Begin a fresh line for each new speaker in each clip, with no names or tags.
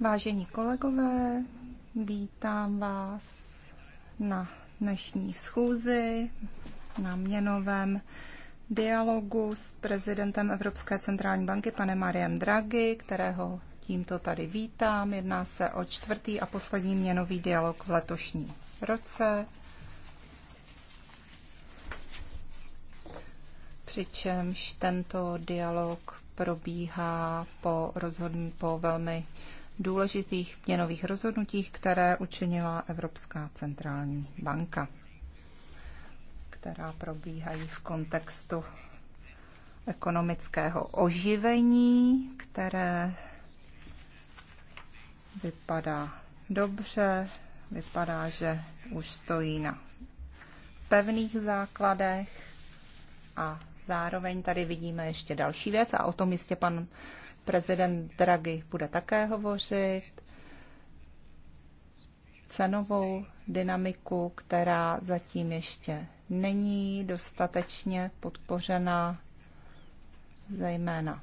Vážení kolegové, vítám vás na dnešní schůzi, na měnovém dialogu s prezidentem Evropské centrální banky panem Mariem Draghi, kterého tímto tady vítám. Jedná se o čtvrtý a poslední měnový dialog v letošním roce. přičemž tento dialog probíhá po, rozhodn- po velmi důležitých měnových rozhodnutích, které učinila Evropská centrální banka, která probíhají v kontextu ekonomického oživení, které vypadá dobře, vypadá, že už stojí na pevných základech a Zároveň tady vidíme ještě další věc a o tom jistě pan prezident Draghi bude také hovořit. Cenovou dynamiku, která zatím ještě není dostatečně podpořena, zejména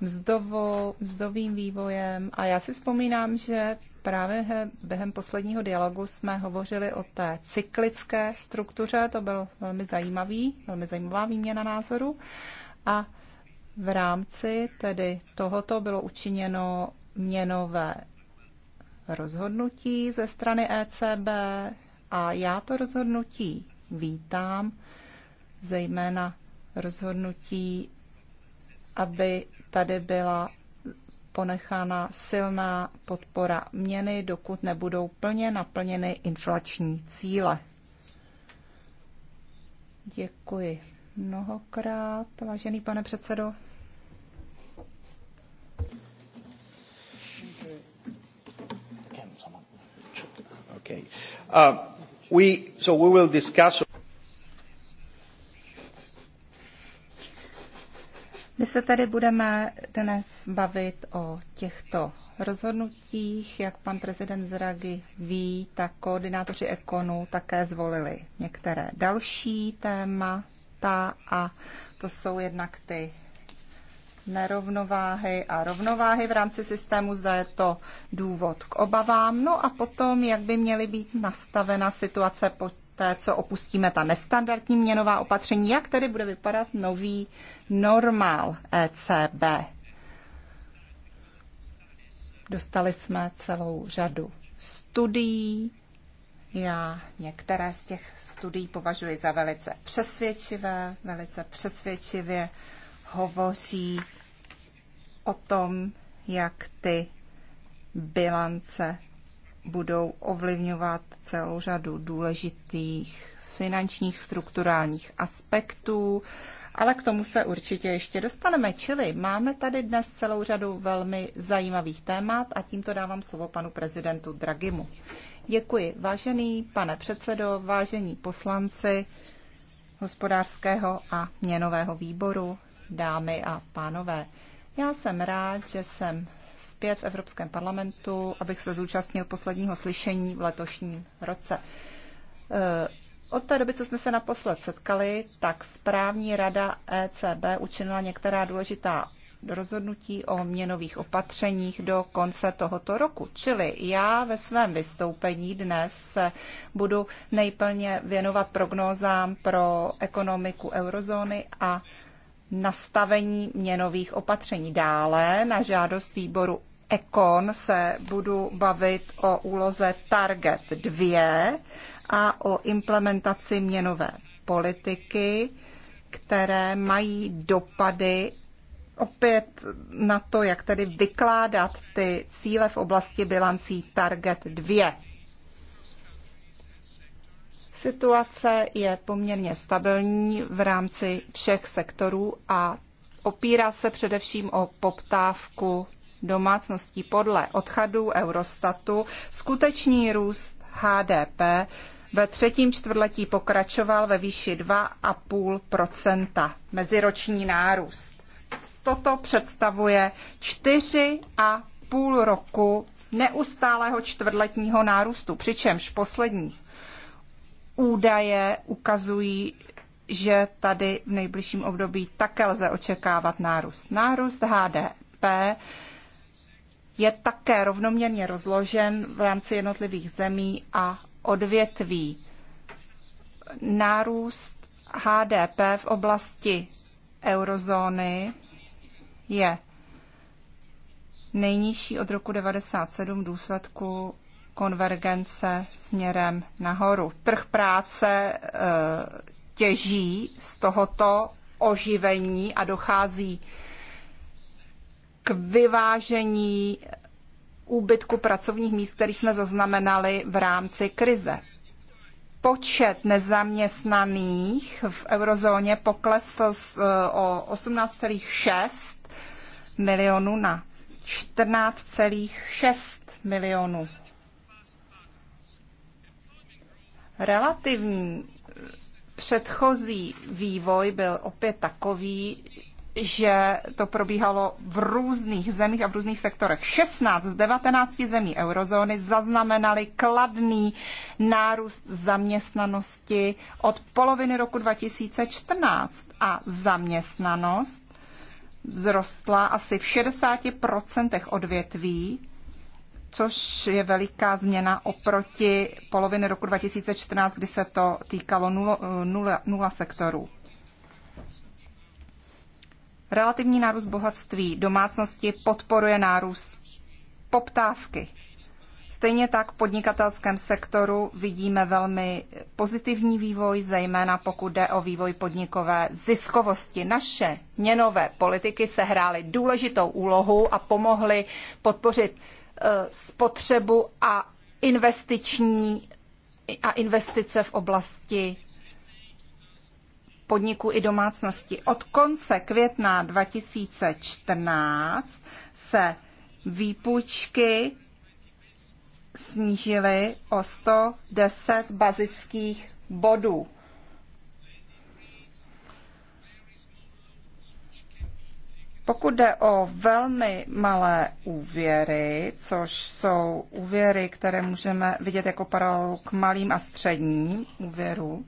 mzdovou, mzdovým vývojem. A já si vzpomínám, že právě během posledního dialogu jsme hovořili o té cyklické struktuře, to byl velmi zajímavý, velmi zajímavá výměna názoru. a v rámci tedy tohoto bylo učiněno měnové rozhodnutí ze strany ECB a já to rozhodnutí vítám, zejména rozhodnutí, aby tady byla ponechána silná podpora měny, dokud nebudou plně naplněny inflační cíle. Děkuji mnohokrát, vážený pane předsedo.
Okay. Uh, we, so we will discuss...
My se tedy budeme dnes bavit o těchto rozhodnutích. Jak pan prezident Zragy ví, tak koordinátoři Ekonu také zvolili některé další témata a to jsou jednak ty nerovnováhy a rovnováhy v rámci systému, zda je to důvod k obavám, no a potom, jak by měly být nastavena situace po té, co opustíme ta nestandardní měnová opatření, jak tedy bude vypadat nový normál ECB. Dostali jsme celou řadu studií. Já některé z těch studií považuji za velice přesvědčivé, velice přesvědčivě hovoří o tom, jak ty bilance budou ovlivňovat celou řadu důležitých finančních strukturálních aspektů, ale k tomu se určitě ještě dostaneme. Čili máme tady dnes celou řadu velmi zajímavých témat a tímto dávám slovo panu prezidentu Dragimu. Děkuji, vážený pane předsedo, vážení poslanci hospodářského a měnového výboru, dámy a pánové. Já jsem rád, že jsem zpět v Evropském parlamentu, abych se zúčastnil posledního slyšení v letošním roce. Eh, od té doby, co jsme se naposled setkali, tak správní rada ECB učinila některá důležitá rozhodnutí o měnových opatřeních do konce tohoto roku. Čili já ve svém vystoupení dnes se budu nejplně věnovat prognózám pro ekonomiku eurozóny a nastavení měnových opatření. Dále na žádost výboru Ekon se budu bavit o úloze Target 2 a o implementaci měnové politiky, které mají dopady opět na to, jak tedy vykládat ty cíle v oblasti bilancí Target 2. Situace je poměrně stabilní v rámci všech sektorů a opírá se především o poptávku domácností podle odchadů Eurostatu skutečný růst HDP ve třetím čtvrtletí pokračoval ve výši 2,5 meziroční nárůst. Toto představuje 4,5 roku neustálého čtvrtletního nárůstu, přičemž poslední údaje ukazují, že tady v nejbližším období také lze očekávat nárůst. Nárůst HDP je také rovnoměrně rozložen v rámci jednotlivých zemí a odvětví. Nárůst HDP v oblasti eurozóny je nejnižší od roku 1997 v důsledku konvergence směrem nahoru. Trh práce eh, těží z tohoto oživení a dochází k vyvážení úbytku pracovních míst, který jsme zaznamenali v rámci krize. Počet nezaměstnaných v eurozóně poklesl z, e, o 18,6 milionů na 14,6 milionů. Relativní předchozí vývoj byl opět takový, že to probíhalo v různých zemích a v různých sektorech. 16 z 19 zemí eurozóny zaznamenaly kladný nárůst zaměstnanosti od poloviny roku 2014 a zaměstnanost vzrostla asi v 60% odvětví, což je veliká změna oproti poloviny roku 2014, kdy se to týkalo nula, nula, nula sektorů. Relativní nárůst bohatství domácnosti podporuje nárůst poptávky. Stejně tak v podnikatelském sektoru vidíme velmi pozitivní vývoj, zejména pokud jde o vývoj podnikové ziskovosti. Naše měnové politiky sehrály důležitou úlohu a pomohly podpořit eh, spotřebu a investiční a investice v oblasti podniků i domácností. Od konce května 2014 se výpůjčky snížily o 110 bazických bodů. Pokud jde o velmi malé úvěry, což jsou úvěry, které můžeme vidět jako paralelu k malým a středním úvěrům,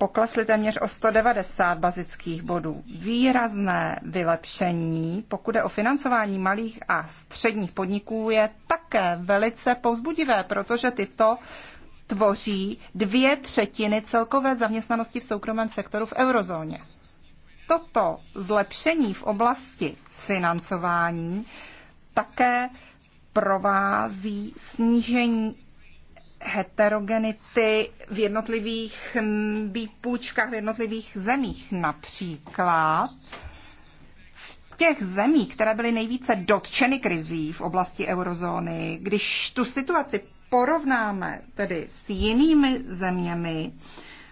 poklesly téměř o 190 bazických bodů. Výrazné vylepšení, pokud je o financování malých a středních podniků, je také velice pouzbudivé, protože tyto tvoří dvě třetiny celkové zaměstnanosti v soukromém sektoru v eurozóně. Toto zlepšení v oblasti financování také provází snížení heterogenity v jednotlivých výpůjčkách v jednotlivých zemích. Například v těch zemích, které byly nejvíce dotčeny krizí v oblasti eurozóny, když tu situaci porovnáme tedy s jinými zeměmi,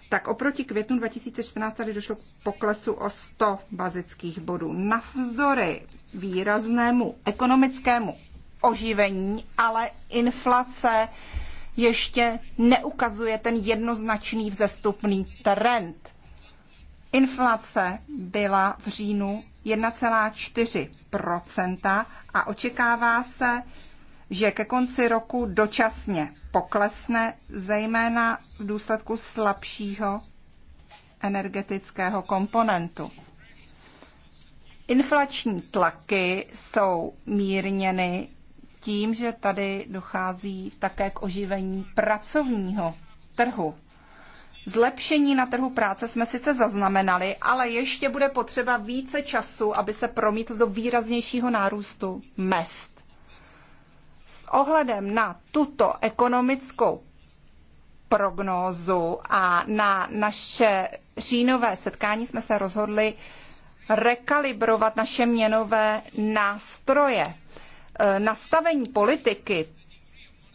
tak oproti květnu 2014 tady došlo k poklesu o 100 bazických bodů. Navzdory výraznému ekonomickému oživení, ale inflace ještě neukazuje ten jednoznačný vzestupný trend. Inflace byla v říjnu 1,4 a očekává se, že ke konci roku dočasně poklesne, zejména v důsledku slabšího energetického komponentu. Inflační tlaky jsou mírněny tím, že tady dochází také k oživení pracovního trhu. Zlepšení na trhu práce jsme sice zaznamenali, ale ještě bude potřeba více času, aby se promítl do výraznějšího nárůstu mest. S ohledem na tuto ekonomickou prognózu a na naše říjnové setkání jsme se rozhodli rekalibrovat naše měnové nástroje Eh, nastavení politiky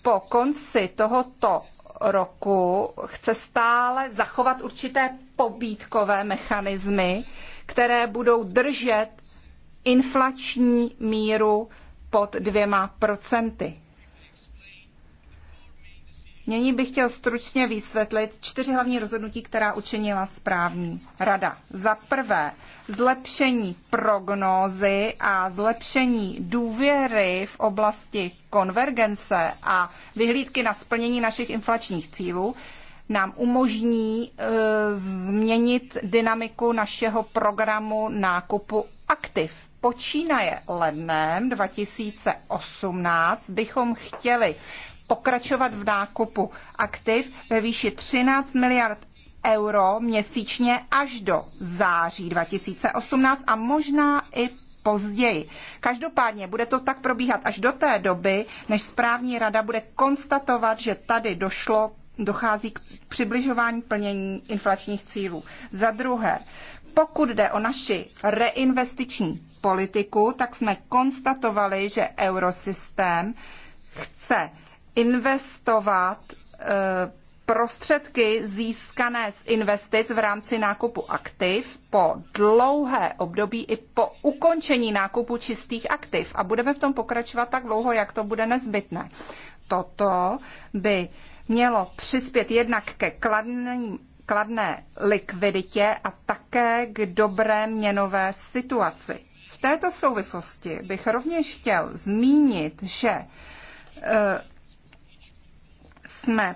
po konci tohoto roku chce stále zachovat určité pobídkové mechanismy, které budou držet inflační míru pod dvěma procenty. Nyní bych chtěl stručně vysvětlit čtyři hlavní rozhodnutí, která učinila správní rada. Za prvé, zlepšení prognózy a zlepšení důvěry v oblasti konvergence a vyhlídky na splnění našich inflačních cílů nám umožní e, změnit dynamiku našeho programu nákupu aktiv. Počínaje lednem 2018 bychom chtěli pokračovat v nákupu aktiv ve výši 13 miliard euro měsíčně až do září 2018 a možná i později. Každopádně bude to tak probíhat až do té doby, než správní rada bude konstatovat, že tady došlo dochází k přibližování plnění inflačních cílů. Za druhé, pokud jde o naši reinvestiční politiku, tak jsme konstatovali, že eurosystém chce investovat eh, prostředky získané z investic v rámci nákupu aktiv po dlouhé období i po ukončení nákupu čistých aktiv. A budeme v tom pokračovat tak dlouho, jak to bude nezbytné. Toto by mělo přispět jednak ke kladným kladné likviditě a také k dobré měnové situaci. V této souvislosti bych rovněž chtěl zmínit, že eh, jsme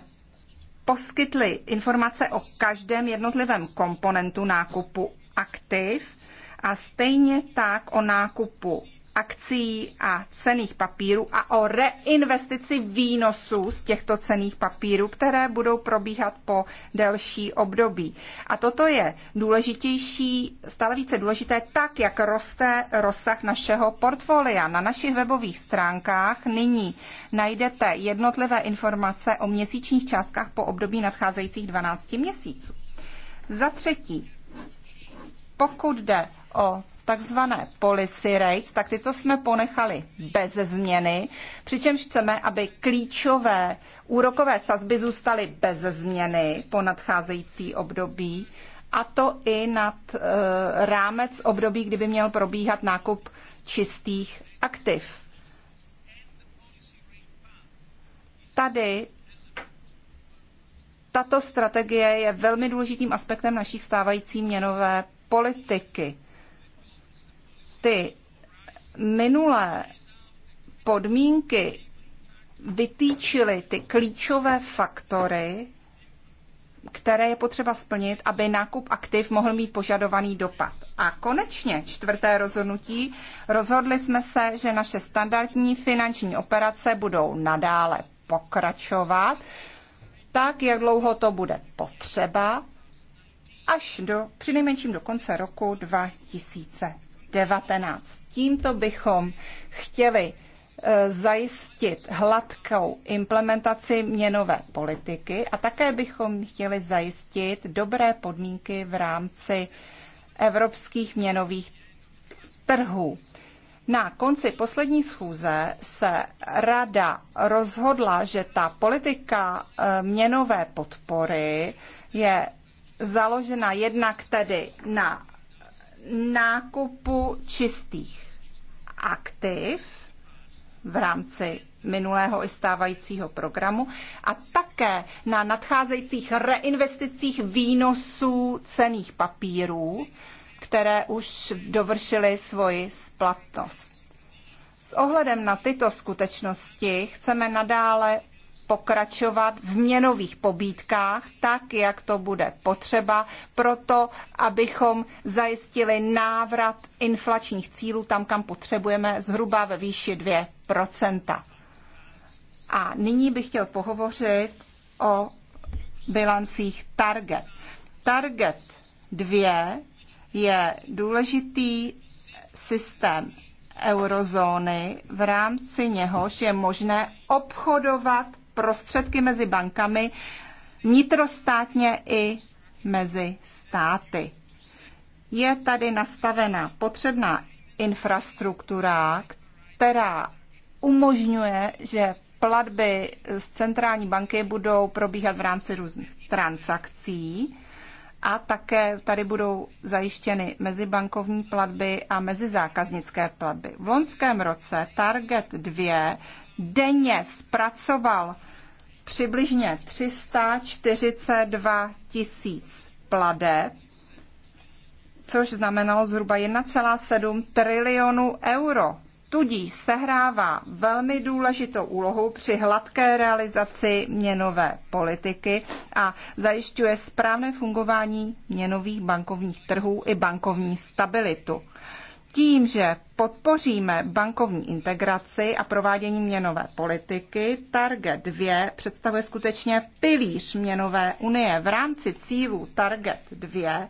poskytli informace o každém jednotlivém komponentu nákupu aktiv a stejně tak o nákupu akcí a cených papírů a o reinvestici výnosů z těchto cených papírů, které budou probíhat po delší období. A toto je důležitější, stále více důležité, tak jak roste rozsah našeho portfolia. Na našich webových stránkách nyní najdete jednotlivé informace o měsíčních částkách po období nadcházejících 12 měsíců. Za třetí, pokud jde o takzvané policy rates, tak tyto jsme ponechali bez změny, přičemž chceme, aby klíčové úrokové sazby zůstaly bez změny po nadcházející období, a to i nad e, rámec období, kdyby měl probíhat nákup čistých aktiv. Tady tato strategie je velmi důležitým aspektem naší stávající měnové politiky ty minulé podmínky vytýčily ty klíčové faktory, které je potřeba splnit, aby nákup aktiv mohl mít požadovaný dopad. A konečně čtvrté rozhodnutí, rozhodli jsme se, že naše standardní finanční operace budou nadále pokračovat, tak jak dlouho to bude potřeba, až do přinejmenším do konce roku 2020. 19. Tímto bychom chtěli eh, zajistit hladkou implementaci měnové politiky a také bychom chtěli zajistit dobré podmínky v rámci evropských měnových trhů. Na konci poslední schůze se rada rozhodla, že ta politika eh, měnové podpory je založena jednak tedy na nákupu čistých aktiv v rámci minulého i stávajícího programu a také na nadcházejících reinvesticích výnosů cených papírů, které už dovršily svoji splatnost. S ohledem na tyto skutečnosti chceme nadále pokračovat v měnových pobídkách, tak jak to bude potřeba, proto abychom zajistili návrat inflačních cílů tam, kam potřebujeme, zhruba ve výši 2 A nyní bych chtěl pohovořit o bilancích Target. Target 2 je důležitý systém eurozóny, v rámci něhož je možné obchodovat prostředky mezi bankami vnitrostátně i mezi státy. Je tady nastavena potřebná infrastruktura, která umožňuje, že platby z centrální banky budou probíhat v rámci různých transakcí a také tady budou zajištěny mezibankovní platby a mezizákaznické platby. V loňském roce Target 2 denně zpracoval přibližně 342 tisíc pladeb, což znamenalo zhruba 1,7 trilionu euro. Tudíž sehrává velmi důležitou úlohu při hladké realizaci měnové politiky a zajišťuje správné fungování měnových bankovních trhů i bankovní stabilitu. Tím, že podpoříme bankovní integraci a provádění měnové politiky, Target 2 představuje skutečně pilíř měnové unie. V rámci cílů Target 2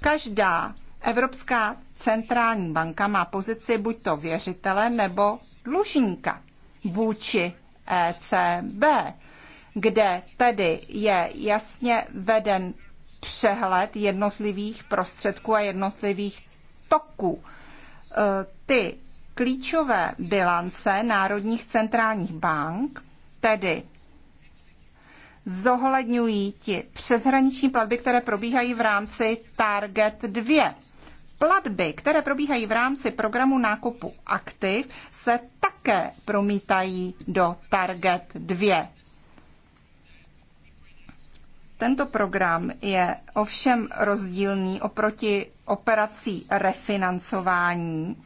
každá Evropská centrální banka má pozici buď to věřitele nebo dlužníka vůči ECB, kde tedy je jasně veden přehled jednotlivých prostředků a jednotlivých toků. Eh, ty klíčové bilance národních centrálních bank, tedy zohledňují ti přeshraniční platby, které probíhají v rámci Target 2. Platby, které probíhají v rámci programu nákupu aktiv, se také promítají do Target 2. Tento program je ovšem rozdílný oproti operací refinancování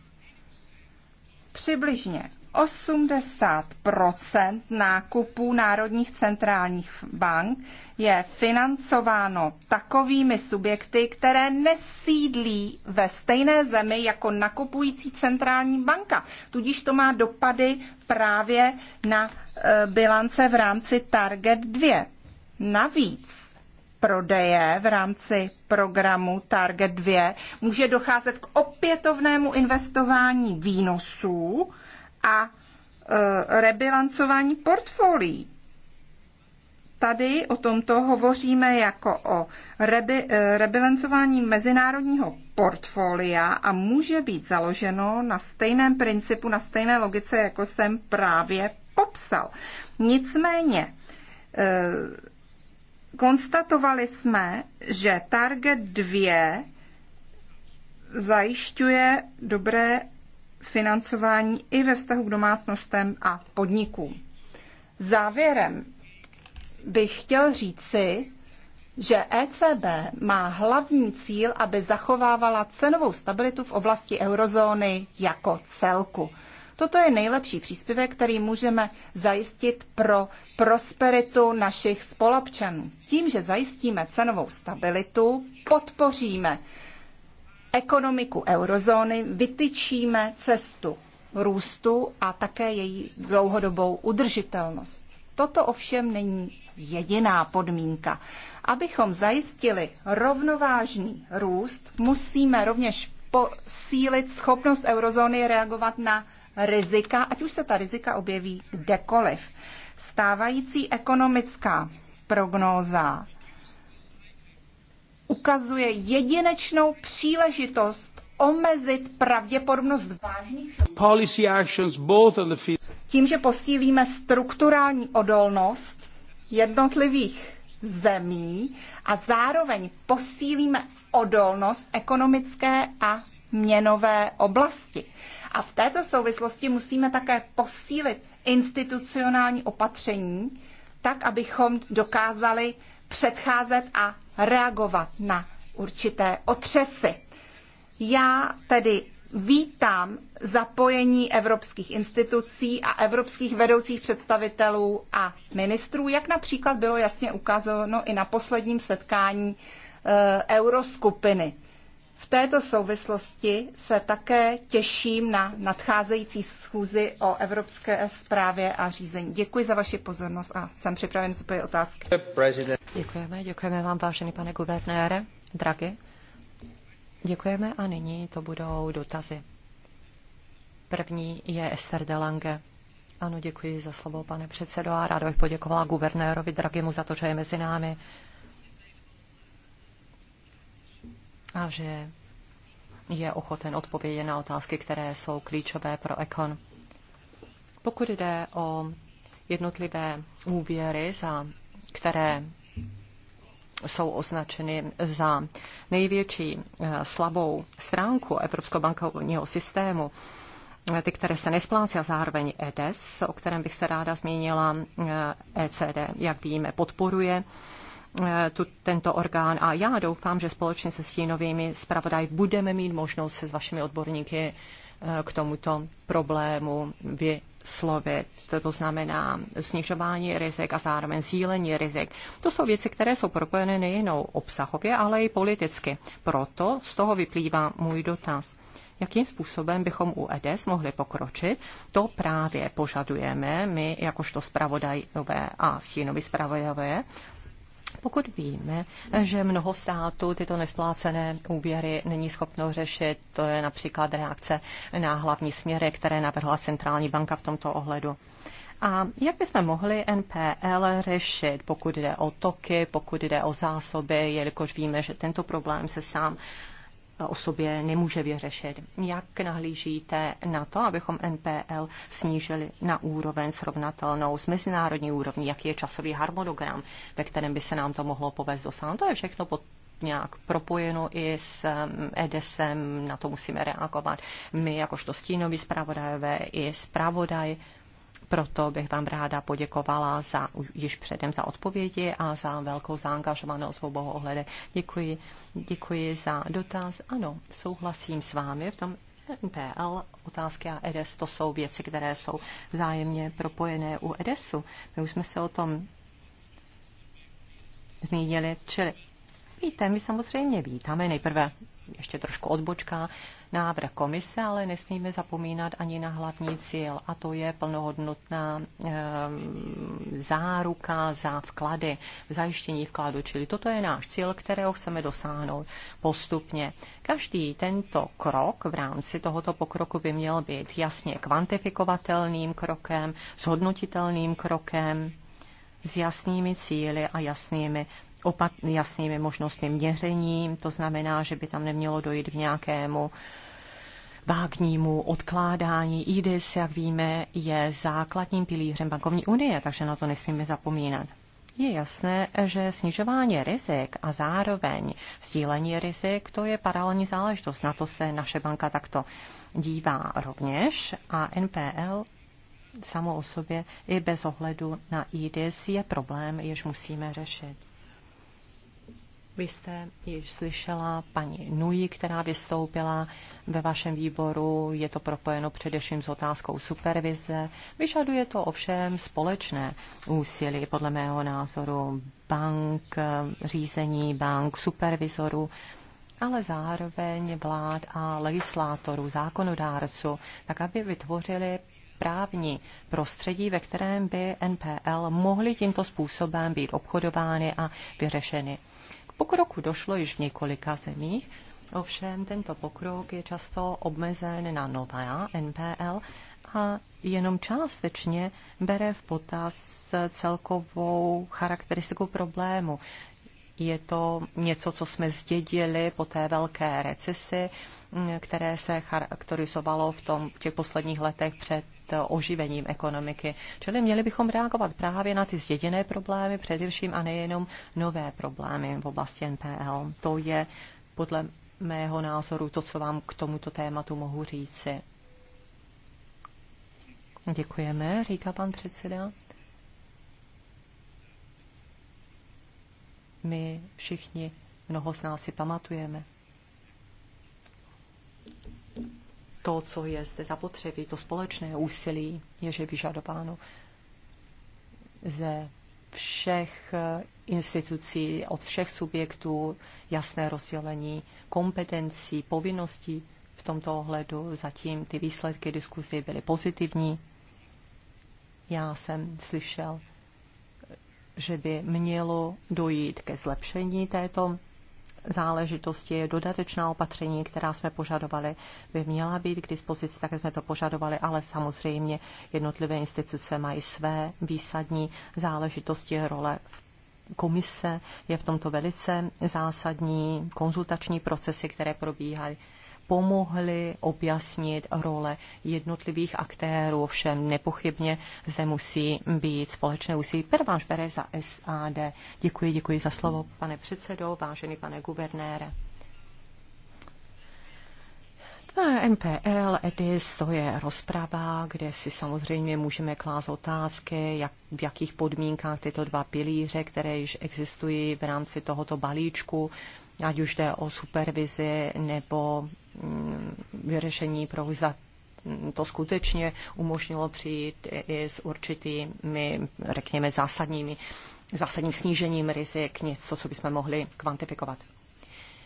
přibližně 80 nákupů národních centrálních bank je financováno takovými subjekty, které nesídlí ve stejné zemi jako nakupující centrální banka. Tudíž to má dopady právě na e, bilance v rámci Target 2. Navíc prodeje v rámci programu Target 2 může docházet k opětovnému investování výnosů a e, rebilancování portfolií. Tady o tomto hovoříme jako o rebi, e, rebilancování mezinárodního portfolia a může být založeno na stejném principu, na stejné logice, jako jsem právě popsal. Nicméně, e, konstatovali jsme, že Target 2 zajišťuje dobré financování i ve vztahu k domácnostem a podnikům. Závěrem bych chtěl říci, že ECB má hlavní cíl, aby zachovávala cenovou stabilitu v oblasti eurozóny jako celku. Toto je nejlepší příspěvek, který můžeme zajistit pro prosperitu našich spolobčanů. Tím, že zajistíme cenovou stabilitu, podpoříme ekonomiku eurozóny, vytyčíme cestu růstu a také její dlouhodobou udržitelnost. Toto ovšem není jediná podmínka. Abychom zajistili rovnovážný růst, musíme rovněž posílit schopnost eurozóny reagovat na rizika, ať už se ta rizika objeví kdekoliv. Stávající ekonomická prognóza ukazuje jedinečnou příležitost omezit pravděpodobnost vážných
policy actions both the
Tím, že posílíme strukturální odolnost jednotlivých zemí a zároveň posílíme odolnost ekonomické a měnové oblasti. A v této souvislosti musíme také posílit institucionální opatření, tak abychom dokázali předcházet a reagovat na určité otřesy. Já tedy vítám zapojení evropských institucí a evropských vedoucích představitelů a ministrů, jak například bylo jasně ukázáno i na posledním setkání eh, euroskupiny. V této souvislosti se také těším na nadcházející schůzi o evropské správě a řízení. Děkuji za vaši pozornost a jsem připraven zodpovědět otázky. Děkujeme, děkujeme vám, vážený pane guvernére, dragi. Děkujeme a nyní to budou
dotazy. První je Esther de Lange. Ano, děkuji za slovo, pane předsedo, a ráda bych poděkovala guvernérovi Dragimu za to, že je mezi námi. a že je ochoten odpovědět na otázky, které jsou klíčové pro ekon. Pokud jde o jednotlivé úvěry, za které jsou označeny za největší eh, slabou stránku Evropského bankovního systému, eh, ty, které se nesplácí a zároveň EDES, o kterém bych se ráda zmínila, ECD, eh, e jak víme, podporuje Eh, tu, tento orgán a já doufám, že společně se stínovými zpravodaj budeme mít možnost se s vašimi odborníky eh, k tomuto problému vyslovit. To znamená snižování rizik a zároveň sílení rizik. To jsou věci, které jsou propojené nejenom obsahově, ale i politicky. Proto z toho vyplývá můj dotaz jakým způsobem bychom u EDES mohli pokročit. To právě požadujeme my, jakožto zpravodajové a stínovi zpravodajové, pokud víme, že mnoho států tyto nesplácené úvěry není schopno řešit, to je například reakce na hlavní směry, které navrhla centrální banka v tomto ohledu. A jak bychom mohli NPL řešit, pokud jde o toky, pokud jde o zásoby, jelikož víme, že tento problém se sám o sobě nemůže vyřešit. Jak nahlížíte na to, abychom NPL snížili na úroveň srovnatelnou s mezinárodní úrovní? Jaký je časový harmonogram, ve kterém by se nám to mohlo povést dosáhnout? To je všechno pod nějak propojeno i s EDESem, um, e na to musíme reagovat. My, jakožto stínoví zpravodajové, i zpravodaj, proto bych vám ráda poděkovala za, již předem za odpovědi a za velkou zaangažovanou v obou ohledech. Děkuji, děkuji za dotaz. Ano, souhlasím s vámi v tom NPL, otázky a EDES, to jsou věci, které jsou vzájemně propojené u EDESu. My už jsme se o tom zmínili, čili víte, my samozřejmě vítáme nejprve ještě trošku odbočka, návrh komise, ale nesmíme zapomínat ani na hlavní cíl, a to je plnohodnotná ehm, záruka za vklady, zajištění vkladu. Čili toto je náš cíl, kterého chceme dosáhnout postupně. Každý tento krok v rámci tohoto pokroku by měl být jasně kvantifikovatelným krokem, zhodnotitelným krokem, s jasnými cíly a jasnými opat, jasnými možnostmi měření, to znamená, že by tam nemělo dojít k nějakému vágnímu odkládání. IDIS, jak víme, je základním pilířem bankovní unie, takže na to nesmíme zapomínat. Je jasné, že snižování rizik a zároveň sdílení rizik, to je paralelní záležitost. Na to se naše banka takto dívá rovněž a NPL samo o sobě i bez ohledu na IDIS je problém, jež musíme řešit. Vy jste již slyšela paní Nui, která vystoupila ve vašem výboru. Je to propojeno především s otázkou supervize. Vyžaduje to ovšem společné úsilí, podle mého názoru, bank, řízení bank, supervizoru, ale zároveň vlád a legislátorů, zákonodárců, tak aby vytvořili právní prostředí, ve kterém by NPL mohly tímto způsobem být obchodovány a vyřešeny. Pokroku došlo již v několika zemích, ovšem tento pokrok je často obmezen na nová NPL a jenom částečně bere v potaz celkovou charakteristiku problému. Je to něco, co jsme zdědili po té velké recesi, které se charakterizovalo v tom, těch posledních letech před oživením ekonomiky. Čili měli bychom reagovat právě na ty zděděné problémy především a nejenom nové problémy v oblasti NPL. To je podle mého názoru to, co vám k tomuto tématu mohu říci. Děkujeme, říká pan předseda. my všichni, mnoho z nás si pamatujeme. To, co je zde zapotřebí, to společné úsilí, je, že vyžadováno ze všech eh, institucí, od všech subjektů jasné rozdělení kompetencí, povinností v tomto ohledu. Zatím ty výsledky diskuzi byly pozitivní. Já jsem slyšel že by mělo dojít ke zlepšení této záležitosti, dodatečná opatření, která jsme požadovali, by měla být k dispozici, tak jsme to požadovali, ale samozřejmě jednotlivé instituce mají své výsadní záležitosti, role v komise je v tomto velice zásadní, konzultační procesy, které probíhají pomohli objasnit role jednotlivých aktérů. Ovšem nepochybně zde musí být společné úsilí. Perváš bere za SAD. Děkuji, děkuji za slovo, pane předsedo, vážený pane guvernére. MPL, EDIS, to je rozprava, kde si samozřejmě můžeme klást otázky, jak, v jakých podmínkách tyto dva pilíře, které již existují v rámci tohoto balíčku, ať už jde o supervizi nebo Mm, vyřešení pro za mm, to skutečně umožnilo přijít i s určitými, řekněme, zásadními, zásadním snížením rizik, něco, co bychom mohli kvantifikovat.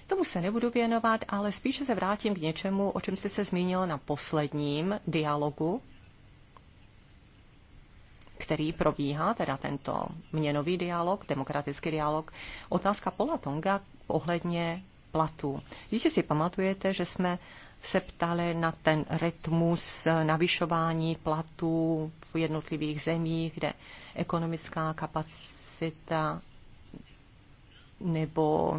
Tomu se nebudu věnovat, ale spíše se vrátím k něčemu, o čem jste se zmínil na posledním dialogu, který probíhá, teda tento měnový dialog, demokratický dialog. Otázka Pola Tonga ohledně platů. Jistě si pamatujete, že jsme se ptali na ten rytmus eh, navyšování platů v jednotlivých zemích, kde ekonomická kapacita nebo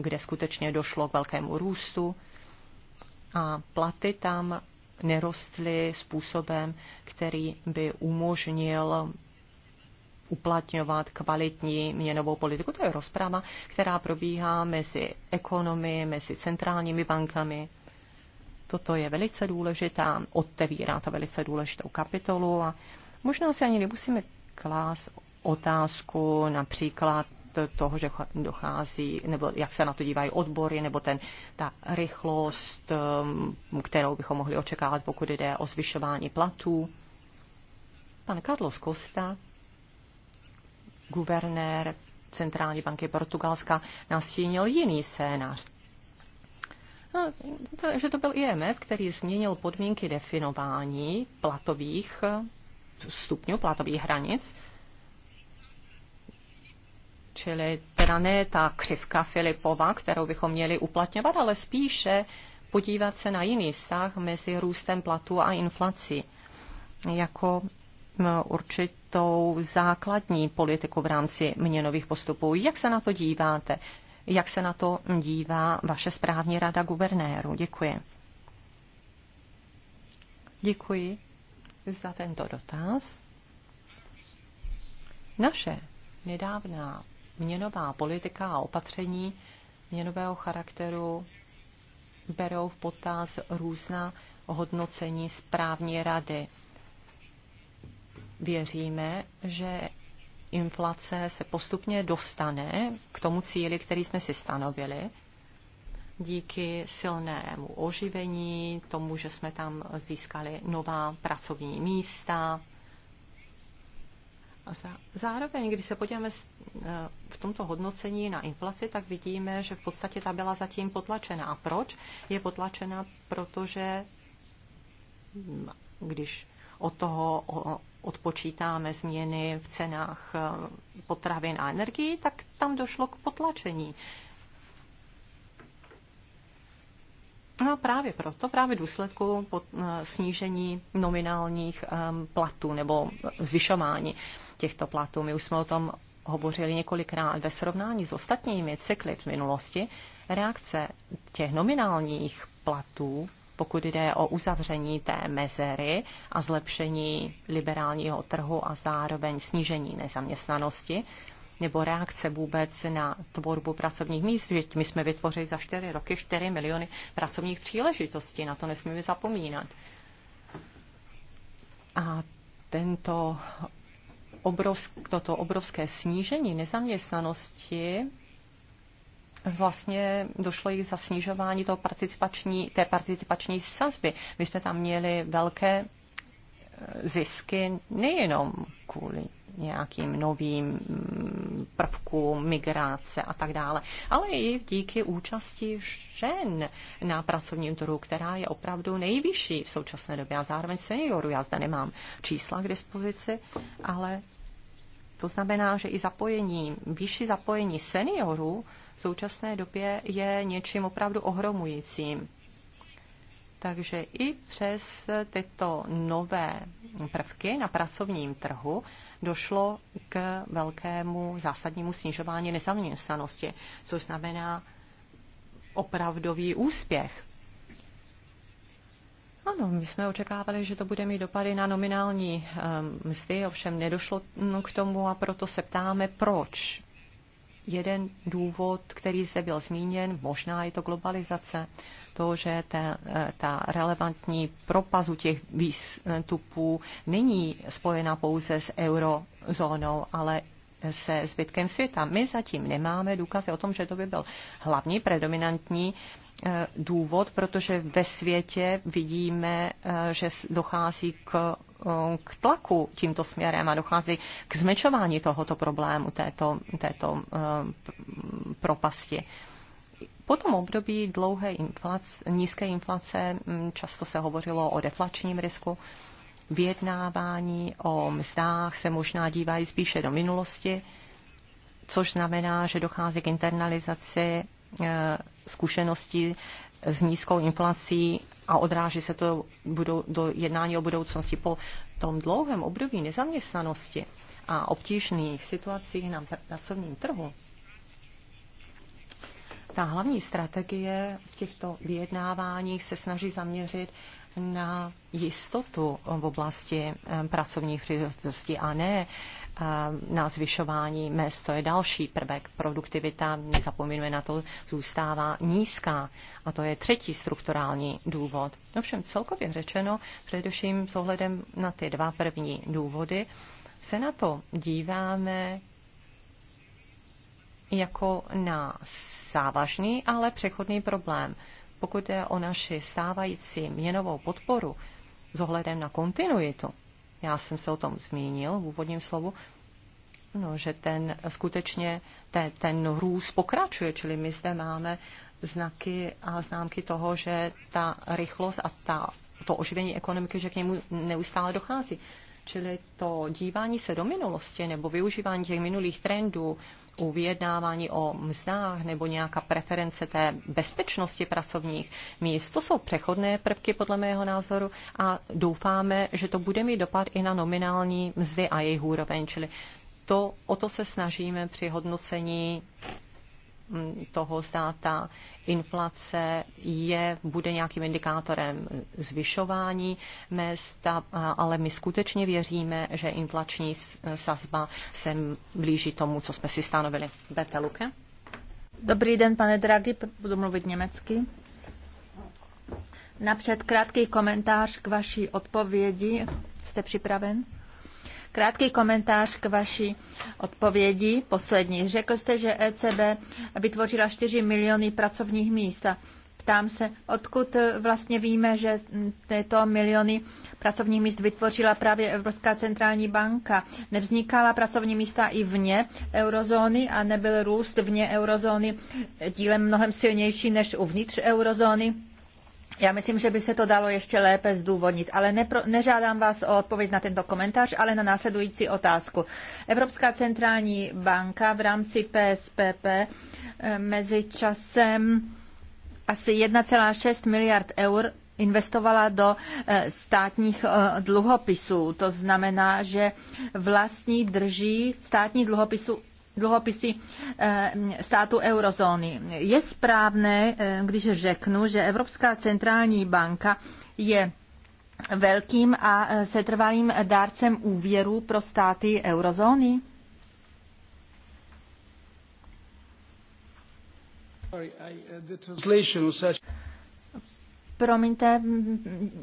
kde skutečně došlo k velkému růstu. A platy tam nerostly způsobem, který by umožnil uplatňovat kvalitní měnovou politiku. To je rozprava, která probíhá mezi ekonomy, mezi centrálními bankami. Toto je velice důležitá, otevírá ta velice důležitou kapitolu a možná si ani nemusíme klást otázku například toho, že dochází, nebo jak se na to dívají odbory, nebo ten, ta rychlost, um, kterou bychom mohli očekávat, pokud jde o zvyšování platů. Pan Carlos Costa guvernér Centrální banky Portugalska nastínil jiný scénář. No, to, že to byl IMF, který změnil podmínky definování platových stupňů, platových hranic, čili teda ne ta křivka Filipova, kterou bychom měli uplatňovat, ale spíše podívat se na jiný vztah mezi růstem platu a inflací jako určitou základní politiku v rámci měnových postupů. Jak se na to díváte? Jak se na to dívá vaše správní rada guvernéru? Děkuji. Děkuji za tento dotaz. Naše nedávná měnová politika a opatření měnového charakteru berou v potaz různá hodnocení správní rady Věříme, že inflace se postupně dostane k tomu cíli, který jsme si stanovili, díky silnému oživení, tomu, že jsme tam získali nová pracovní místa. A zároveň, když se podíváme e, v tomto hodnocení na inflaci, tak vidíme, že v podstatě ta byla zatím potlačena. A proč je potlačena? Protože když od toho odpočítáme změny v cenách eh, potravin a energii, tak tam došlo k potlačení. No právě proto, právě důsledku pod, eh, snížení nominálních eh, platů nebo zvyšování těchto platů. My už jsme o tom hovořili několikrát ve srovnání s ostatními cykly v minulosti. Reakce těch nominálních platů pokud jde o uzavření té mezery a zlepšení liberálního trhu a zároveň snížení nezaměstnanosti, nebo reakce vůbec na tvorbu pracovních míst. Že my jsme vytvořili za čtyři roky 4 miliony pracovních příležitostí, na to nesmíme zapomínat. A tento obrovsk, toto obrovské snížení nezaměstnanosti vlastně došlo i k snižování toho participační, té participační sazby. My jsme tam měli velké e, zisky nejenom kvůli nějakým novým mm, prvkům migrace a tak dále, ale i díky účasti žen na pracovním trhu, která je opravdu nejvyšší v současné době a zároveň seniorů. Já zde nemám čísla k dispozici, ale to znamená, že i zapojení, vyšší zapojení seniorů v současné době je něčím opravdu ohromujícím. Takže i přes tyto nové prvky na pracovním trhu došlo k velkému zásadnímu snižování nezaměstnanosti, což znamená opravdový úspěch. Ano, my jsme očekávali, že to bude mít dopady na nominální eh, mzdy, ovšem nedošlo mm, k tomu a proto se ptáme, proč jeden důvod, který zde byl zmíněn, možná je to globalizace, to, že ta, ta relevantní propazu těch výstupů není spojena pouze s eurozónou, ale se zbytkem světa. My zatím nemáme důkazy o tom, že to by byl hlavní predominantní uh, Eh, důvod, protože ve světě vidíme, eh, že dochází k, eh, k tlaku tímto směrem a dochází k zmečování tohoto problému, této, této propasti. Po tom období dlouhé inflace, nízké inflace, hm, často se hovořilo o deflačním risku, vyjednávání o mzdách se možná dívají spíše do minulosti, což znamená, že dochází k internalizaci Eh, zkušenosti s nízkou inflací a odráží se to budou, do jednání o budoucnosti. Po tom dlouhém období nezaměstnanosti a obtížných situacích na pracovním trhu, ta hlavní strategie v těchto vyjednáváních se snaží zaměřit na jistotu v oblasti eh, pracovních příležitostí a ne uh, na zvyšování mest. To je další prvek. Produktivita, nezapomeňme na to, zůstává nízká. A to je třetí strukturální důvod. všem celkově řečeno, především s ohledem na ty dva první důvody, se na to díváme jako na závažný, ale přechodný problém. Pokud je o naši stávající měnovou podporu s ohledem na kontinuitu, já jsem se o tom zmínil v úvodním slovu, no, že ten skutečně ten, ten růst pokračuje, čili my zde máme znaky a známky toho, že ta rychlost a ta, to oživení ekonomiky, že k němu neustále dochází. Čili to dívání se do minulosti nebo využívání těch minulých trendů, u vyjednávání o mzdách nebo nějaká preference té bezpečnosti pracovních míst. To jsou přechodné prvky podle mého názoru a doufáme, že to bude mít dopad i na nominální mzdy a jejich úroveň, čili to, o to se snažíme při hodnocení mm, toho, státa inflace je, bude nějakým indikátorem zvyšování mest, ale my skutečně věříme, že inflační sazba se blíží tomu, co jsme si stanovili. Bete Luke?
Dobrý den, pane Draghi, budu mluvit německy. Napřed krátký komentář k vaší odpovědi. Jste připraven? Krátký komentář k vaší odpovědi, poslední. Řekl jste, že ECB vytvořila 4 miliony pracovních míst. Ptám se, odkud vlastně víme, že tyto miliony pracovních míst vytvořila právě Evropská centrální banka. Nevznikala pracovní místa i vně eurozóny a nebyl růst vně eurozóny dílem mnohem silnější než uvnitř eurozóny? Já myslím, že by se to dalo ještě lépe zdůvodnit, ale nepro, nežádám vás o odpověď na tento komentář, ale na následující otázku. Evropská centrální banka v rámci PSPP eh, mezi časem asi 1,6 miliard eur investovala do eh, státních eh, dluhopisů. To znamená, že vlastní drží státní dluhopisů dluhopisy eh, státu eurozóny. Je správné, eh, když řeknu, že Evropská centrální banka je velkým a eh, setrvalým dárcem úvěru pro státy eurozóny? Promiňte,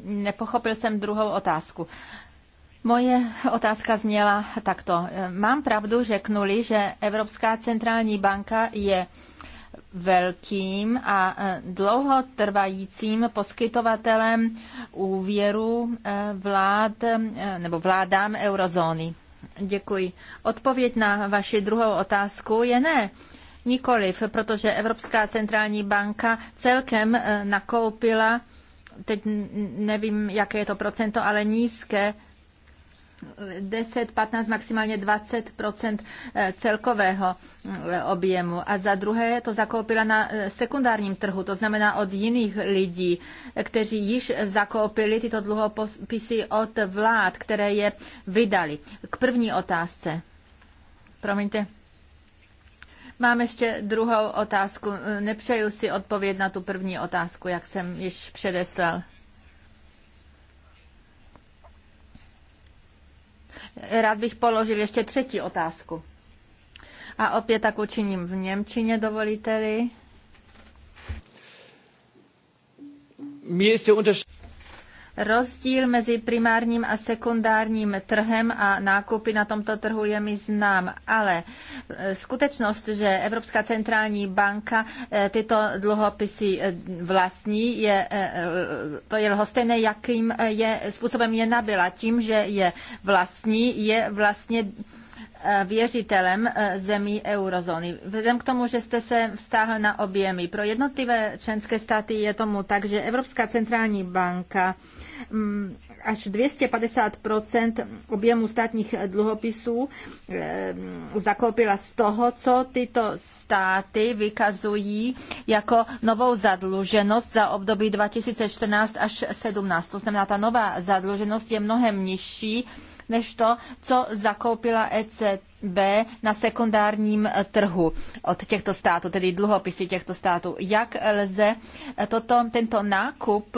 nepochopil jsem druhou otázku. Moje otázka zněla takto. Mám pravdu, že knuli, že Evropská centrální banka je velkým a e, dlouhotrvajícím poskytovatelem úvěru e, vlád e, nebo vládám eurozóny. Děkuji. Odpověď na vaši druhou otázku je ne. Nikoliv, protože Evropská centrální banka celkem nakoupila, teď nevím, jaké je to procento, ale nízké 10, 15, maximálně 20 eh, celkového eh, objemu. A za druhé to zakoupila na eh, sekundárním trhu, to znamená od jiných lidí, kteří již zakoupili tyto dluhopisy od vlád, které je vydali. K první otázce. Promiňte. Mám ještě druhou otázku. Nepřeju si odpověď na tu první otázku, jak jsem již předeslal. Rád bych položil ještě třetí otázku. A opět tak učiním v Němčině, dovolíte-li. Rozdíl mezi primárním a sekundárním trhem a nákupy na tomto trhu je mi znám, ale e, skutečnost, že Evropská centrální banka e, tyto dluhopisy e, vlastní, je, to je lhostejné, jakým je, způsobem je nabila. Tím, že je vlastní, je vlastně věřitelem zemí eurozóny. Vzhledem k tomu, že jste se vztáhl na objemy, pro jednotlivé členské státy je tomu tak, že Evropská centrální banka Mm, až 250 objemu státních dluhopisů eh, zakoupila z toho, co tyto státy vykazují jako novou zadluženost za období 2014 až 2017. To znamená, ta nová zadluženost je mnohem nižší než to, co zakoupila ECT B na sekundárním eh, trhu od těchto států, tedy dluhopisy těchto států. Jak lze eh, toto, tento nákup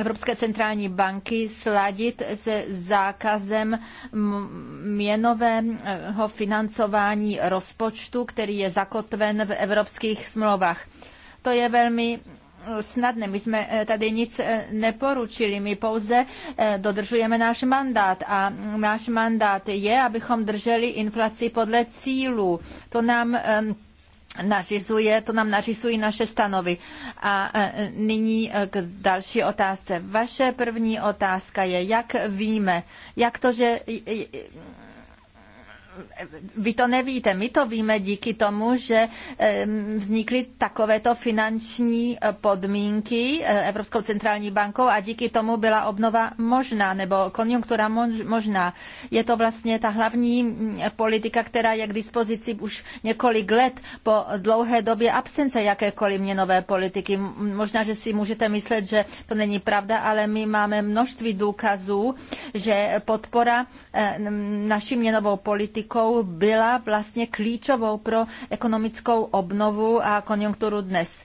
Evropské centrální banky sladit se zákazem měnového financování rozpočtu, který je zakotven v evropských smlouvách? To je velmi snadné. My jsme eh, tady nic eh, neporučili, my pouze eh, dodržujeme náš mandát a náš mandát je, abychom drželi inflaci podle cílu. To nám nařizuje, to nám nařizují naše stanovy. A nyní k další otázce. Vaše první otázka je, jak víme, jak to, že vy to nevíte, my to víme díky tomu, že vznikly takovéto finanční e, podmínky e, Evropskou centrální bankou a díky tomu byla obnova možná, nebo konjunktura možná. Je to vlastně ta hlavní politika, která je k dispozici už několik let po dlouhé době absence jakékoliv měnové politiky. Možná, že si můžete myslet, že to není pravda, ale my máme množství důkazů, že podpora e, naší měnovou politiky politikou byla vlastně klíčovou pro ekonomickou obnovu a konjunkturu dnes.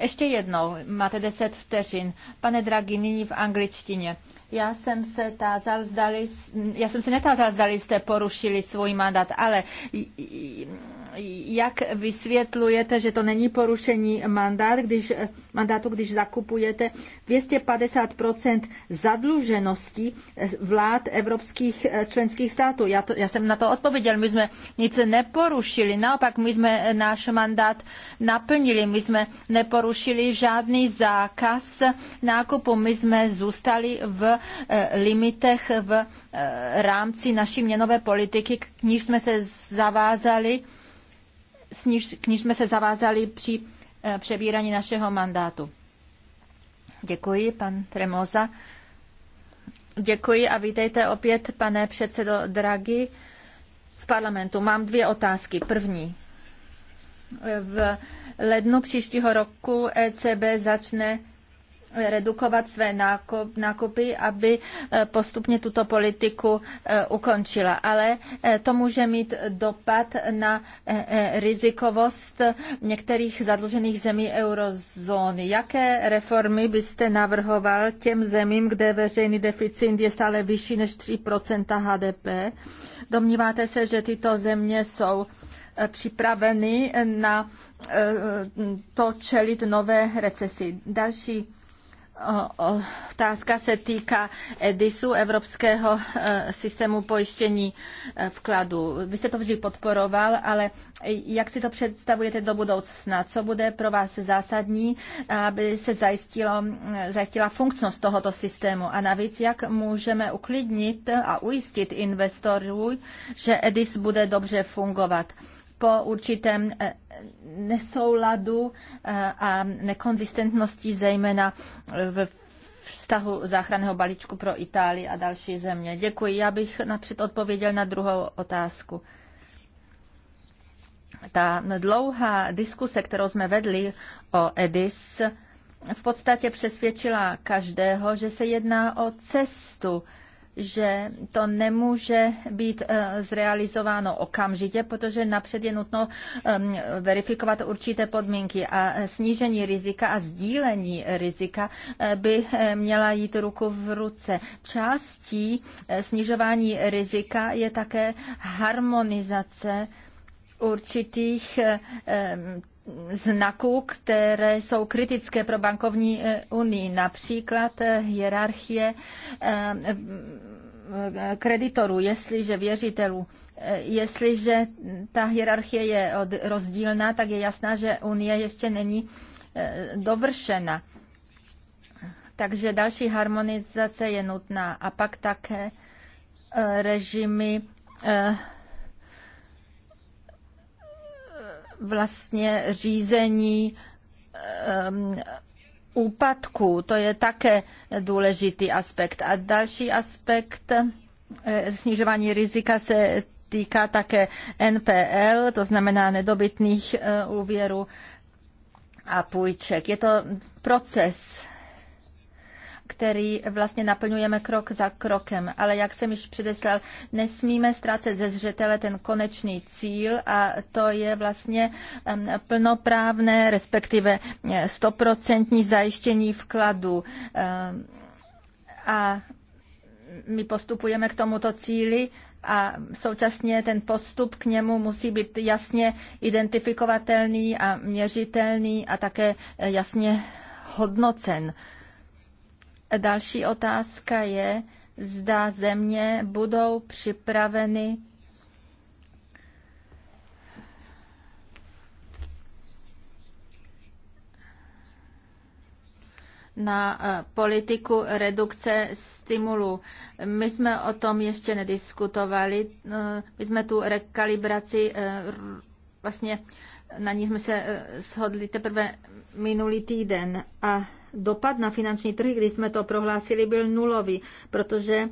Ještě jednou, máte 10 vteřin. Pane Draghi, nyní v angličtině. Já jsem se tázal, zdali, já jsem se netázal, zdali jste porušili svůj mandát, ale jak vysvětlujete, že to není porušení mandát, když, mandátu, když zakupujete 250% zadluženosti vlád evropských eh, členských států? Já, to, já jsem na to odpověděl, my jsme nic neporušili, naopak my jsme náš mandát naplnili, my jsme neporušili žádný zákaz nákupu, my jsme zůstali v Eh, limitech v eh, rámci naší měnové politiky, k níž jsme se zavázali, s níž, k níž jsme se zavázali při eh, přebírání našeho mandátu. Děkuji, pan Tremoza. Děkuji a vítejte opět, pane předsedo Draghi, v parlamentu. Mám dvě otázky. První. V lednu příštího roku ECB začne redukovat své nákupy, aby eh, postupně tuto politiku eh, ukončila. Ale eh, to může mít dopad na rizikovost některých zadlužených zemí eurozóny. Jaké reformy byste navrhoval těm zemím, kde veřejný deficit je stále vyšší než 3 HDP? Domníváte se, že tyto země jsou připraveny na to čelit nové recesi. Další Otázka se týká EDISu, Evropského e, systému pojištění e, vkladu. Vy jste to vždy podporoval, ale jak si to představujete do budoucna? Co bude pro vás zásadní, aby se zajistilo, e, zajistila funkčnost tohoto systému? A navíc, jak můžeme uklidnit a ujistit investorů, že EDIS bude dobře fungovat? po určitém eh, nesouladu eh, a nekonzistentnosti, zejména eh, v vztahu záchranného balíčku pro Itálii a další země. Děkuji. Já bych napřed odpověděl na druhou otázku. Ta dlouhá diskuse, kterou jsme vedli o EDIS, v podstatě přesvědčila každého, že se jedná o cestu, že to nemůže být eh, zrealizováno okamžitě, protože napřed je nutno ehm, verifikovat určité podmínky a eh, snížení rizika a sdílení rizika eh, by měla jít ruku v ruce. Částí snižování rizika je také harmonizace určitých ehm, znaků, které jsou kritické pro bankovní eh, unii, například eh, hierarchie eh, kreditorů, jestliže věřitelů, jestliže ta hierarchie je rozdílná, tak je jasná, že unie ještě není dovršena. Takže další harmonizace je nutná. A pak také režimy vlastně řízení um, úpadku. To je také důležitý aspekt. A další aspekt eh, snižování rizika se týká také NPL, to znamená nedobytných eh, úvěrů a půjček. Je to proces který vlastně naplňujeme krok za krokem. Ale jak jsem již předeslal, nesmíme ztrácet ze zřetele ten konečný cíl a to je vlastně plnoprávné, respektive eh, stoprocentní zajištění vkladu. Eh, a my postupujeme k tomuto cíli a současně ten postup k němu musí být jasně identifikovatelný a měřitelný a také eh, jasně hodnocen. Další otázka je, zda země budou připraveny na eh, politiku redukce stimulu. My jsme o tom ještě nediskutovali. Eh, my jsme tu rekalibraci eh, vlastně na ní jsme se shodli teprve minulý týden a dopad na finanční trhy, když jsme to prohlásili, byl nulový, protože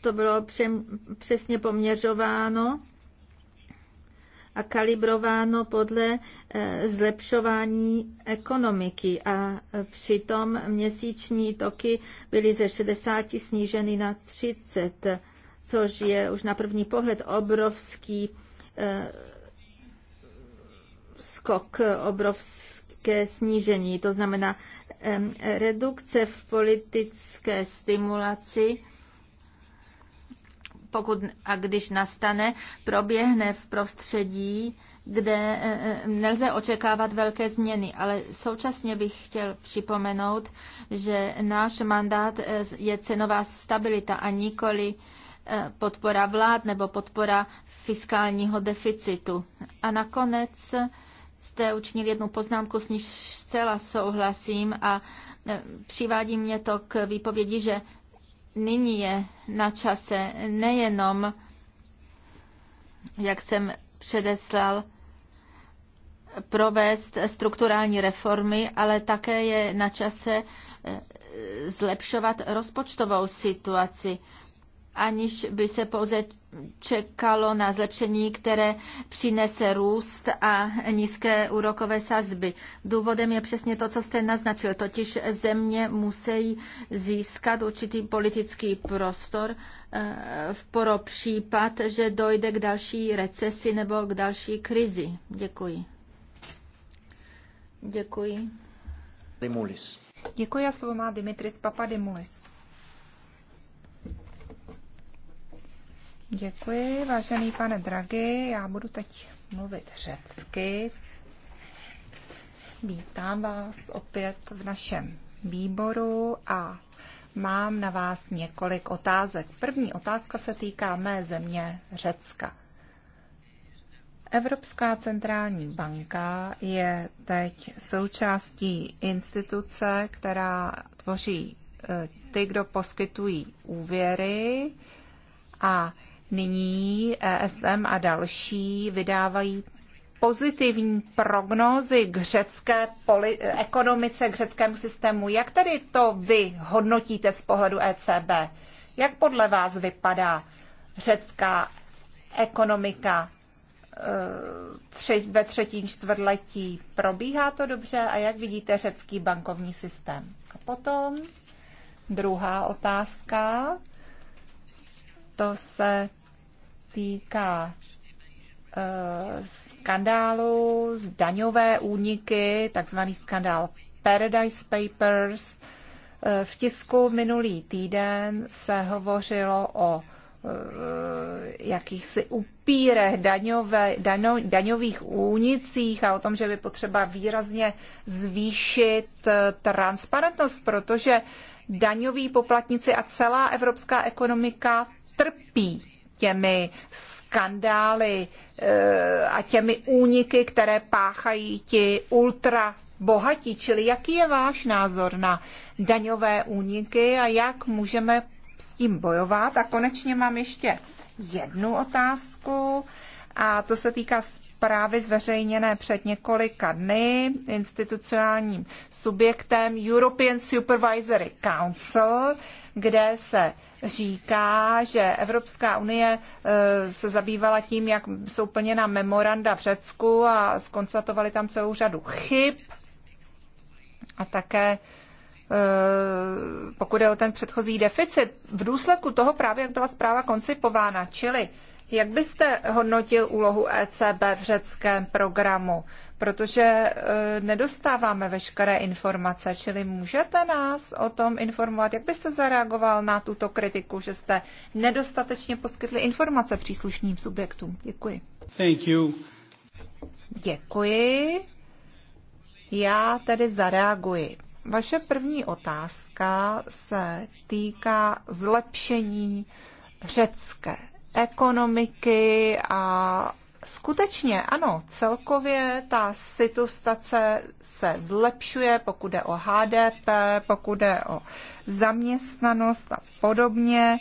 to bylo přesně poměřováno a kalibrováno podle eh, zlepšování ekonomiky a eh, přitom měsíční toky byly ze 60 sníženy na 30, což je už na první pohled obrovský eh, skok, obrovský ke snížení. To znamená redukce v politické stimulaci pokud a když nastane, proběhne v prostředí, kde nelze očekávat velké změny, ale současně bych chtěl připomenout, že náš mandát e, je cenová stabilita a nikoli e, podpora vlád nebo podpora fiskálního deficitu. A nakonec jste učinil jednu poznámku, s níž zcela souhlasím a e, přivádí mě to k výpovědi, že nyní je na čase nejenom, jak jsem předeslal, provést strukturální reformy, ale také je na čase e, zlepšovat rozpočtovou situaci aniž by se pouze čekalo na zlepšení, které přinese růst a nízké úrokové sazby. Důvodem je přesně to, co jste naznačil, totiž země musí získat určitý politický prostor eh, v pro případ, že dojde k další recesi nebo k další krizi. Děkuji.
Děkuji. Děkuji a slovo má Dimitris Papadimulis. Děkuji, vážený pane Dragi. Já budu teď mluvit řecky. Vítám vás opět v našem výboru a mám na vás několik otázek. První otázka se týká mé země Řecka. Evropská centrální banka je teď součástí instituce, která tvoří eh, ty, kdo poskytují úvěry a Nyní ESM a další vydávají pozitivní prognózy k řecké poli- ekonomice, k řeckému systému. Jak tedy to vy hodnotíte z pohledu ECB? Jak podle vás vypadá řecká ekonomika eh, ve třetím čtvrtletí? Probíhá to dobře a jak vidíte řecký bankovní systém? A potom druhá otázka. To se týká eh, skandálu z daňové úniky, takzvaný skandál Paradise Papers. Eh, v tisku minulý týden se hovořilo o eh, jakýchsi upírech, daňové, daňo, daňových únicích a o tom, že by potřeba výrazně zvýšit transparentnost, protože daňoví poplatníci a celá evropská ekonomika trpí těmi skandály eh, a těmi úniky, které páchají ti ultra bohatí. Čili jaký je váš názor na daňové úniky a jak můžeme s tím bojovat? A konečně mám ještě jednu otázku a to se týká zprávy zveřejněné před několika dny institucionálním subjektem European Supervisory Council, kde se říká, že Evropská unie e, se zabývala tím, jak jsou plněna memoranda v Řecku a skonstatovali tam celou řadu chyb a také e, pokud je o ten předchozí deficit, v důsledku toho právě, jak byla zpráva koncipována, čili jak byste hodnotil úlohu ECB v řeckém programu? Protože e, nedostáváme veškeré informace, čili můžete nás o tom informovat? Jak byste zareagoval na tuto kritiku, že jste nedostatečně poskytli informace příslušným subjektům? Děkuji. Thank you. Děkuji. Já tedy zareaguji. Vaše první otázka se týká zlepšení řecké ekonomiky a skutečně ano, celkově ta situace se zlepšuje, pokud jde o HDP, pokud jde o zaměstnanost a podobně.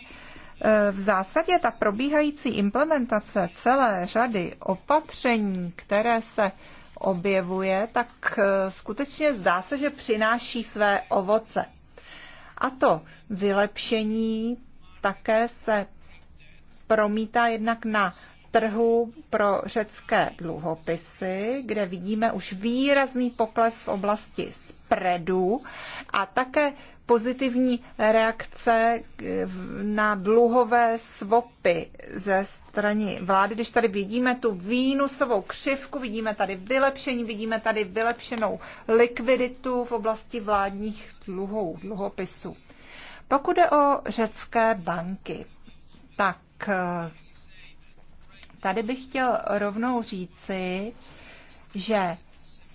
E, v zásadě ta probíhající implementace celé řady opatření, které se objevuje, tak e, skutečně zdá se, že přináší své ovoce. A to vylepšení také se promítá jednak na trhu pro řecké dluhopisy, kde vidíme už výrazný pokles v oblasti spreadu a také pozitivní reakce na dluhové svopy ze strany vlády. Když tady vidíme tu výnusovou křivku, vidíme tady vylepšení, vidíme tady vylepšenou likviditu v oblasti vládních dluhů, dluhopisů. Pokud jde o řecké banky, tak Eh, tady bych chtěl rovnou říci, že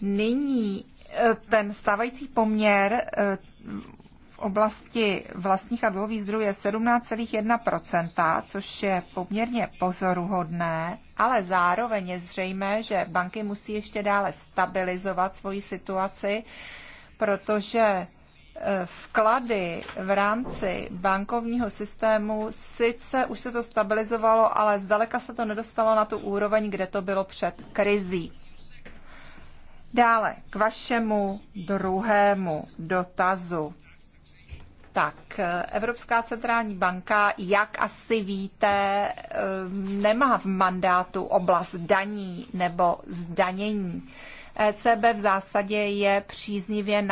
nyní eh, ten stávající poměr eh, v oblasti vlastních a dluhových zdrojů je 17,1%, což je poměrně pozoruhodné, ale zároveň je zřejmé, že banky musí ještě dále stabilizovat svoji situaci, protože vklady v rámci bankovního systému, sice už se to stabilizovalo, ale zdaleka se to nedostalo na tu úroveň, kde to bylo před krizí. Dále k vašemu druhému dotazu. Tak, Evropská centrální banka, jak asi víte, eh, nemá v mandátu oblast daní nebo zdanění. ECB v zásadě je příznivě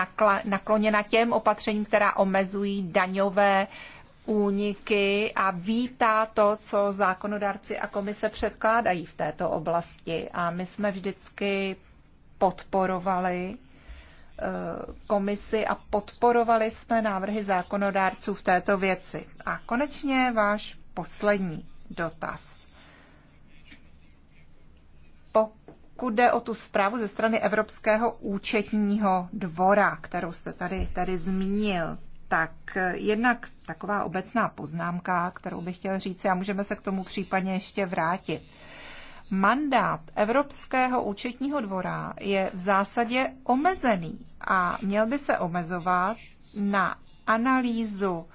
nakloněna těm opatřením, která omezují daňové úniky a vítá to, co zákonodárci a komise předkládají v této oblasti. A my jsme vždycky podporovali e, komisi a podporovali jsme návrhy zákonodárců v této věci. A konečně váš poslední dotaz. pokud jde o tu zprávu ze strany Evropského účetního dvora, kterou jste tady, tady zmínil, tak jednak taková obecná poznámka, kterou bych chtěl říct, a můžeme se k tomu případně ještě vrátit. Mandát Evropského účetního dvora je v zásadě omezený a měl by se omezovat na analýzu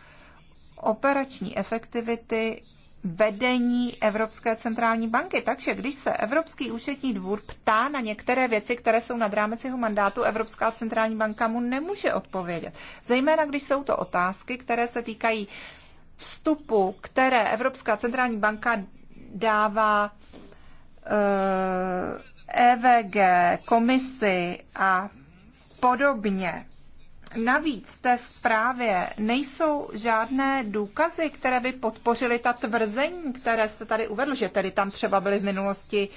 operační efektivity vedení Evropské centrální banky. Takže když se Evropský účetní dvůr ptá na některé věci, které jsou nad rámec jeho mandátu, Evropská centrální banka mu nemůže odpovědět. Zejména když jsou to otázky, které se týkají vstupu, které Evropská centrální banka dává EVG, eh, e komisi a podobně. Navíc v té zprávě nejsou žádné důkazy, které by podpořily ta tvrzení, které jste tady uvedl, že tedy tam třeba byly v minulosti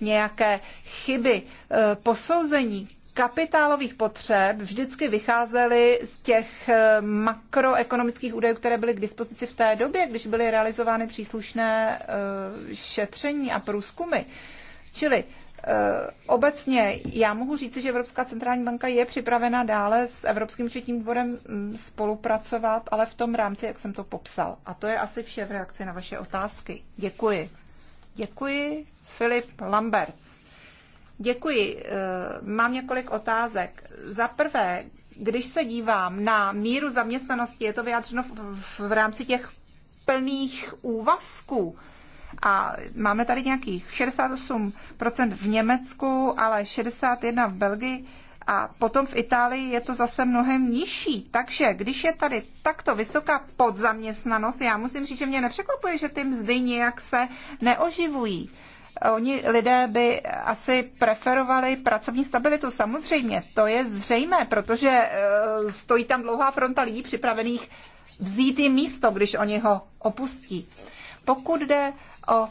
nějaké chyby. E, posouzení kapitálových potřeb vždycky vycházely z těch e, makroekonomických údajů, které byly k dispozici v té době, když byly realizovány příslušné e, šetření a průzkumy. Čili Eh, obecně já mohu říct, že Evropská centrální banka je připravena dále s Evropským účetním dvorem mm, spolupracovat, ale v tom rámci, jak jsem to popsal. A to je asi vše v reakci na vaše otázky. Děkuji. Děkuji, Filip Lamberts. Děkuji. Eh, mám několik otázek. Za prvé, když se dívám na míru zaměstnanosti, je to vyjádřeno v, v rámci těch plných úvazků a máme tady nějakých 68% v Německu, ale 61% v Belgii a potom v Itálii je to zase mnohem nižší. Takže když je tady takto vysoká podzaměstnanost, já musím říct, že mě nepřekvapuje, že ty mzdy nějak se neoživují. Oni lidé by asi preferovali pracovní stabilitu, samozřejmě, to je zřejmé, protože eh, stojí tam dlouhá fronta lidí připravených vzít jim místo, když oni ho opustí. Pokud jde o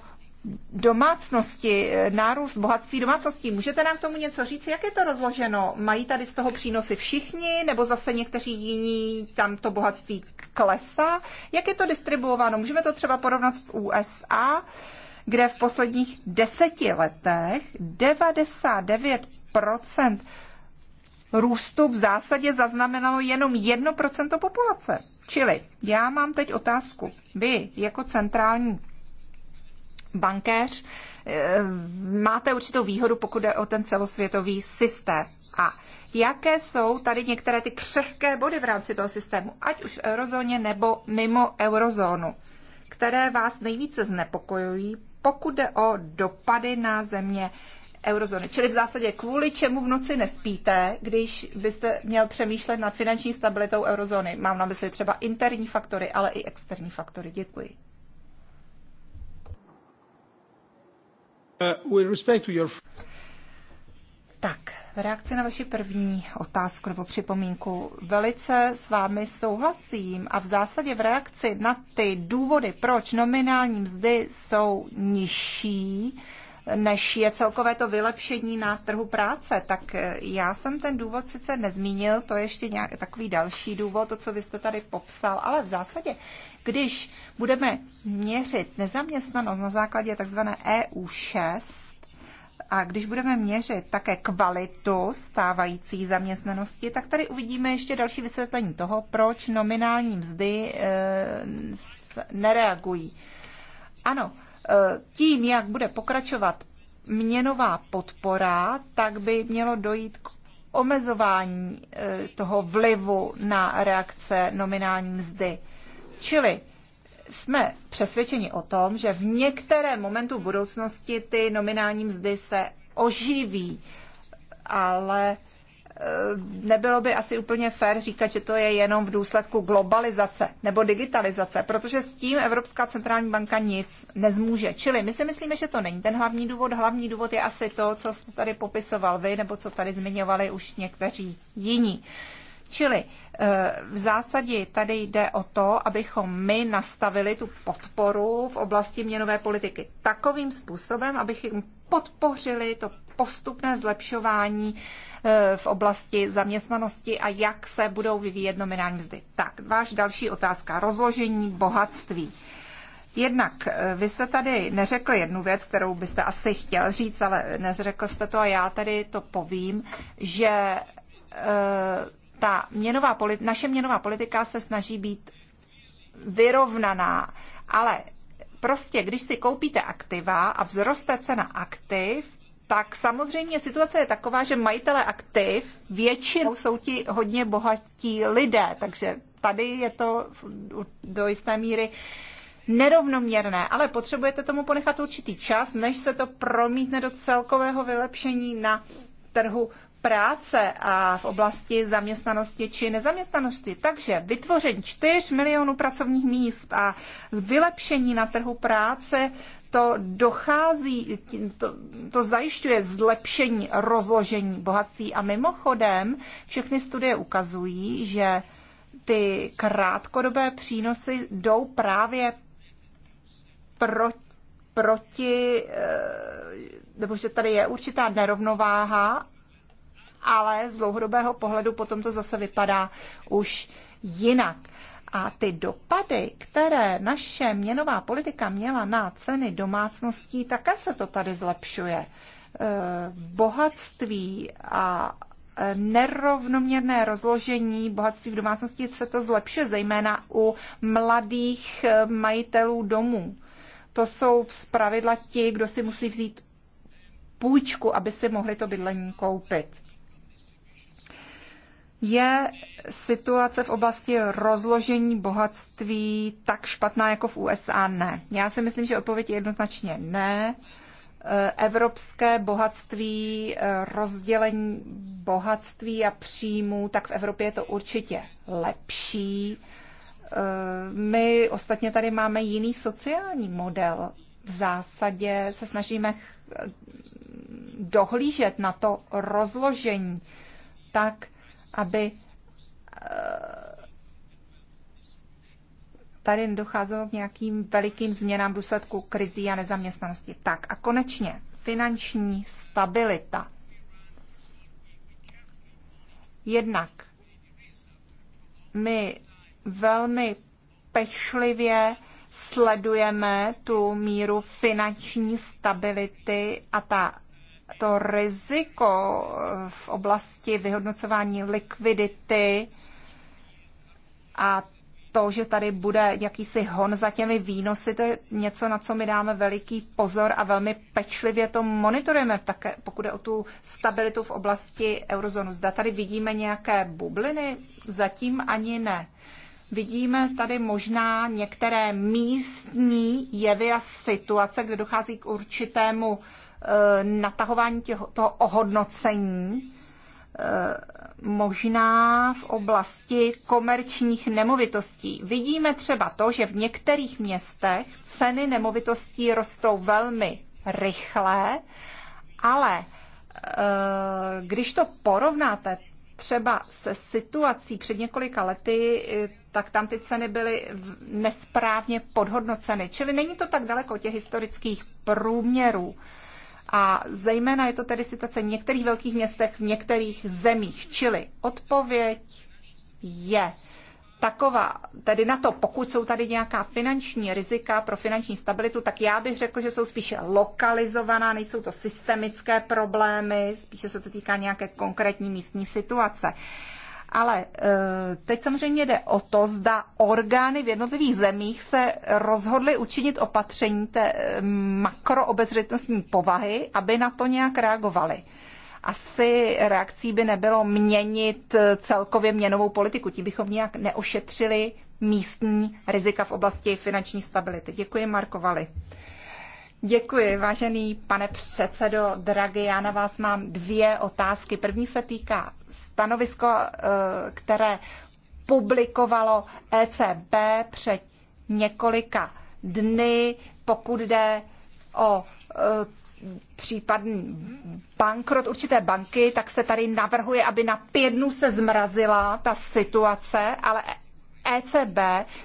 domácnosti, e, nárůst bohatství domácností. Můžete nám k tomu něco říct? Jak je to rozloženo? Mají tady z toho přínosy všichni, nebo zase někteří jiní tam to bohatství klesá? Jak je to distribuováno? Můžeme to třeba porovnat s USA, kde v posledních deseti letech 99% růstu v zásadě zaznamenalo jenom 1% populace. Čili já mám teď otázku. Vy jako centrální bankéř, eh, máte určitou výhodu, pokud jde o ten celosvětový systém. A jaké jsou tady některé ty křehké body v rámci toho systému, ať už v eurozóně nebo mimo eurozónu, které vás nejvíce znepokojují, pokud jde o dopady na země eurozóny. Čili v zásadě kvůli čemu v noci nespíte, když byste měl přemýšlet nad finanční stabilitou eurozóny. Mám na mysli třeba interní faktory, ale i externí faktory. Děkuji.
Uh,
tak, v reakci na vaši první otázku nebo připomínku, velice s vámi souhlasím a v zásadě v reakci na ty důvody, proč nominální mzdy jsou nižší, než je celkové to vylepšení na trhu práce. Tak eh, já jsem ten důvod sice nezmínil, to je ještě nějaký takový další důvod, to, co vy jste tady popsal, ale v zásadě, když budeme měřit nezaměstnanost na základě tzv. EU6, a když budeme měřit také kvalitu stávající zaměstnanosti, tak tady uvidíme ještě další vysvětlení toho, proč nominální mzdy e, nereagují. Ano, tím, jak bude pokračovat měnová podpora, tak by mělo dojít k omezování eh, toho vlivu na reakce nominální mzdy. Čili jsme přesvědčeni o tom, že v některém momentu v budoucnosti ty nominální mzdy se oživí, ale Eh, nebylo by asi úplně fér říkat, že to je jenom v důsledku globalizace nebo digitalizace, protože s tím Evropská centrální banka nic nezmůže. Čili my si myslíme, že to není ten hlavní důvod. Hlavní důvod je asi to, co jste tady popisoval vy, nebo co tady zmiňovali už někteří jiní. Čili eh, v zásadě tady jde o to, abychom my nastavili tu podporu v oblasti měnové politiky takovým způsobem, abychom podpořili to postupné zlepšování eh, v oblasti zaměstnanosti a jak se budou vyvíjet nominální mzdy. Tak, váš další otázka. Rozložení bohatství. Jednak eh, vy jste tady neřekl jednu věc, kterou byste asi chtěl říct, ale neřekl jste to a já tady to povím, že eh, ta měnová politi- naše měnová politika se snaží být vyrovnaná, ale prostě když si koupíte aktiva a vzroste cena aktiv, tak samozřejmě situace je taková, že majitele aktiv většinou jsou ti hodně bohatí lidé, takže tady je to do jisté míry nerovnoměrné, ale potřebujete tomu ponechat určitý čas, než se to promítne do celkového vylepšení na trhu práce a v oblasti zaměstnanosti či nezaměstnanosti. Takže vytvoření 4 milionů pracovních míst a vylepšení na trhu práce to dochází, to, to zajišťuje zlepšení rozložení bohatství. A mimochodem, všechny studie ukazují, že ty krátkodobé přínosy jdou právě proti, proti eh, nebo že tady je určitá nerovnováha ale z dlouhodobého pohledu potom to zase vypadá už jinak. A ty dopady, které naše měnová politika měla na ceny domácností, také se to tady zlepšuje. E, bohatství a nerovnoměrné rozložení bohatství v domácnosti se to zlepšuje, zejména u mladých e, majitelů domů. To jsou zpravidla ti, kdo si musí vzít půjčku, aby si mohli to bydlení koupit. Je situace v oblasti rozložení bohatství tak špatná jako v USA? Ne. Já si myslím, že odpověď je jednoznačně ne. Eh, evropské bohatství, eh, rozdělení bohatství a příjmů, tak v Evropě je to určitě lepší. Eh, my ostatně tady máme jiný sociální model. V zásadě se snažíme dohlížet na to rozložení tak, aby eh, tady docházelo k nějakým velikým změnám v důsledku krizí a nezaměstnanosti. Tak a konečně finanční stabilita. Jednak my velmi pečlivě sledujeme tu míru finanční stability a ta to riziko v oblasti vyhodnocování likvidity a to, že tady bude jakýsi hon za těmi výnosy, to je něco, na co my dáme veliký pozor a velmi pečlivě to monitorujeme, také pokud je o tu stabilitu v oblasti eurozónu. Zda tady vidíme nějaké bubliny? Zatím ani ne. Vidíme tady možná některé místní jevy a situace, kde dochází k určitému Eh, natahování těho, toho ohodnocení, eh, možná v oblasti komerčních nemovitostí. Vidíme třeba to, že v některých městech ceny nemovitostí rostou velmi rychle, ale eh, když to porovnáte třeba se situací před několika lety, tak tam ty ceny byly nesprávně podhodnoceny. Čili není to tak daleko těch historických průměrů. A zejména je to tedy situace v některých velkých městech, v některých zemích. Čili odpověď je taková, tedy na to, pokud jsou tady nějaká finanční rizika pro finanční stabilitu, tak já bych řekl, že jsou spíše lokalizovaná, nejsou to systemické problémy, spíše se to týká nějaké konkrétní místní situace. Ale e, teď samozřejmě jde o to, zda orgány v jednotlivých zemích se rozhodly učinit opatření té e, makroobezřetnostní povahy, aby na to nějak reagovaly. Asi reakcí by nebylo měnit e, celkově měnovou politiku, tím bychom nějak neošetřili místní rizika v oblasti finanční stability. Děkuji, Markovali. Děkuji, vážený pane předsedo Dragi, Já na vás mám dvě otázky. První se týká stanovisko, eh, které publikovalo ECB před několika dny, pokud jde o eh, případný bankrot určité banky, tak se tady navrhuje, aby na pět dnů se zmrazila ta situace, ale ECB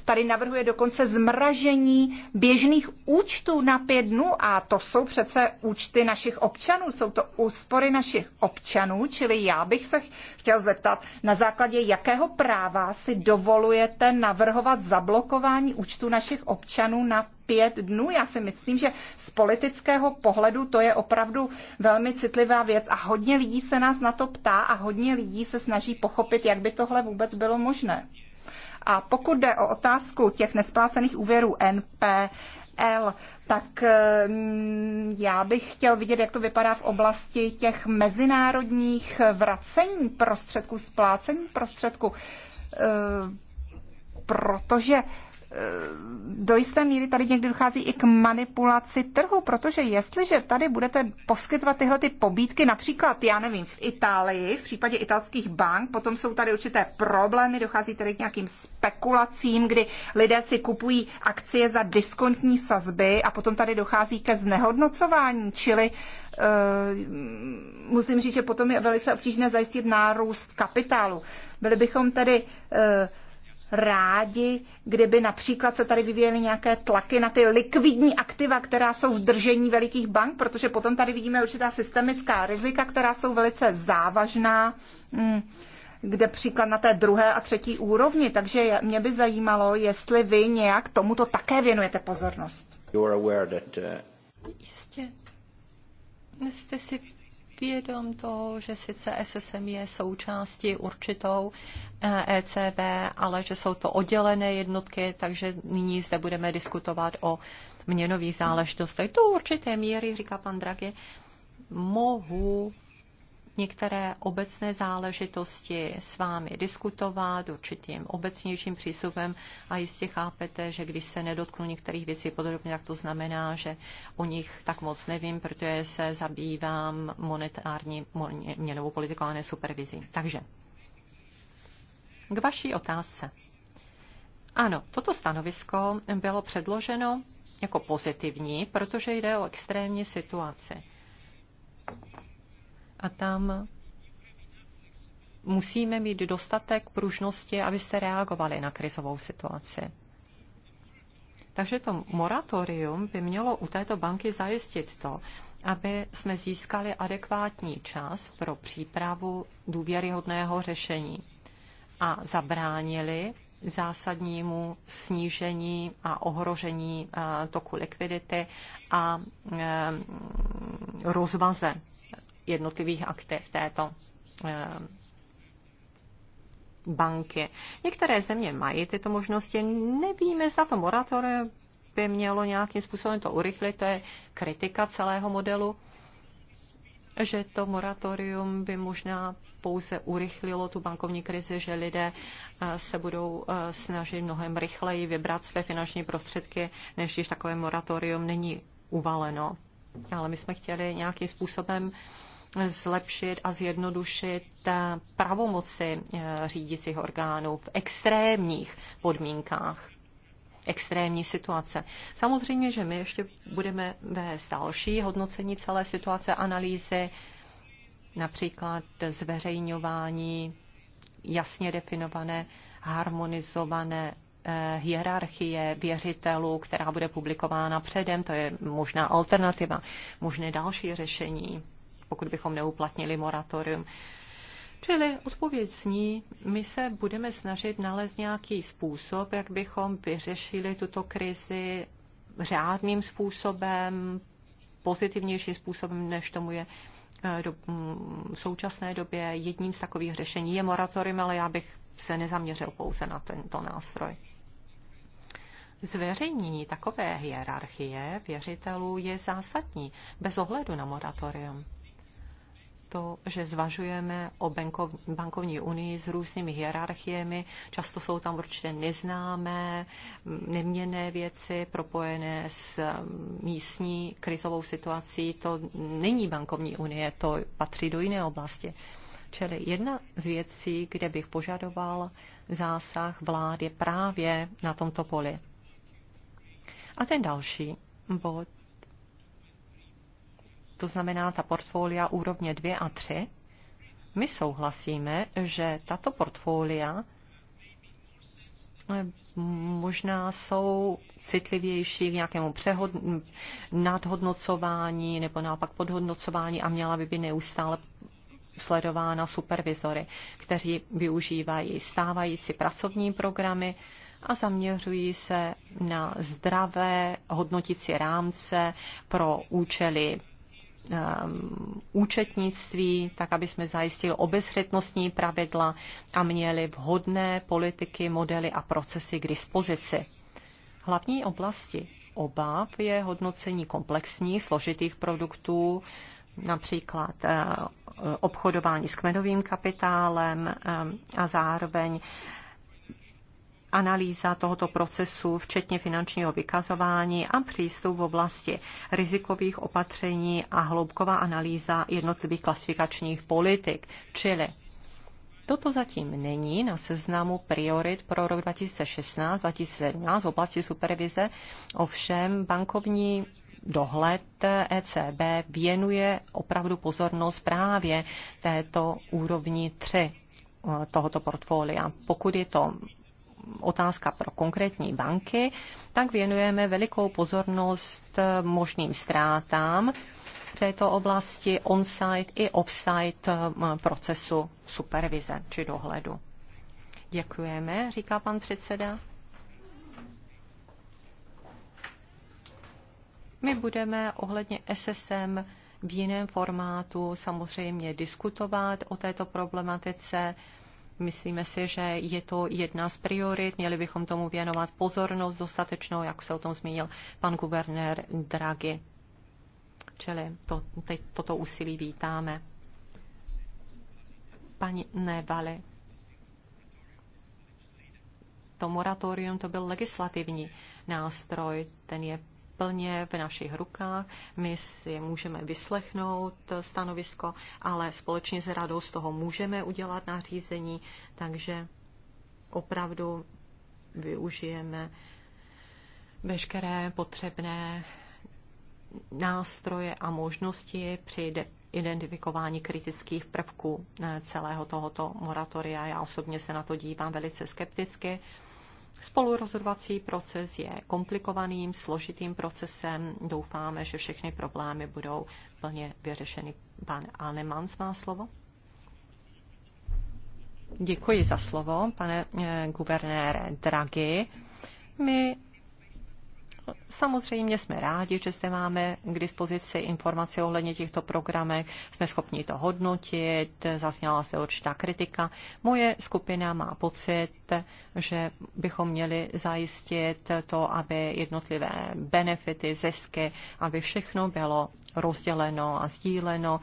tady navrhuje dokonce zmražení běžných účtů na pět dnů a to jsou přece účty našich občanů, jsou to úspory našich občanů, čili já bych se chtěl zeptat, na základě jakého práva si dovolujete navrhovat zablokování účtů našich občanů na pět dnů. Já si myslím, že z politického pohledu to je opravdu velmi citlivá věc a hodně lidí se nás na to ptá a hodně lidí se snaží pochopit, jak by tohle vůbec bylo možné. A pokud jde o otázku těch nesplácených úvěrů NPL, tak eh, mm, já bych chtěl vidět, jak to vypadá v oblasti těch mezinárodních vracení prostředků, splácení prostředků, eh, protože do jisté míry tady někdy dochází i k manipulaci trhu, protože jestliže tady budete poskytovat tyhle ty pobídky, například, já nevím, v Itálii, v případě italských bank, potom jsou tady určité problémy, dochází tady k nějakým spekulacím, kdy lidé si kupují akcie za diskontní sazby a potom tady dochází ke znehodnocování, čili uh, musím říct, že potom je velice obtížné zajistit nárůst kapitálu. Byli bychom tedy uh, rádi, kdyby například se tady vyvíjely nějaké tlaky na ty likvidní aktiva, která jsou v držení velikých bank, protože potom tady vidíme určitá systemická rizika, která jsou velice závažná, mm, kde příklad na té druhé a třetí úrovni. Takže mě by zajímalo, jestli vy nějak tomuto také věnujete pozornost.
Uh,
Jistě. Jste si vědom toho, že sice SSM je součástí určitou ECB, eh, e ale že jsou to oddělené jednotky, takže nyní zde budeme diskutovat o měnových záležitostech. Do určité míry, říká pan Draghi, mohu některé obecné záležitosti s vámi diskutovat určitým obecnějším přístupem a jistě chápete, že když se nedotknu některých věcí podrobně, tak to znamená, že o nich tak moc nevím, protože se zabývám monetární měnovou politikou a ne supervizí. Takže k vaší otázce. Ano, toto stanovisko bylo předloženo jako pozitivní, protože jde o extrémní situaci a tam musíme mít dostatek pružnosti, abyste reagovali na krizovou situaci. Takže to moratorium by mělo u této banky zajistit to, aby jsme získali adekvátní čas pro přípravu důvěryhodného řešení a zabránili zásadnímu snížení a ohrožení eh, toku likvidity a eh, rozvaze jednotlivých aktiv této eh, banky. Některé země mají tyto možnosti. Nevíme, zda to moratorium by mělo nějakým způsobem to urychlit. To je kritika celého modelu, že to moratorium by možná pouze urychlilo tu bankovní krizi, že lidé eh, se budou eh, snažit mnohem rychleji vybrat své finanční prostředky, než když takové moratorium není uvaleno. Ale my jsme chtěli nějakým způsobem zlepšit a zjednodušit eh, pravomoci eh, řídicích orgánů v extrémních podmínkách extrémní situace. Samozřejmě, že my ještě budeme vést další hodnocení celé situace, analýzy, například zveřejňování jasně definované, harmonizované eh, hierarchie věřitelů, která bude publikována předem, to je možná alternativa, možné další řešení pokud bychom neuplatnili moratorium. Čili odpověď zní, my se budeme snažit nalézt nějaký způsob, jak bychom vyřešili tuto krizi řádným způsobem, pozitivnějším způsobem, než tomu je eh, do, mm, v současné době. Jedním z takových řešení je moratorium, ale já bych se nezaměřil pouze na tento nástroj. Zveřejnění takové hierarchie věřitelů je zásadní, bez ohledu na moratorium to, že zvažujeme o bankov, bankovní unii s různými hierarchiemi. Často jsou tam určitě neznámé, neměné věci propojené s um, místní krizovou situací. To není bankovní unie, to patří do jiné oblasti. Čili jedna z věcí, kde bych požadoval zásah vlády právě na tomto poli. A ten další bod to znamená ta portfolia úrovně 2 a 3, my souhlasíme, že tato portfolia eh, možná jsou citlivější k nějakému přehod, nadhodnocování nebo naopak podhodnocování a měla by být neustále sledována supervizory, kteří využívají stávající pracovní programy a zaměřují se na zdravé hodnotící rámce pro účely um, účetnictví, tak aby jsme zajistili obezřetnostní pravidla a měli vhodné politiky, modely a procesy k dispozici. Hlavní oblasti obav je hodnocení komplexní, složitých produktů, například eh, obchodování s kmenovým kapitálem eh, a zároveň analýza tohoto procesu, včetně finančního vykazování a přístup v oblasti rizikových opatření a hloubková analýza jednotlivých klasifikačních politik, čili Toto zatím není na seznamu priorit pro rok 2016-2017 v oblasti supervize, ovšem bankovní dohled ECB věnuje opravdu pozornost právě této úrovni 3 eh, tohoto portfolia. Pokud je to otázka pro konkrétní banky, tak věnujeme velikou pozornost možným ztrátám v této oblasti on-site i off-site eh, procesu supervize či dohledu. Děkujeme, říká pan předseda. My budeme ohledně SSM v jiném formátu samozřejmě diskutovat o této problematice. Myslíme si, že je to jedna z priorit, měli bychom tomu věnovat pozornost dostatečnou, jak se o tom zmínil pan guvernér Draghi. Čili to, teď toto úsilí vítáme. Pani Nevali, to moratorium to byl legislativní nástroj, ten je plně v našich rukách. My si můžeme vyslechnout stanovisko, ale společně s radou z toho můžeme udělat nařízení, takže opravdu využijeme veškeré potřebné nástroje a možnosti při identifikování kritických prvků eh, celého tohoto moratoria. Já osobně se na to dívám velice skepticky. Spolurozhodovací proces je komplikovaným, složitým procesem. Doufáme, že všechny problémy budou plně vyřešeny. Pan Anemans má slovo. Děkuji za slovo, pane eh, guvernére Draghi. My Samozřejmě jsme rádi, že zde máme k dispozici informace ohledně těchto programech, jsme schopni to hodnotit, zazněla se určitá kritika. Moje skupina má pocit, že bychom měli zajistit to, aby jednotlivé benefity, zisky, aby všechno bylo rozděleno a sdíleno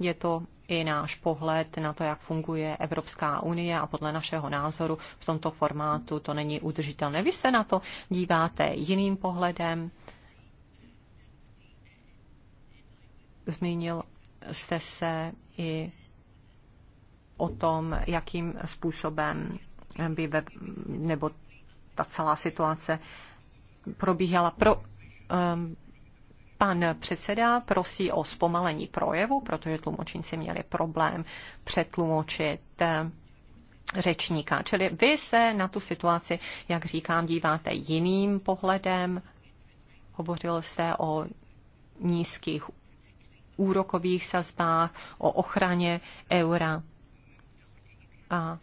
je to i náš pohled na to, jak funguje Evropská unie a podle našeho názoru v tomto formátu to není udržitelné. Vy se na to díváte jiným pohledem. Zmínil jste se i o tom, jakým způsobem by ve, nebo ta celá situace probíhala pro um, Pan předseda prosí o zpomalení projevu, protože tlumočníci měli problém přetlumočit eh, řečníka. Čili vy se na tu situaci, jak říkám, díváte jiným pohledem. Hovořil jste o nízkých úrokových sazbách, o ochraně eura. A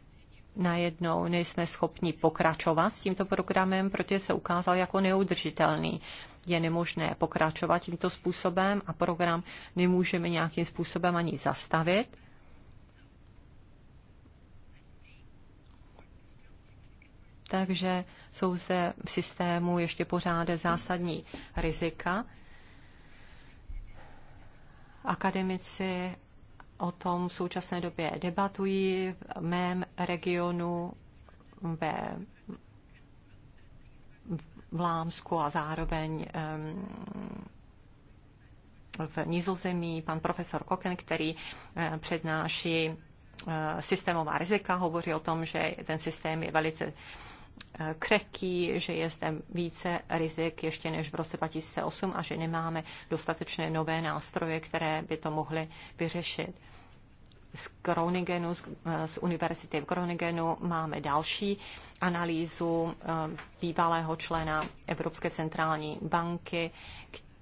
najednou nejsme schopni pokračovat s tímto programem, protože se ukázal jako neudržitelný je nemožné pokračovat tímto způsobem a program nemůžeme nějakým způsobem ani zastavit. Takže jsou zde v systému ještě pořád zásadní rizika. Akademici o tom v současné době debatují v mém regionu ve v Lámsku a zároveň v Nizozemí pan profesor Koken, který eh, přednáší eh, systémová rizika, hovoří o tom, že ten systém je velice eh, křehký, že je zde více rizik ještě než v roce 2008 a že nemáme dostatečné nové nástroje, které by to mohly vyřešit z Groningenu, eh, z Univerzity v Groningenu máme další analýzu eh, bývalého člena Evropské centrální banky,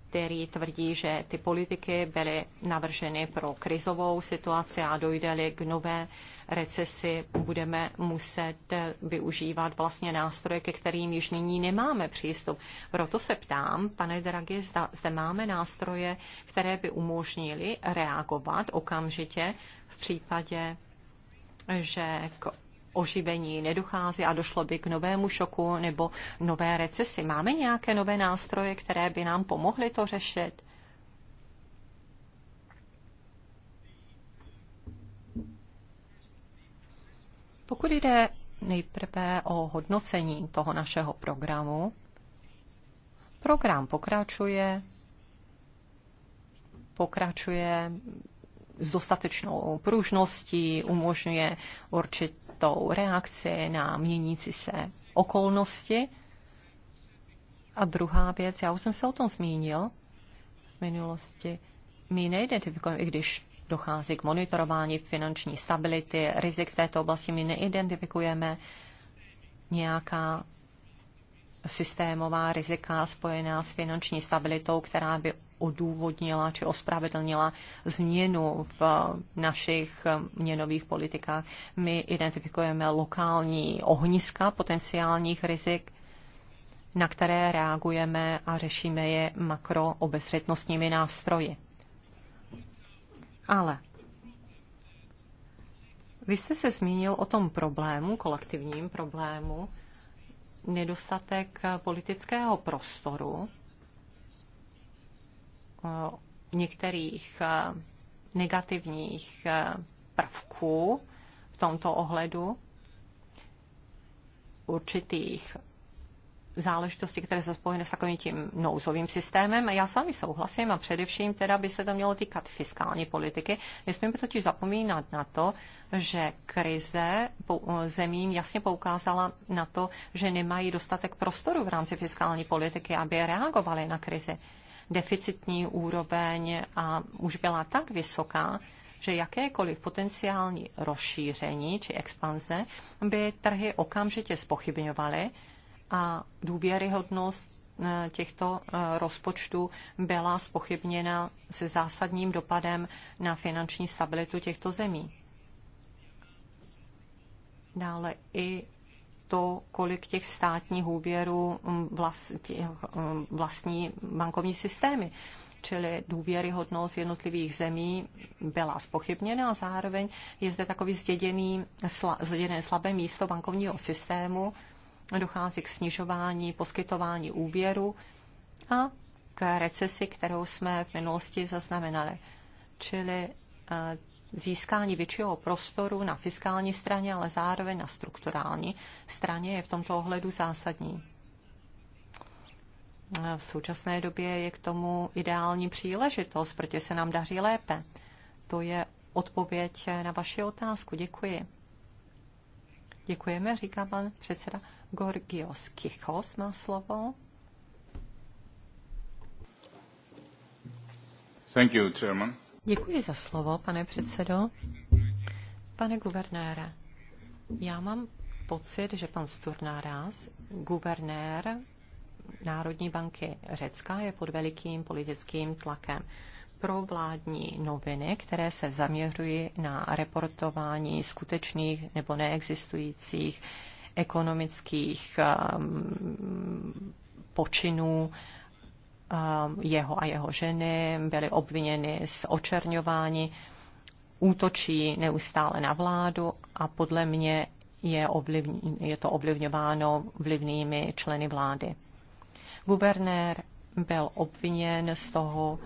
který tvrdí, že ty politiky byly navrženy pro krizovou situaci a dojde k nové recesi budeme muset využívat vlastně nástroje, ke kterým již nyní nemáme přístup. Proto se ptám, pane Draghi, zda zde máme nástroje, které by umožnili reagovat okamžitě v případě, že k oživení nedochází a došlo by k novému šoku nebo nové recesi. Máme nějaké nové nástroje, které by nám pomohly to řešit? Pokud jde nejprve o hodnocení toho našeho programu, program pokračuje, pokračuje s dostatečnou pružností, umožňuje určitou reakci na měnící se okolnosti. A druhá věc, já už jsem se o tom zmínil v minulosti, my neidentifikujeme, i když dochází k monitorování finanční stability, rizik v této oblasti my neidentifikujeme nějaká systémová rizika spojená s finanční stabilitou, která by odůvodnila či ospravedlnila změnu v našich měnových politikách. My identifikujeme lokální ohniska potenciálních rizik, na které reagujeme a řešíme je makroobezřetnostními nástroji. Ale vy jste se zmínil o tom problému, kolektivním problému, nedostatek politického prostoru eh, některých eh, negativních eh, prvků v tomto ohledu, určitých záležitosti, které jsou spojeny s takovým tím nouzovým systémem. Já s vámi souhlasím a především teda by se to mělo týkat fiskální politiky. Nesmíme totiž zapomínat na to, že krize zemím jasně poukázala na to, že nemají dostatek prostoru v rámci fiskální politiky, aby reagovali na krizi. Deficitní úroveň a už byla tak vysoká, že jakékoliv potenciální rozšíření či expanze by trhy okamžitě spochybňovaly a důvěryhodnost eh, těchto eh, rozpočtů byla spochybněna se zásadním dopadem na finanční stabilitu těchto zemí. Dále i to, kolik těch státních úvěrů mm, eh, vlastní bankovní systémy. Čili důvěryhodnost jednotlivých zemí byla spochybněna a zároveň je zde takový zděděný, zděděné slabé místo bankovního systému, dochází k snižování poskytování úvěru a k recesi, kterou jsme v minulosti zaznamenali. Čili eh, získání většího prostoru na fiskální straně, ale zároveň na strukturální straně je v tomto ohledu zásadní. Eh, v současné době je k tomu ideální příležitost, protože se nám daří lépe. To je odpověď na vaši otázku. Děkuji. Děkujeme, říká pan předseda. Gorgios Kichos má slovo.
Thank you, chairman.
Děkuji za slovo, pane předsedo. Pane guvernére, já mám pocit, že pan Sturnáras, guvernér Národní banky Řecka, je pod velikým politickým tlakem pro vládní noviny, které se zaměřují na reportování skutečných nebo neexistujících ekonomických um, počinů um, jeho a jeho ženy, byly obviněny z očerňování, útočí neustále na vládu a podle mě je, ovlivň, je to ovlivňováno vlivnými členy vlády. Guvernér byl obviněn z toho,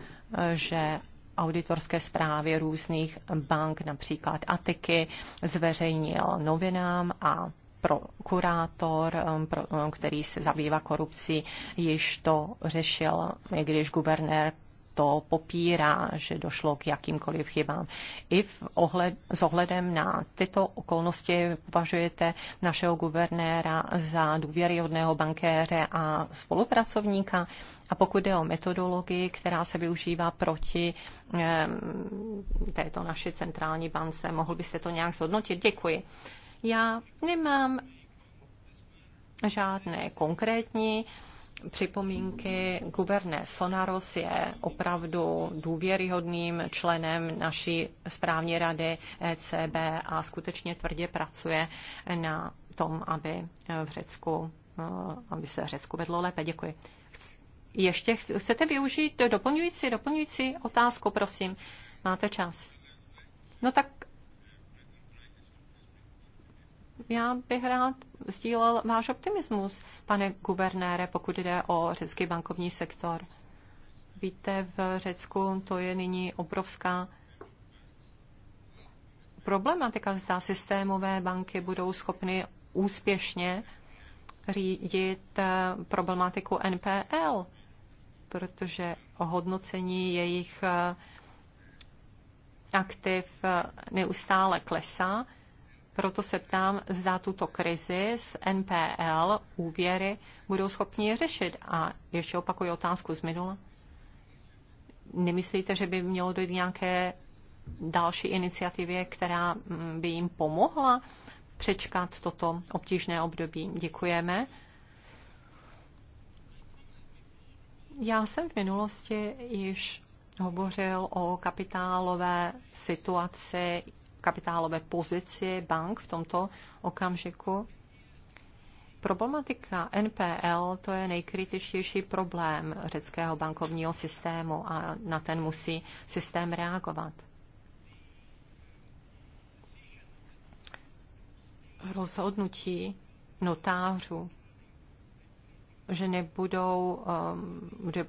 že auditorské zprávy různých bank, například Atiky, zveřejnil novinám a prokurátor, pro, um, um, který se zabývá korupcí, již to řešil, i když guvernér to popírá, že došlo k jakýmkoliv chybám. I v ohled, s ohledem na tyto okolnosti považujete našeho guvernéra za důvěryhodného bankéře a spolupracovníka. A pokud jde o metodologii, která se využívá proti eh, této naší centrální bance, mohl byste to nějak zhodnotit? Děkuji. Já nemám žádné konkrétní připomínky. Guverné Sonaros je opravdu důvěryhodným členem naší správní rady ECB a skutečně tvrdě pracuje na tom, aby v Řecku, no, aby se Řecku vedlo lépe. Děkuji. Ještě chcete využít doplňující, doplňující otázku, prosím. Máte čas. No tak já bych rád sdílel váš optimismus, pane guvernére, pokud jde o řecký bankovní sektor. Víte, v Řecku to je nyní obrovská problematika, zda systémové banky budou schopny úspěšně řídit eh, problematiku NPL, protože hodnocení jejich eh, aktiv eh, neustále klesá proto se ptám, zda tuto krizi z NPL úvěry budou schopni řešit. A ještě opakuju otázku z minula. Nemyslíte, že by mělo dojít nějaké další iniciativě, která mm, by jim pomohla přečkat toto obtížné období? Děkujeme. Já jsem v minulosti již hovořil o kapitálové situaci kapitálové pozici bank v tomto okamžiku. Problematika NPL to je nejkritičtější problém řeckého bankovního systému a na ten musí systém reagovat. Rozhodnutí notářů, že nebudou, um, že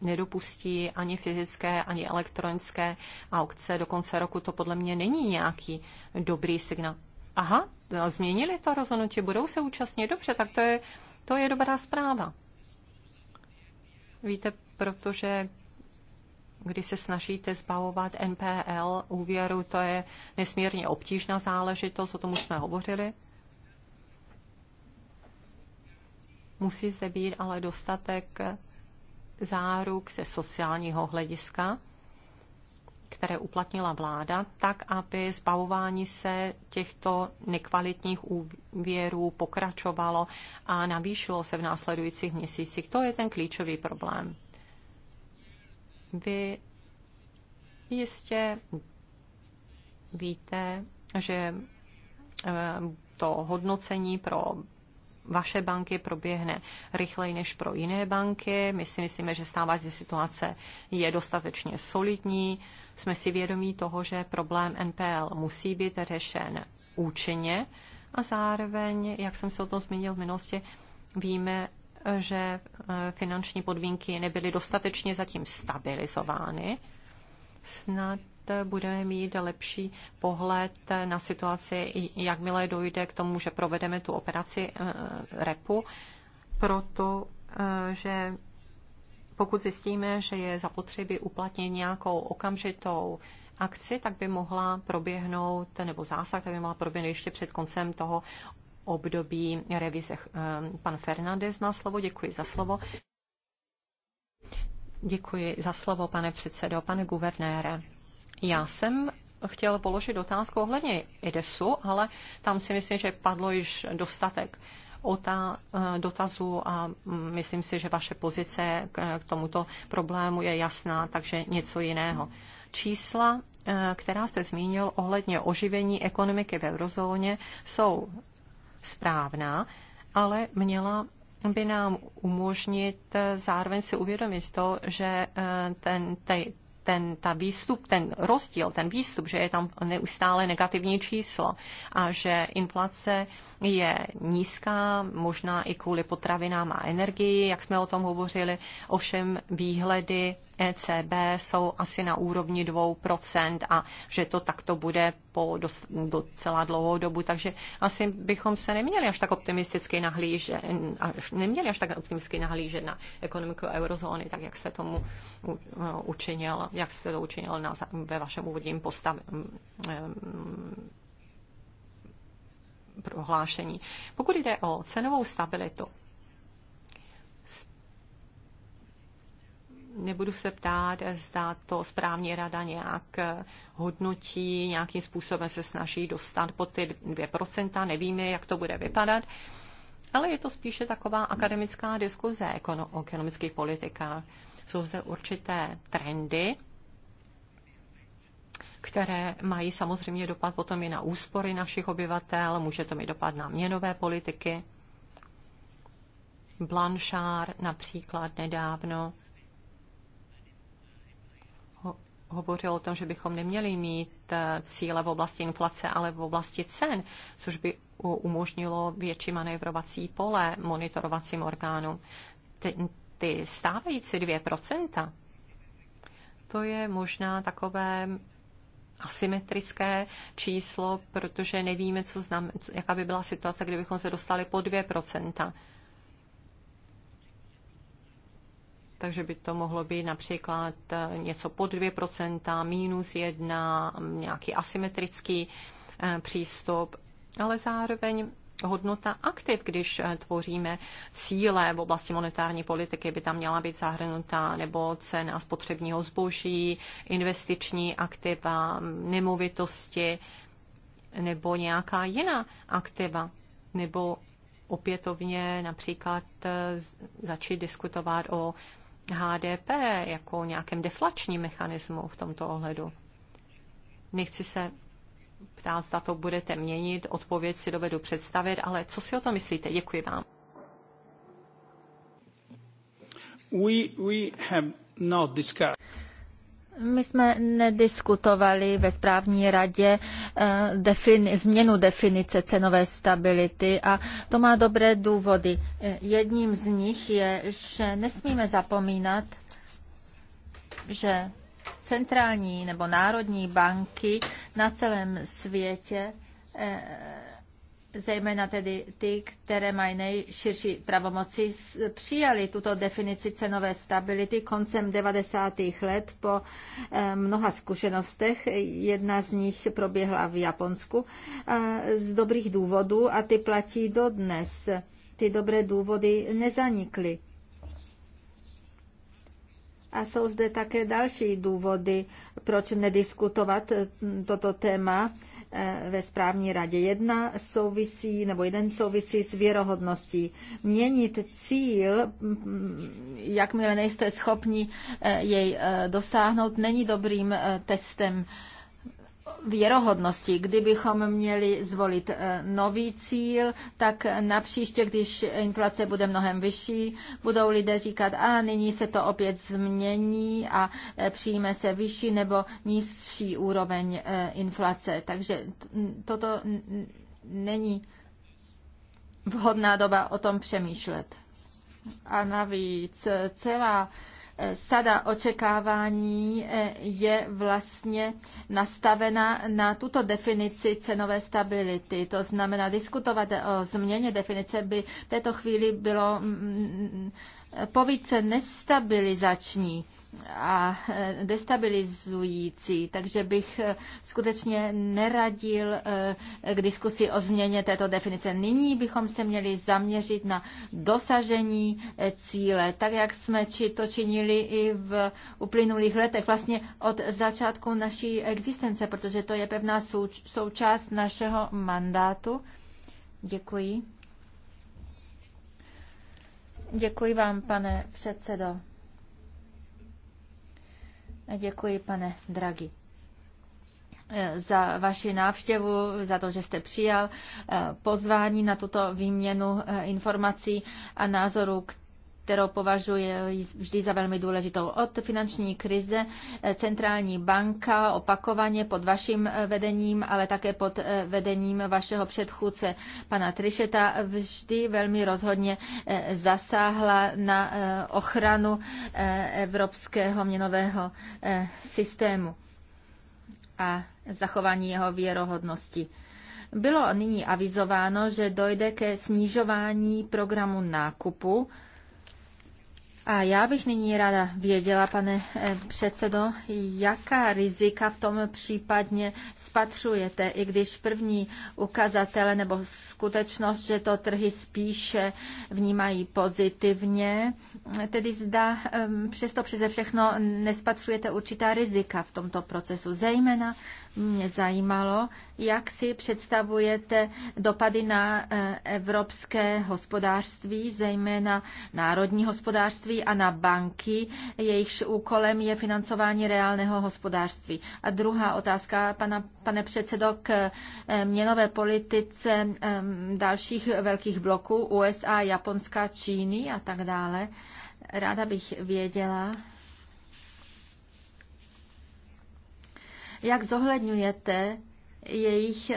nedopustí ani fyzické, ani elektronické aukce. Do konce roku to podle mě není nějaký dobrý signál. Aha, změnili to rozhodnutí, budou se účastnit, dobře, tak to je, to je dobrá zpráva. Víte, protože když se snažíte zbavovat NPL úvěru, to je nesmírně obtížná záležitost, o tom už jsme hovořili. Musí zde být ale dostatek záruk ze sociálního hlediska, které uplatnila vláda, tak aby zbavování se těchto nekvalitních úvěrů pokračovalo a navýšilo se v následujících měsících. To je ten klíčový problém. Vy jistě víte, že eh, to hodnocení pro vaše banky proběhne rychleji než pro jiné banky. My si myslíme, že stávající situace je dostatečně solidní. Jsme si vědomí toho, že problém NPL musí být řešen účinně a zároveň, jak jsem se o tom zmínil v minulosti, víme, že e, finanční podmínky nebyly dostatečně zatím stabilizovány. Snad budeme mít lepší pohled na situaci, jakmile dojde k tomu, že provedeme tu operaci eh, REPu, protože pokud zjistíme, že je zapotřebí uplatnit nějakou okamžitou akci, tak by mohla proběhnout, nebo zásah, tak by mohla proběhnout ještě před koncem toho období revize. Eh, pan Fernandez má slovo, děkuji za slovo. Děkuji za slovo, pane předsedo, pane guvernére. Já jsem chtěl položit otázku ohledně IDESu, ale tam si myslím, že padlo již dostatek otá, eh, dotazů a mm, myslím si, že vaše pozice eh, k tomuto problému je jasná, takže něco jiného. Čísla, eh, která jste zmínil ohledně oživení ekonomiky v eurozóně, jsou správná, ale měla by nám umožnit zároveň si uvědomit to, že ten, te, ten, ta výstup, ten rozdíl, ten výstup, že je tam neustále negativní číslo a že inflace je nízká, možná i kvůli potravinám a energii, jak jsme o tom hovořili. Ovšem výhledy ECB jsou asi na úrovni 2% a že to takto bude po docela dlouhou dobu, takže asi bychom se neměli až tak optimisticky nahlížet, až, neměli až tak optimisticky nahlížet na ekonomiku eurozóny, tak jak jste tomu učinil, jak jste to učinil na, ve vašem úvodním postav, mm, mm, prohlášení. Pokud jde o cenovou stabilitu, nebudu se ptát, zda to správně rada nějak hodnotí, nějakým způsobem se snaží dostat pod ty 2%, nevíme, jak to bude vypadat, ale je to spíše taková akademická diskuze o ekonomických politikách. Jsou zde určité trendy, které mají samozřejmě dopad potom i na úspory našich obyvatel, může to mít dopad na měnové politiky. Blanchard například nedávno hovořil o tom, že bychom neměli mít eh, cíle v oblasti inflace, ale v oblasti cen, což by umožnilo větší manévrovací pole monitorovacím orgánům. Ty, ty stávající 2%, to je možná takové asymetrické číslo, protože nevíme, co znamená, jaká by byla situace, kdybychom se dostali po 2%. takže by to mohlo být například eh, něco po 2%, minus 1, nějaký asymetrický eh, přístup, ale zároveň hodnota aktiv, když eh, tvoříme cíle v oblasti monetární politiky, by tam měla být zahrnutá, nebo cena spotřebního zboží, investiční aktiva, nemovitosti, nebo nějaká jiná aktiva, nebo opětovně například eh, začít diskutovat o HDP jako nějakém deflačním mechanismu v tomto ohledu. Nechci se ptá, zda to budete měnit. Odpověď si dovedu představit, ale co si o to myslíte? Děkuji vám.
We, we have not discussed.
My jsme nediskutovali ve správní radě eh, defini- změnu definice cenové stability a to má dobré důvody. Eh, jedním z nich je, že nesmíme zapomínat, že centrální nebo národní banky na celém světě eh, zejména tedy ty, které mají nejširší pravomoci, přijali tuto definici cenové stability koncem 90. let po eh, mnoha zkušenostech. Jedna z nich proběhla v Japonsku eh, z dobrých důvodů a ty platí dodnes. Ty dobré důvody nezanikly. A jsou zde také další důvody, proč nediskutovat eh, toto téma eh, ve správní radě. Jedna souvisí, nebo jeden souvisí s věrohodností. Měnit cíl, mm, jakmile nejste schopni eh, jej dosáhnout, není dobrým testem věrohodnosti. Kdybychom měli zvolit eh, nový cíl, tak napříště, když inflace bude mnohem vyšší, budou lidé říkat, a nyní se to opět změní a eh, přijme se vyšší nebo nižší úroveň eh, inflace. Takže toto není vhodná doba o tom přemýšlet. A navíc celá sada očekávání eh, je vlastně nastavena na tuto definici cenové stability. To znamená, diskutovat o změně definice by v této chvíli bylo mm, mm, povíce nestabilizační a e, destabilizující, takže bych e, skutečně neradil e, k diskusi o změně této definice. Nyní bychom se měli zaměřit na dosažení cíle, tak jak jsme či to činili i v uplynulých letech, vlastně od začátku naší existence, protože to je pevná součást našeho mandátu. Děkuji. Děkuji vám, pane předsedo. Děkuji, pane Dragi za vaši návštěvu, za to, že jste přijal eh, pozvání na tuto výměnu eh, informací a názorů kterou považuji vždy za velmi důležitou. Od finanční krize eh, centrální banka opakovaně pod vaším eh, vedením, ale také pod eh, vedením vašeho předchůdce pana Trišeta vždy velmi rozhodně zasáhla na ochranu evropského měnového systému a zachování jeho věrohodnosti. Bylo nyní avizováno, že dojde ke snižování programu nákupu a já bych nyní ráda věděla, pane eh, předsedo, jaká rizika v tom případně spatřujete, i když první ukazatele nebo skutečnost, že to trhy spíše vnímají pozitivně, tedy zda ehm, přesto přeze všechno nespatřujete určitá rizika v tomto procesu, zejména zajímalo, jak si představujete dopady na eh, evropské hospodářství, zejména národní hospodářství a na banky, jejichž úkolem je financování reálného hospodářství. A druhá otázka, pana, pane předsedo, k eh, měnové politice eh, dalších velkých bloků USA, Japonska, Číny a tak dále. Ráda bych věděla, Jak zohledňujete jejich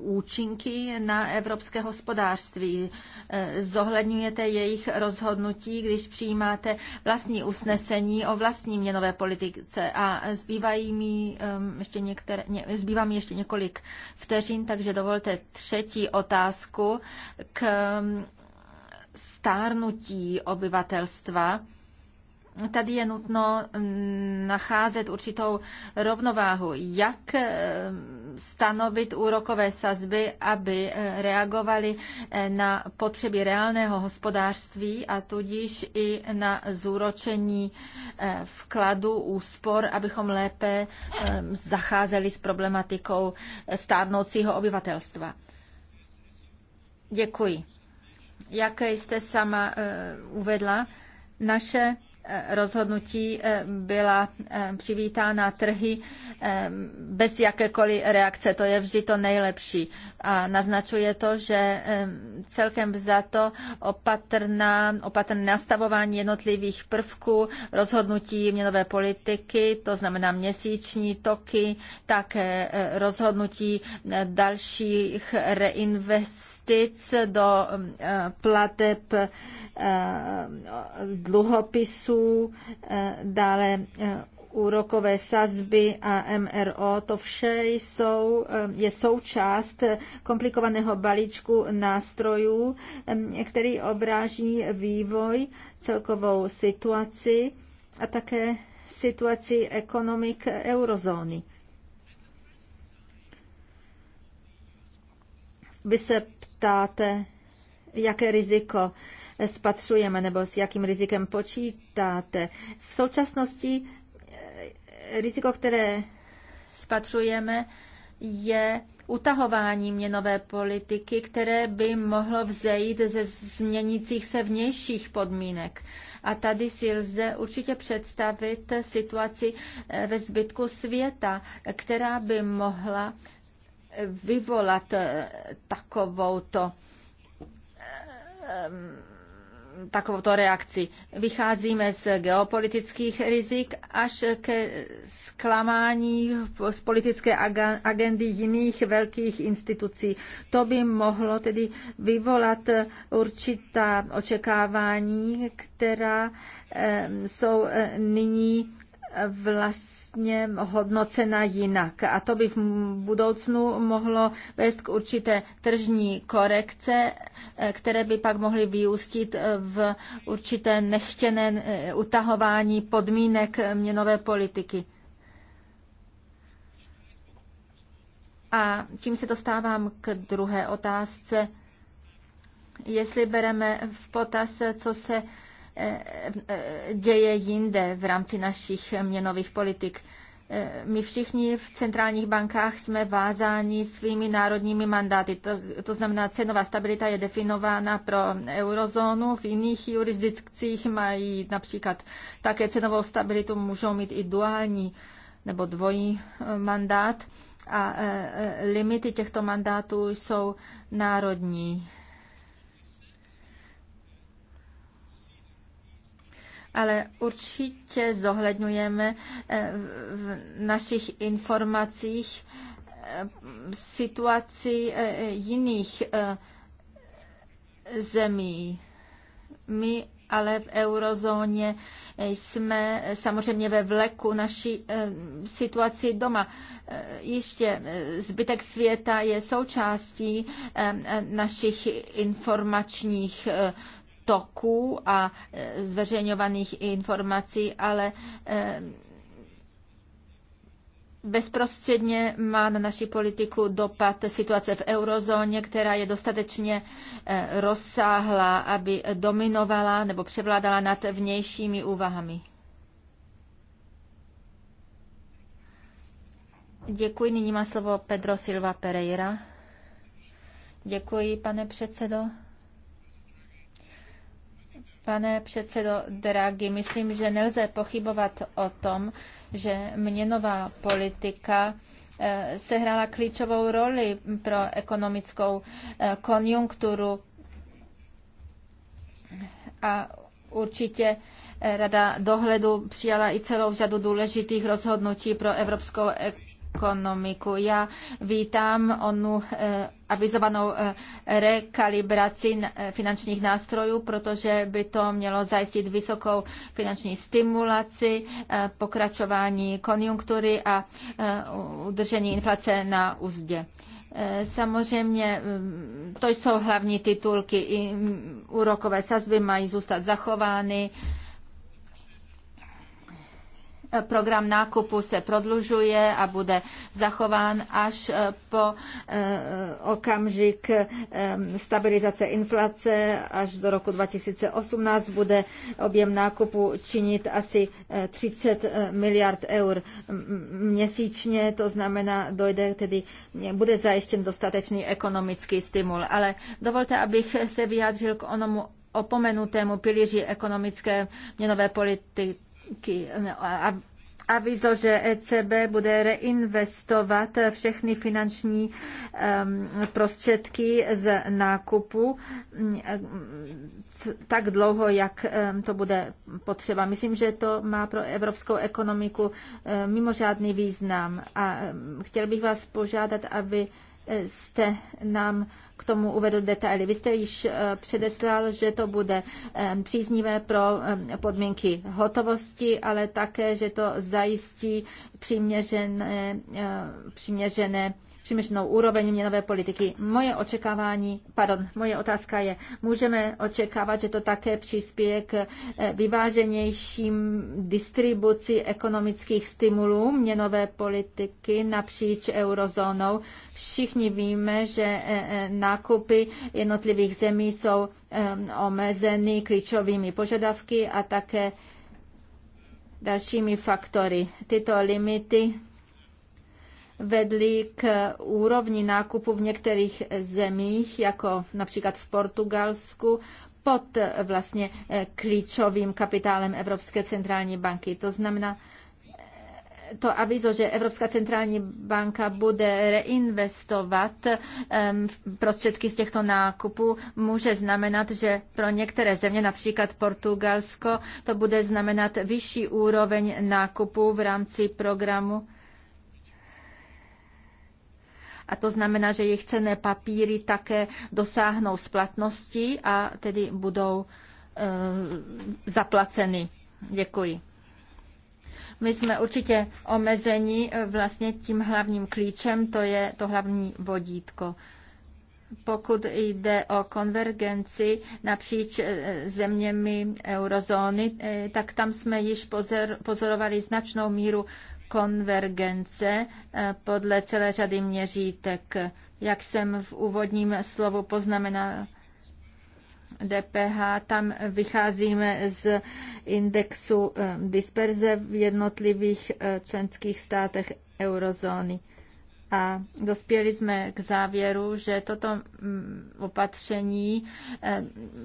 účinky na evropské hospodářství. E, zohledňujete jejich rozhodnutí, když přijímáte vlastní usnesení o vlastní měnové politice. A zbývají mi ještě některé, zbývá mi ještě několik vteřin, takže dovolte třetí otázku k stárnutí obyvatelstva tady je nutno mm, nacházet určitou rovnováhu, jak eh, stanovit úrokové sazby, aby eh, reagovaly eh, na potřeby reálného hospodářství a tudíž i na zúročení vkladu úspor, abychom lépe zacházeli s problematikou stárnoucího obyvatelstva. Děkuji. Jak jste sama uvedla, naše Eh, rozhodnutí eh, byla eh, přivítána trhy bez jakékoliv reakce. To je vždy to nejlepší. A naznačuje to, že celkem to opatrná, opatrné nastavování jednotlivých prvků rozhodnutí měnové politiky, to znamená měsíční toky, také rozhodnutí dalších reinvestic investic do um, eh, plateb eh, dluhopisů, eh, dále úrokové sazby a MRO, to vše jsou, je součást komplikovaného balíčku nástrojů, který obráží vývoj, celkovou situaci a také situaci ekonomik eurozóny. Vy se ptáte, jaké riziko spatřujeme nebo s jakým rizikem počítáte. V současnosti eh, riziko, které spatřujeme, je utahování měnové politiky, které by mohlo vzejít ze změnících se vnějších podmínek. A tady si lze určitě představit situaci eh, ve zbytku světa, která by mohla vyvolat eh, takovouto eh, takovouto reakci. Vycházíme z geopolitických rizik až ke zklamání z politické agendy jiných velkých institucí. To by mohlo tedy vyvolat eh, určitá očekávání, která jsou nyní vlastně hodnocena jinak. A to by v budoucnu mohlo vést k určité tržní korekce, eh, které by pak mohly vyústit eh, v určité nechtěné eh, utahování podmínek měnové politiky. A tím se dostávám k druhé otázce. Jestli bereme v potaz, co se Eh, eh, děje jinde v rámci našich měnových politik. Eh, my všichni v centrálních bankách jsme vázáni svými národními mandáty. To, to znamená, cenová stabilita je definována pro eurozónu. V jiných jurisdikcích mají například také cenovou stabilitu, můžou mít i duální nebo dvojí mandát a limity těchto mandátů jsou národní. ale určitě zohledňujeme eh, v našich informacích eh, situaci eh, jiných zemí. My ale v eurozóně jsme samozřejmě ve vleku naší situaci doma. Ještě zbytek světa je součástí našich informačních toků a e, zveřejňovaných informací, ale e, Bezprostředně má na naši politiku dopad situace v eurozóně, která je dostatečně e, rozsáhlá, aby dominovala nebo převládala nad vnějšími úvahami. Děkuji. Nyní má slovo Pedro Silva Pereira. Děkuji, pane předsedo. Pane předsedo Draghi, myslím, že nelze pochybovat o tom, že měnová politika eh, sehrála klíčovou roli pro ekonomickou eh, konjunkturu a určitě eh, Rada dohledu přijala i celou řadu důležitých rozhodnutí pro evropskou e- ekonomiku. Já vítám onu eh, avizovanou eh, rekalibraci eh, finančních nástrojů, protože by to mělo zajistit vysokou finanční stimulaci, pokračování konjunktury a udržení inflace na úzdě. Samozřejmě mm, to jsou hlavní titulky. I mm, úrokové sazby mají zůstat zachovány program nákupu se prodlužuje a bude zachován až eh, po eh, okamžik eh, stabilizace inflace až do roku 2018 bude objem nákupu činit asi 30 miliard eur měsíčně, to znamená, dojde tedy, bude zajištěn dostatečný ekonomický stimul. Ale dovolte, abych se vyjádřil k onomu opomenutému pilíři ekonomické měnové politiky No, a avizo, že ECB bude reinvestovat všechny finanční prostředky z nákupu mm, tak dlouho, jak to bude potřeba. Myslím, že to má pro evropskou ekonomiku mimořádný význam a chtěl bych vás požádat, aby jste nám k tomu uvedl detaily. Vy jste již eh, předeslal, že to bude eh, příznivé pro eh, podmínky hotovosti, ale také, že to zajistí přiměřené, přiměřené přemýšlenou úroveň měnové politiky. Moje očekávání, pardon, moje otázka je, můžeme očekávat, že to také přispěje k eh, vyváženějším distribuci ekonomických stimulů měnové politiky napříč eurozónou. Všichni víme, že eh, eh, nákupy jednotlivých zemí jsou omezeny klíčovými požadavky a také dalšími faktory. Tyto limity vedly k úrovni nákupu v některých zemích, jako například v Portugalsku, pod eh, vlastně eh, klíčovým kapitálem Evropské centrální banky. To znamená, eh, to avizo, že Evropská centrální banka bude reinvestovat ehm, prostředky z těchto nákupů, může znamenat, že pro některé země, například Portugalsko, to bude znamenat vyšší úroveň nákupu v rámci programu a to znamená, že jejich cenné papíry také dosáhnou splatnosti a tedy budou e, zaplaceny. Děkuji. My jsme určitě omezeni e, vlastně tím hlavním klíčem, to je to hlavní vodítko pokud jde o konvergenci napříč e, zeměmi eurozóny, e, tak tam jsme již pozorovali značnou míru konvergence eh, podle celé řady měřítek. Jak jsem v úvodním slovu poznamenal, DPH, tam vycházíme z indexu eh, disperze v jednotlivých eh, členských státech eurozóny. A dospěli jsme k závěru, že toto mm, opatření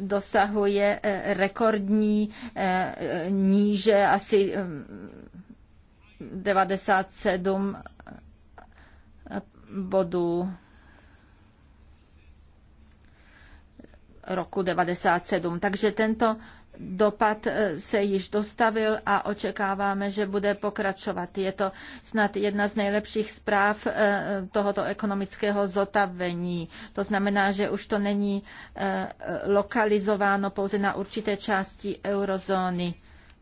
dosahuje rekordní níže asi 97 bodů roku 97. Takže tento dopad eh, se již dostavil a očekáváme, že bude pokračovat. Je to snad jedna z nejlepších zpráv eh, tohoto ekonomického zotavení. To znamená, že už to není eh, lokalizováno pouze na určité části eurozóny.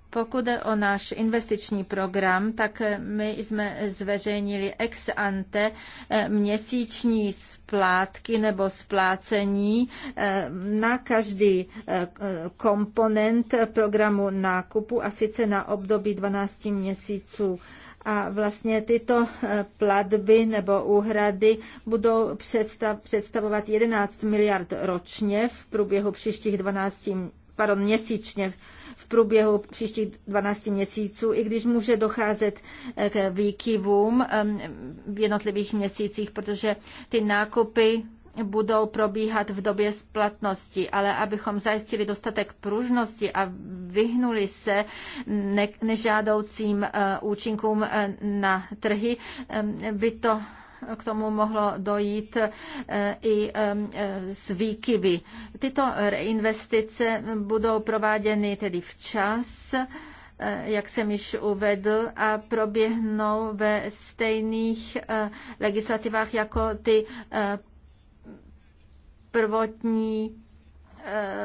Pokud jde o náš investiční program, tak my jsme zveřejnili ex ante eh, měsíční splátky nebo splácení eh, na každý eh, komponent programu nákupu a sice na období 12 měsíců a vlastně tyto platby nebo úhrady budou představovat 11 miliard ročně v průběhu příštích 12 pardon, měsíčně v průběhu příštích 12 měsíců, i když může docházet eh, k výkyvům ehm, v jednotlivých měsících, protože ty nákupy budou probíhat v době splatnosti, ale abychom zajistili dostatek pružnosti a vyhnuli se ne- nežádoucím eh, účinkům eh, na trhy, ehm, by to k tomu mohlo dojít eh, i z eh, výkyvy. Tyto reinvestice budou prováděny tedy včas, eh, jak jsem již uvedl, a proběhnou ve stejných legislativách jako ty prvotní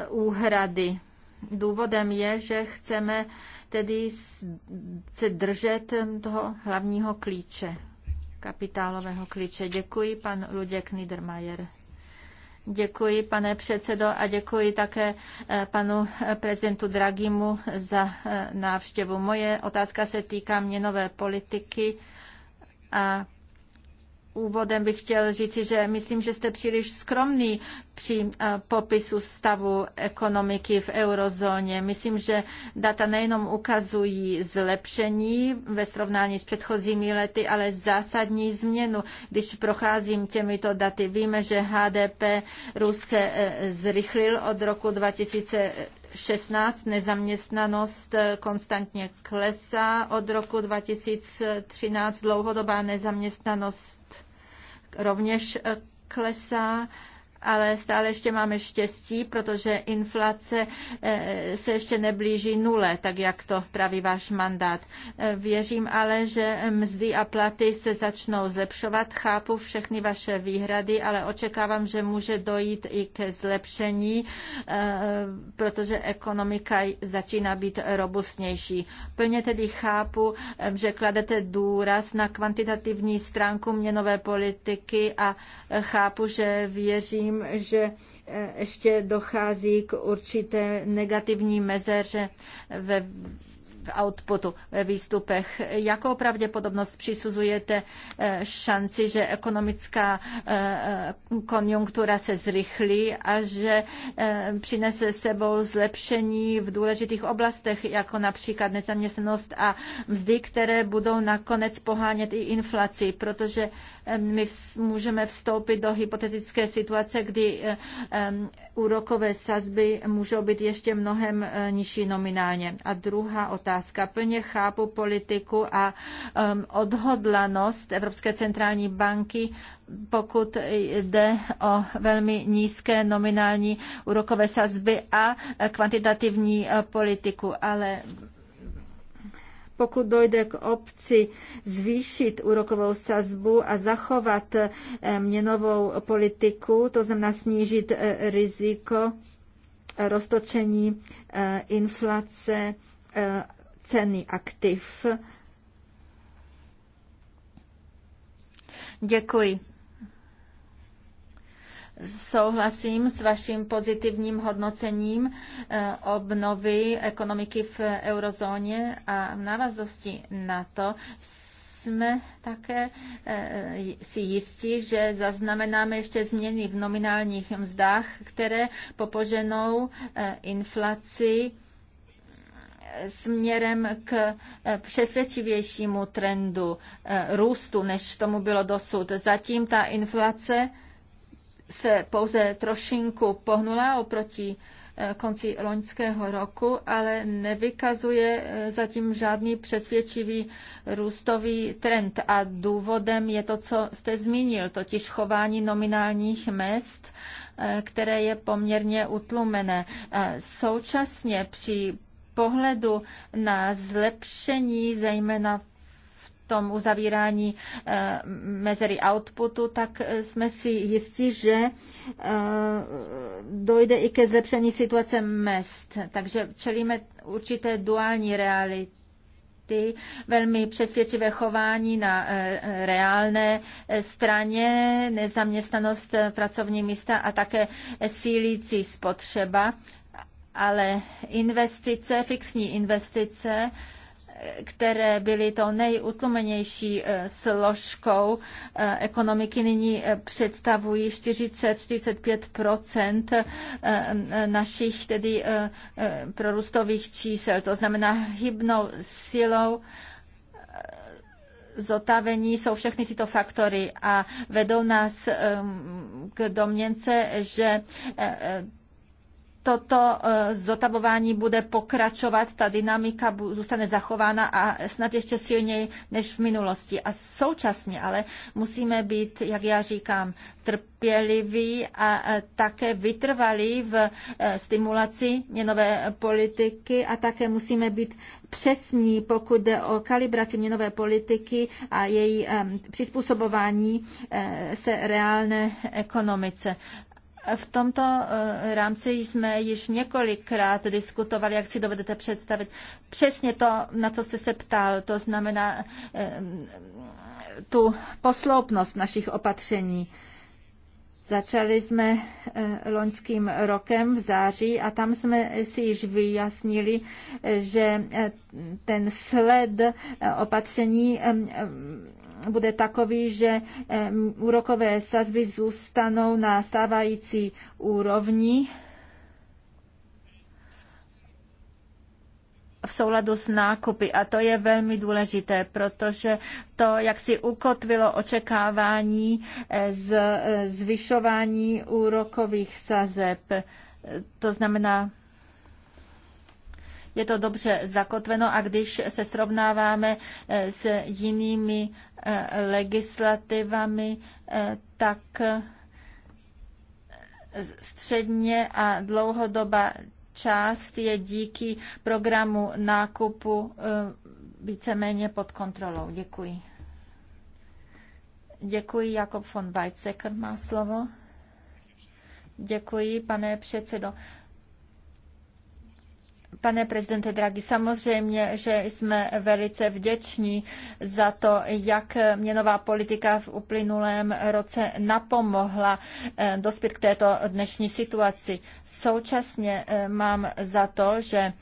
úhrady. Důvodem je, že chceme tedy se držet toho hlavního klíče kapitálového klíče. Děkuji, pan Luděk Niedermayer. Děkuji, pane předsedo, a děkuji také eh, panu eh, prezidentu Dragimu za eh, návštěvu. Moje otázka se týká měnové politiky a úvodem bych chtěl říci, že myslím, že jste příliš skromný při eh, popisu stavu ekonomiky v eurozóně. Myslím, že data nejenom ukazují zlepšení ve srovnání s předchozími lety, ale zásadní změnu. Když procházím těmito daty, víme, že HDP růst se eh, zrychlil od roku 2016, 16 nezaměstnanost eh, konstantně klesá. Od roku 2013 dlouhodobá nezaměstnanost rovněž eh, klesá ale stále ještě máme štěstí, protože inflace eh, se ještě neblíží nule, tak jak to praví váš mandát. Eh, věřím ale, že mzdy a platy se začnou zlepšovat. Chápu všechny vaše výhrady, ale očekávám, že může dojít i ke zlepšení, eh, protože ekonomika začíná být robustnější. Plně tedy chápu, že kladete důraz na kvantitativní stránku měnové politiky a chápu, že věřím, tím, že e, ještě dochází k určité negativní mezeře ve outputu, ve výstupech. Jakou pravděpodobnost přisuzujete eh, šanci, že ekonomická eh, konjunktura se zrychlí a že eh, přinese sebou zlepšení v důležitých oblastech, jako například nezaměstnanost a mzdy, které budou nakonec pohánět i inflaci, protože my můžeme vstoupit do hypotetické situace, kdy úrokové sazby můžou být ještě mnohem nižší nominálně. A druhá otázka otázka. Plně chápu politiku a um, odhodlanost Evropské centrální banky, pokud jde o velmi nízké nominální úrokové sazby a kvantitativní uh, politiku, ale pokud dojde k obci zvýšit úrokovou sazbu a zachovat uh, měnovou politiku, to znamená snížit uh, riziko roztočení inflace ceny aktiv. Děkuji. Souhlasím s vaším pozitivním hodnocením eh, obnovy ekonomiky v eurozóně a v návaznosti na to jsme také eh, si jistí, že zaznamenáme ještě změny v nominálních mzdách, které popoženou eh, inflaci směrem k eh, přesvědčivějšímu trendu eh, růstu, než tomu bylo dosud. Zatím ta inflace se pouze trošinku pohnula oproti eh, konci loňského roku, ale nevykazuje zatím žádný přesvědčivý růstový trend. A důvodem je to, co jste zmínil, totiž chování nominálních mest, které je poměrně utlumené. Současně při pohledu na zlepšení, zejména v tom uzavírání eh, mezery outputu, tak eh, jsme si jistí, že eh, dojde i ke zlepšení situace mest. Takže čelíme určité duální reality velmi přesvědčivé chování na reálné straně, nezaměstnanost pracovní místa a také sílící spotřeba ale investice, fixní investice, které byly to nejutlumenější eh, složkou eh, ekonomiky, nyní eh, představují 40-45 našich tedy prorůstových čísel. To znamená hybnou silou zotavení jsou všechny tyto faktory a vedou nás k domněnce, že toto eh, zotavování bude pokračovat, ta dynamika zůstane zachována a snad ještě silněji než v minulosti. A současně ale musíme být, jak já říkám, trpěliví a eh, také vytrvalí v eh, stimulaci měnové politiky a také musíme být přesní, pokud jde o kalibraci měnové politiky a její přizpůsobování se reálné ekonomice. V tomto eh, rámci jsme již několikrát diskutovali, jak si dovedete představit přesně to, na co jste se ptal, to znamená eh, tu posloupnost našich opatření. Začali jsme eh, loňským rokem v září a tam jsme si již vyjasnili, že ten sled opatření bude takový, že úrokové sazby zůstanou na stávající úrovni v souladu s nákupy. A to je velmi důležité, protože to, jak si ukotvilo očekávání eh, z eh, zvyšování úrokových sazeb, eh, to znamená je to dobře zakotveno a když se srovnáváme eh, s jinými eh, legislativami, eh, tak středně a dlouhodoba část je díky programu nákupu víceméně pod kontrolou. Děkuji. Děkuji, Jakob von Weizsäcker má slovo. Děkuji, pane předsedo. Pane prezidente Draghi, samozřejmě, že jsme velice vděční za to, jak měnová politika v uplynulém roce napomohla eh, dospět k této dnešní situaci. Současně eh, mám za to, že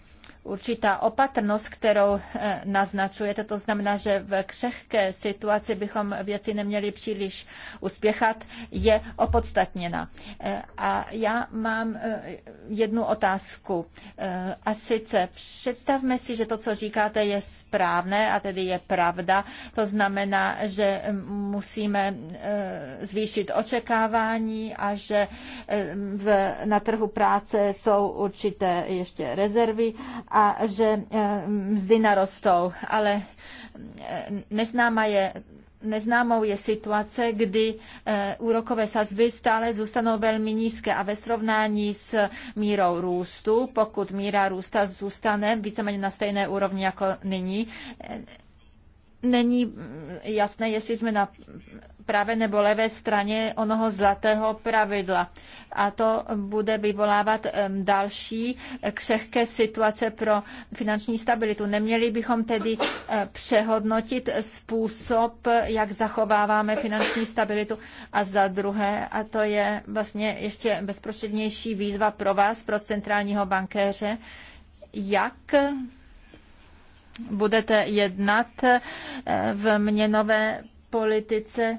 určitá opatrnost, kterou eh, naznačujete. To znamená, že v křehké situaci bychom věci neměli příliš uspěchat, je opodstatněna. Eh, a já mám eh, jednu otázku. A sice představme si, že to, co říkáte, je správné a tedy je pravda. To znamená, že musíme zvýšit očekávání a že v, na trhu práce jsou určité ještě rezervy a a že eh, mzdy narostou, ale eh, neznáma je Neznámou je situace, kdy eh, úrokové sazby stále zůstanou velmi nízké a ve srovnání s mírou růstu, pokud míra růsta zůstane víceméně na stejné úrovni jako nyní, není jasné, jestli jsme na pravé nebo levé straně onoho zlatého pravidla. A to bude vyvolávat další křehké situace pro finanční stabilitu. Neměli bychom tedy přehodnotit způsob, jak zachováváme finanční stabilitu. A za druhé, a to je vlastně ještě bezprostřednější výzva pro vás, pro centrálního bankéře, jak budete jednat eh, v měnové politice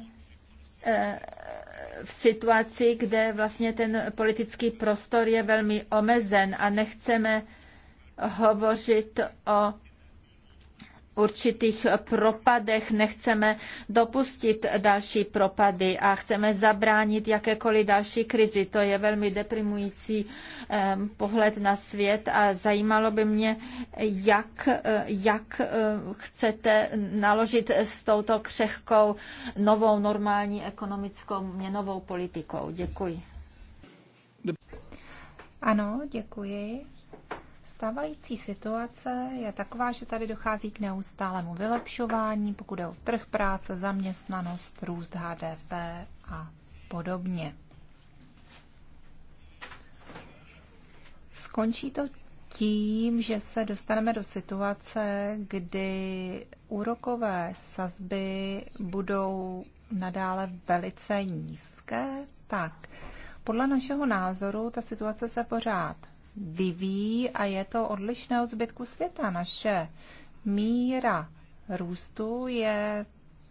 eh, v situaci, kde vlastně ten politický prostor je velmi omezen a nechceme hovořit o určitých propadech, nechceme dopustit další propady a chceme zabránit jakékoliv další krizi. To je velmi deprimující pohled na svět a zajímalo by mě, jak, eh, jak eh, chcete naložit s touto křehkou novou normální ekonomickou měnovou politikou. Děkuji.
Ano, děkuji. Stávající situace je taková, že tady dochází k neustálému vylepšování, pokud je o trh práce, zaměstnanost, růst HDP a podobně. Skončí to tím, že se dostaneme do situace, kdy úrokové sazby budou nadále velice nízké, tak podle našeho názoru ta situace se pořád vyvíjí a je to odlišné od zbytku světa. Naše míra růstu je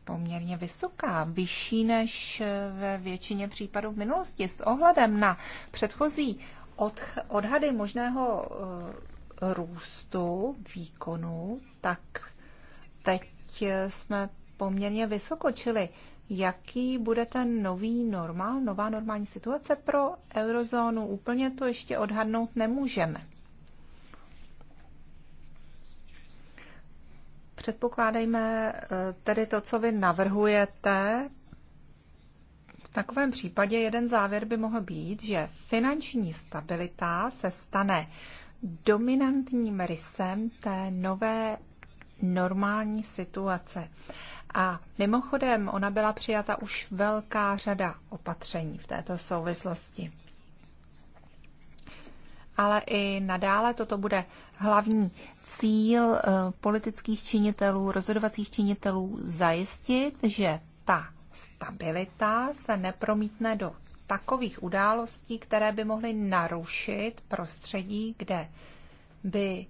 poměrně vysoká, vyšší než ve většině případů v minulosti. S ohledem na předchozí odhady možného eh, růstu výkonu, tak teď jsme poměrně vysoko, čili jaký bude ten nový normál, nová normální situace pro eurozónu. Úplně to ještě odhadnout nemůžeme. Předpokládejme eh, tedy to, co vy navrhujete. V takovém případě jeden závěr by mohl být, že finanční stabilita se stane dominantním rysem té nové normální situace. A mimochodem, ona byla přijata už velká řada opatření v této souvislosti. Ale i nadále toto bude hlavní cíl eh, politických činitelů, rozhodovacích činitelů zajistit, že ta stabilita se nepromítne do takových událostí, které by mohly narušit prostředí, kde by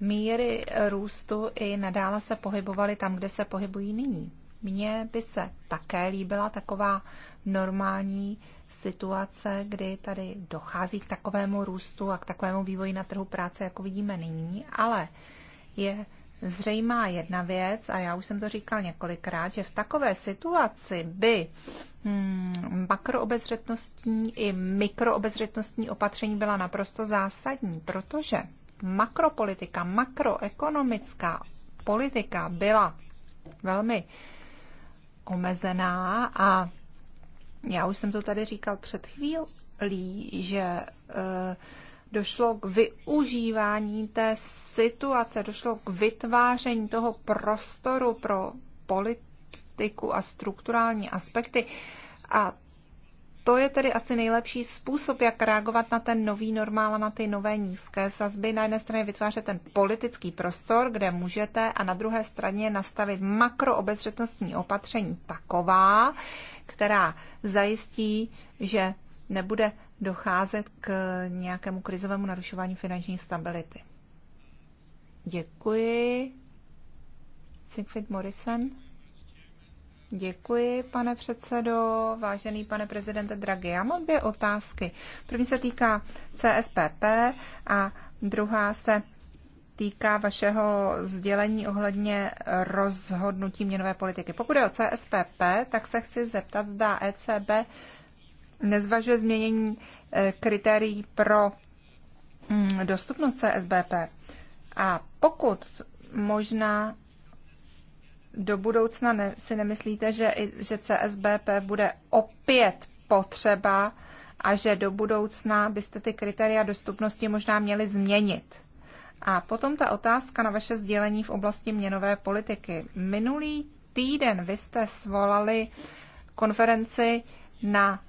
míry růstu i nadále se pohybovaly tam, kde se pohybují nyní. Mně by se také líbila taková normální situace, kdy tady dochází k takovému růstu a k takovému vývoji na trhu práce, jako vidíme nyní, ale je zřejmá jedna věc, a já už jsem to říkal několikrát, že v takové situaci by hmm, makroobezřetnostní i mikroobezřetnostní opatření byla naprosto zásadní, protože makropolitika, makroekonomická politika byla velmi omezená a já už jsem to tady říkal před chvílí, že e, došlo k využívání té situace, došlo k vytváření toho prostoru pro politiku a strukturální aspekty. A to je tedy asi nejlepší způsob, jak reagovat na ten nový normál a na ty nové nízké sazby. Na jedné straně vytvářet ten politický prostor, kde můžete, a na druhé straně nastavit makroobezřetnostní opatření taková, která zajistí, že nebude docházet k nějakému krizovému narušování finanční stability. Děkuji. Siegfried Morrison. Děkuji, pane předsedo, vážený pane prezidente Draghi. Já mám dvě otázky. První se týká CSPP a druhá se týká vašeho sdělení ohledně rozhodnutí měnové politiky. Pokud je o CSPP, tak se chci zeptat, zda ECB nezvažuje změnění e, kritérií pro mm, dostupnost CSBP. A pokud možná do budoucna ne, si nemyslíte, že, že CSBP bude opět potřeba a že do budoucna byste ty kritéria dostupnosti možná měli změnit? A potom ta otázka na vaše sdělení v oblasti měnové politiky. Minulý týden vy jste svolali konferenci na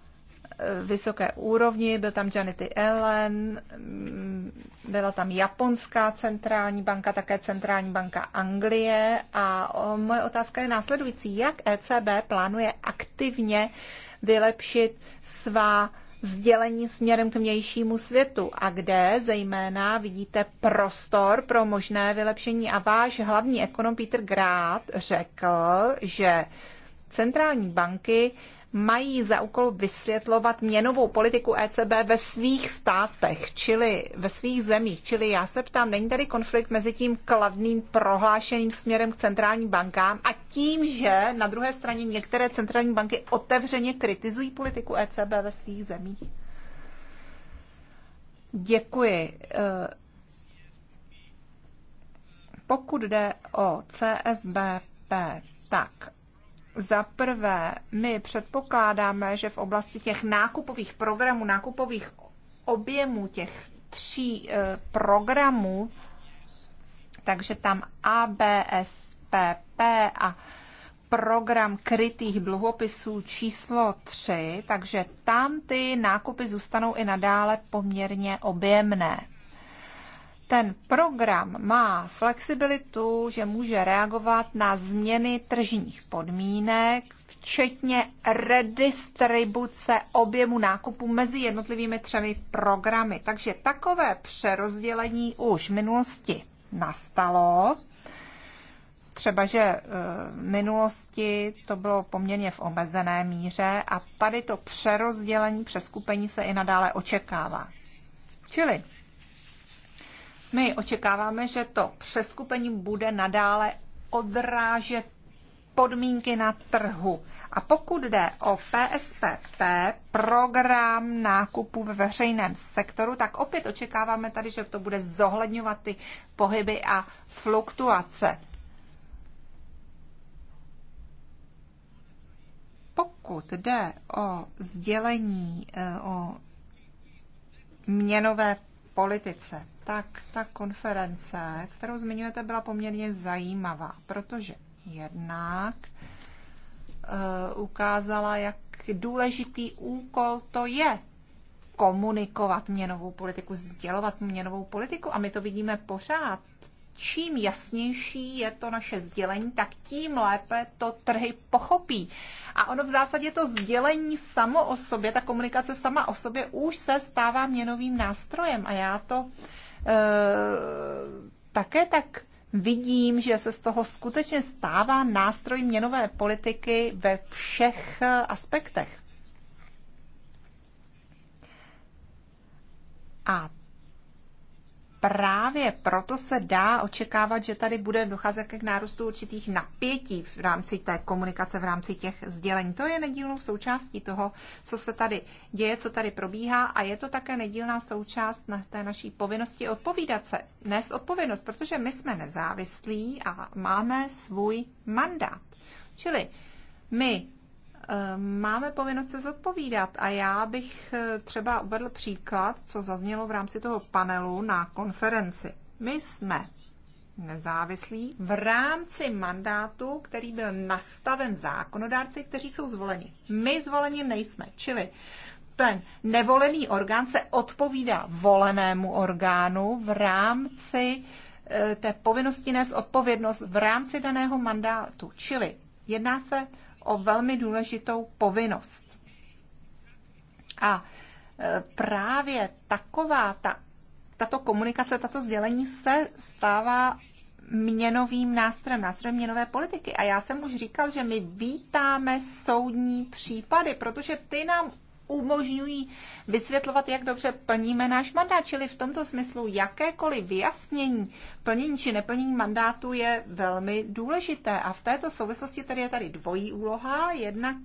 vysoké úrovni, byl tam Janity Ellen, mm, byla tam japonská centrální banka, také centrální banka Anglie a moje otázka je následující. Jak ECB plánuje aktivně vylepšit svá sdělení směrem k mějšímu světu a kde zejména vidíte prostor pro možné vylepšení. A váš hlavní ekonom Peter Grát řekl, že centrální banky mají za úkol vysvětlovat měnovou politiku ECB ve svých státech, čili ve svých zemích. Čili já se ptám, není tady konflikt mezi tím kladným prohlášením směrem k centrálním bankám a tím, že na druhé straně některé centrální banky otevřeně kritizují politiku ECB ve svých zemích? Děkuji. Eh, pokud jde o CSBP, tak za prvé, my předpokládáme, že v oblasti těch nákupových programů, nákupových objemů těch tří e, programů, takže tam ABSPP a program krytých dluhopisů číslo 3, takže tam ty nákupy zůstanou i nadále poměrně objemné ten program má flexibilitu, že může reagovat na změny tržních podmínek, včetně redistribuce objemu nákupu mezi jednotlivými třemi programy. Takže takové přerozdělení už v minulosti nastalo. Třeba, že e, v minulosti to bylo poměrně v omezené míře a tady to přerozdělení, přeskupení se i nadále očekává. Čili my očekáváme, že to přeskupení bude nadále odrážet podmínky na trhu. A pokud jde o PSPP, program nákupu ve veřejném sektoru, tak opět očekáváme tady, že to bude zohledňovat ty pohyby a fluktuace. Pokud jde o sdělení eh, o měnové politice, tak ta konference, kterou zmiňujete, byla poměrně zajímavá, protože jednak e, ukázala, jak důležitý úkol to je komunikovat měnovou politiku, sdělovat měnovou politiku a my to vidíme pořád. Čím jasnější je to naše sdělení, tak tím lépe to trhy pochopí. A ono v zásadě to sdělení samo o sobě, ta komunikace sama o sobě už se stává měnovým nástrojem a já to uh, Eh, také tak vidím, že se z toho skutečně stává nástroj měnové politiky ve všech eh, aspektech. A právě proto se dá očekávat, že tady bude docházet k nárůstu určitých napětí v rámci té komunikace, v rámci těch sdělení. To je nedílnou součástí toho, co se tady děje, co tady probíhá a je to také nedílná součást na té naší povinnosti odpovídat se. Nést odpovědnost, protože my jsme nezávislí a máme svůj mandát. Čili my Eh, máme povinnost se zodpovídat a já bych eh, třeba uvedl příklad, co zaznělo v rámci toho panelu na konferenci. My jsme nezávislí v rámci mandátu, který byl nastaven zákonodárci, kteří jsou zvoleni. My zvoleni nejsme, čili ten nevolený orgán se odpovídá volenému orgánu v rámci eh, té povinnosti nést odpovědnost v rámci daného mandátu. Čili jedná se o velmi důležitou povinnost. A e, právě taková ta, tato komunikace, tato sdělení se stává měnovým nástrojem, nástrojem měnové politiky. A já jsem už říkal, že my vítáme soudní případy, protože ty nám umožňují vysvětlovat, jak dobře plníme náš mandát. Čili v tomto smyslu jakékoliv vyjasnění plnění či neplnění mandátu je velmi důležité. A v této souvislosti tedy je tady dvojí úloha. Jednak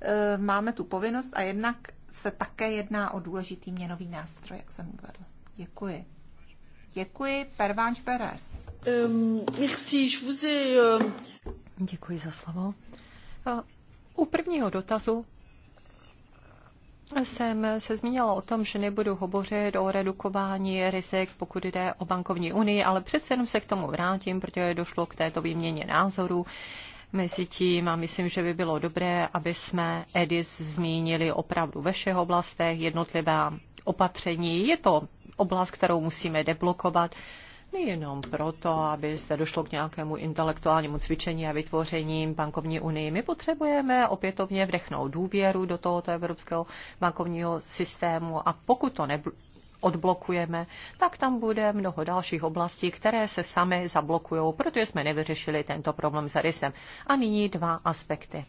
e, máme tu povinnost a jednak se také jedná o důležitý měnový nástroj, jak jsem uvedl. Děkuji. Děkuji, Pervánč Perez. Ehm, ehm.
Děkuji za slovo. u prvního dotazu jsem se zmínila o tom, že nebudu hovořit o redukování rizik, pokud jde o bankovní unii, ale přece jenom se k tomu vrátím, protože došlo k této výměně názorů mezi tím a myslím, že by bylo dobré, aby jsme EDIS zmínili opravdu ve všech oblastech jednotlivá opatření. Je to oblast, kterou musíme deblokovat nejenom proto, aby zde došlo k nějakému intelektuálnímu cvičení a vytvoření bankovní unii. My potřebujeme opětovně vdechnout důvěru do tohoto evropského bankovního systému a pokud to ne odblokujeme, tak tam bude mnoho dalších oblastí, které se samé zablokují, protože jsme nevyřešili tento problém s rysem. A nyní dva aspekty.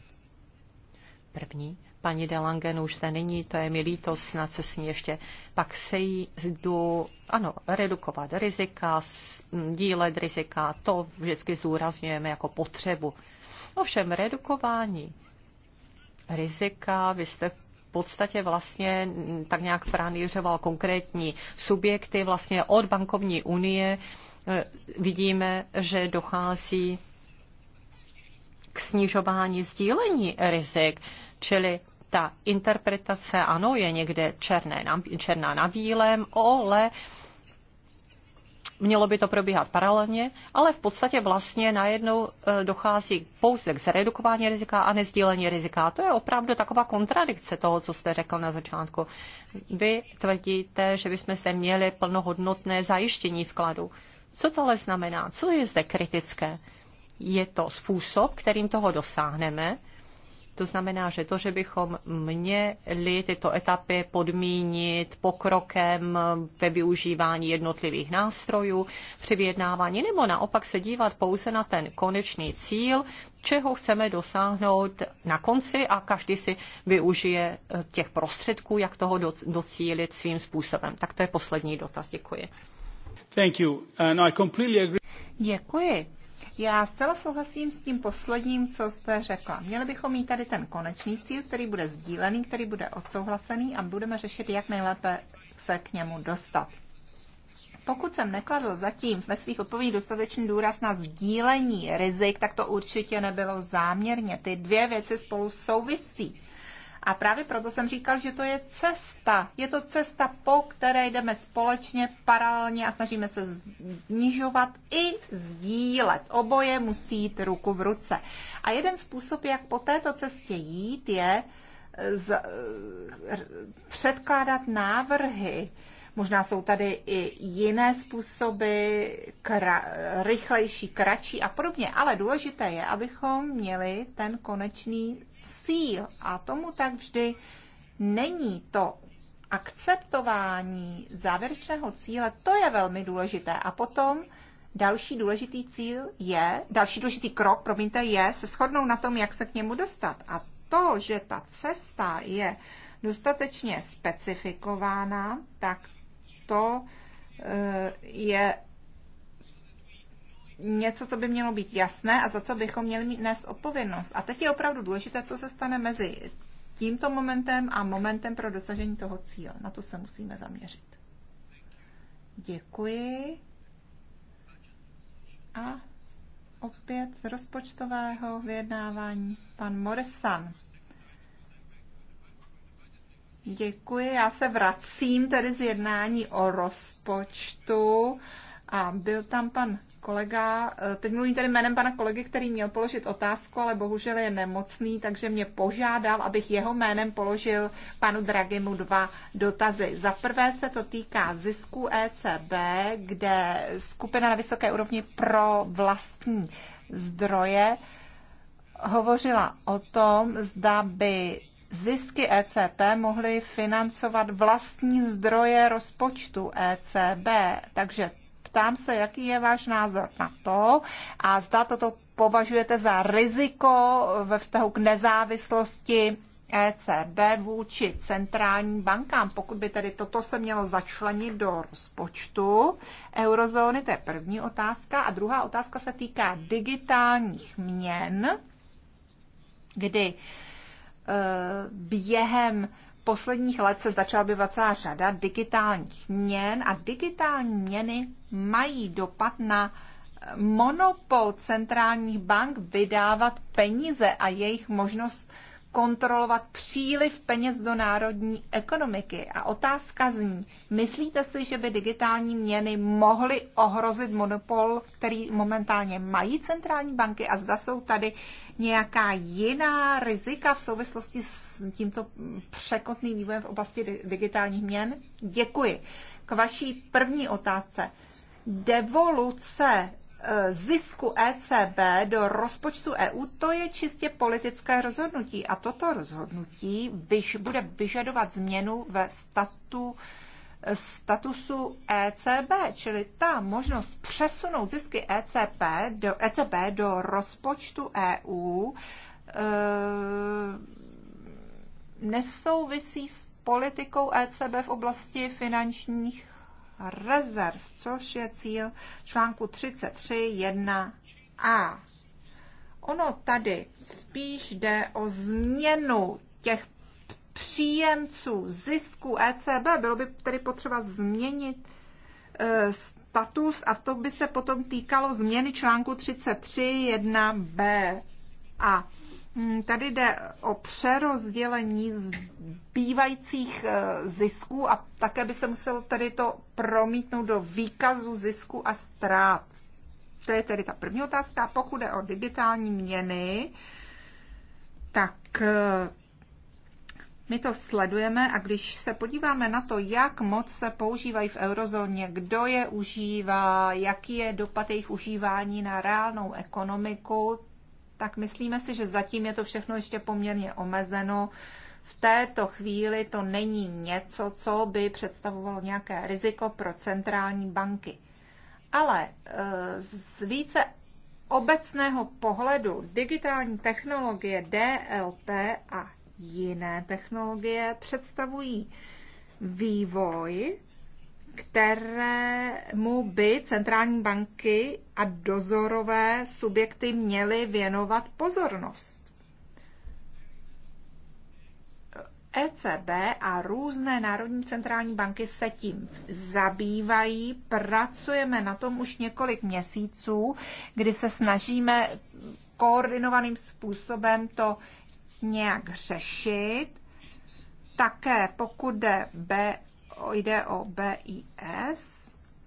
První paní Delangen už zde není, to je mi líto, snad se s ní ještě pak sejdu. Ano, redukovat rizika, dílet rizika, to vždycky zdůrazňujeme jako potřebu. Ovšem, redukování rizika, vy jste podstatě vlastně tak nějak pranířoval konkrétní subjekty vlastně od bankovní unie. Eh, vidíme, že dochází k snižování sdílení rizik, čili ta interpretace, ano, je někde černé na, černá na bílém, ale mělo by to probíhat paralelně, ale v podstatě vlastně najednou eh, dochází pouze k zredukování rizika a nezdílení rizika. to je opravdu taková kontradikce toho, co jste řekl na začátku. Vy tvrdíte, že bychom zde měli plnohodnotné zajištění vkladu. Co to ale znamená? Co je zde kritické? Je to způsob, kterým toho dosáhneme, to znamená, že to, že bychom měli tyto etapy podmínit pokrokem ve využívání jednotlivých nástrojů při vyjednávání, nebo naopak se dívat pouze na ten konečný cíl, čeho chceme dosáhnout na konci a každý si využije eh, těch prostředků, jak toho docílit svým způsobem. Tak to je poslední dotaz. Děkuji.
Thank you. No, I completely agree.
Děkuji. Já zcela souhlasím s tím posledním, co jste řekla. Měli bychom mít tady ten konečný cíl, který bude sdílený, který bude odsouhlasený a budeme řešit, jak nejlépe se k němu dostat. Pokud jsem nekladl zatím ve svých odpovědích dostatečný důraz na sdílení rizik, tak to určitě nebylo záměrně. Ty dvě věci spolu souvisí. A právě proto jsem říkal, že to je cesta. Je to cesta, po které jdeme společně, paralelně a snažíme se znižovat i sdílet. Oboje musí jít ruku v ruce. A jeden způsob, jak po této cestě jít, je z, eh, předkládat návrhy, Možná jsou tady i jiné způsoby, kra, rychlejší, kratší a podobně, ale důležité je, abychom měli ten konečný cíl. A tomu tak vždy není to akceptování závěrečného cíle, to je velmi důležité. A potom další důležitý cíl je, další důležitý krok, promiňte, je se shodnout na tom, jak se k němu dostat. A to, že ta cesta je dostatečně specifikována, tak to eh, je něco, co by mělo být jasné a za co bychom měli mít nést odpovědnost. A teď je opravdu důležité, co se stane mezi tímto momentem a momentem pro dosažení toho cíle. Na to se musíme zaměřit. Děkuji. A opět z rozpočtového vyjednávání pan Moresan. Děkuji. Já se vracím tedy z jednání o rozpočtu a byl tam pan kolega, eh, teď mluvím tedy jménem pana kolegy, který měl položit otázku, ale bohužel je nemocný, takže mě požádal, abych jeho jménem položil panu Dragimu dva dotazy. Za prvé se to týká zisku ECB, kde skupina na vysoké úrovni pro vlastní zdroje hovořila o tom, zda by zisky ECP mohly financovat vlastní zdroje rozpočtu ECB. Takže ptám se, jaký je váš názor na to a zda toto považujete za riziko ve vztahu k nezávislosti ECB vůči centrálním bankám, pokud by tedy toto se mělo začlenit do rozpočtu eurozóny, to je první otázka. A druhá otázka se týká digitálních měn, kdy uh, během posledních let se začala objevovat celá řada digitálních měn a digitální měny mají dopad na monopol centrálních bank vydávat peníze a jejich možnost kontrolovat příliv peněz do národní ekonomiky. A otázka zní, myslíte si, že by digitální měny mohly ohrozit monopol, který momentálně mají centrální banky a zda jsou tady nějaká jiná rizika v souvislosti s tímto překotným vývojem v oblasti digitálních měn? Děkuji. K vaší první otázce. Devoluce Eh, zisku ECB do rozpočtu EU, to je čistě politické rozhodnutí. A toto rozhodnutí byž bude vyžadovat změnu ve statu, eh, statusu ECB, čili ta možnost přesunout zisky ECB do, ECB do rozpočtu EU e, eh, nesouvisí s politikou ECB v oblasti finančních rezerv, což je cíl článku 33.1a. Ono tady spíš jde o změnu těch příjemců zisku ECB. Bylo by tedy potřeba změnit e, status a to by se potom týkalo změny článku 33.1b. A Mm, tady jde o přerozdělení zbývajících e, zisků a také by se muselo tady to promítnout do výkazu zisku a ztrát. To je tedy ta první otázka. Pokud jde o digitální měny, tak e, my to sledujeme a když se podíváme na to, jak moc se používají v eurozóně, kdo je užívá, jaký je dopad jejich užívání na reálnou ekonomiku, tak myslíme si, že zatím je to všechno ještě poměrně omezeno. V této chvíli to není něco, co by představovalo nějaké riziko pro centrální banky. Ale e, z více obecného pohledu digitální technologie DLT a jiné technologie představují vývoj, kterému by centrální banky a dozorové subjekty měly věnovat pozornost. ECB a různé národní centrální banky se tím zabývají. Pracujeme na tom už několik měsíců, kdy se snažíme koordinovaným způsobem to nějak řešit. Také pokud jde jde o BIS.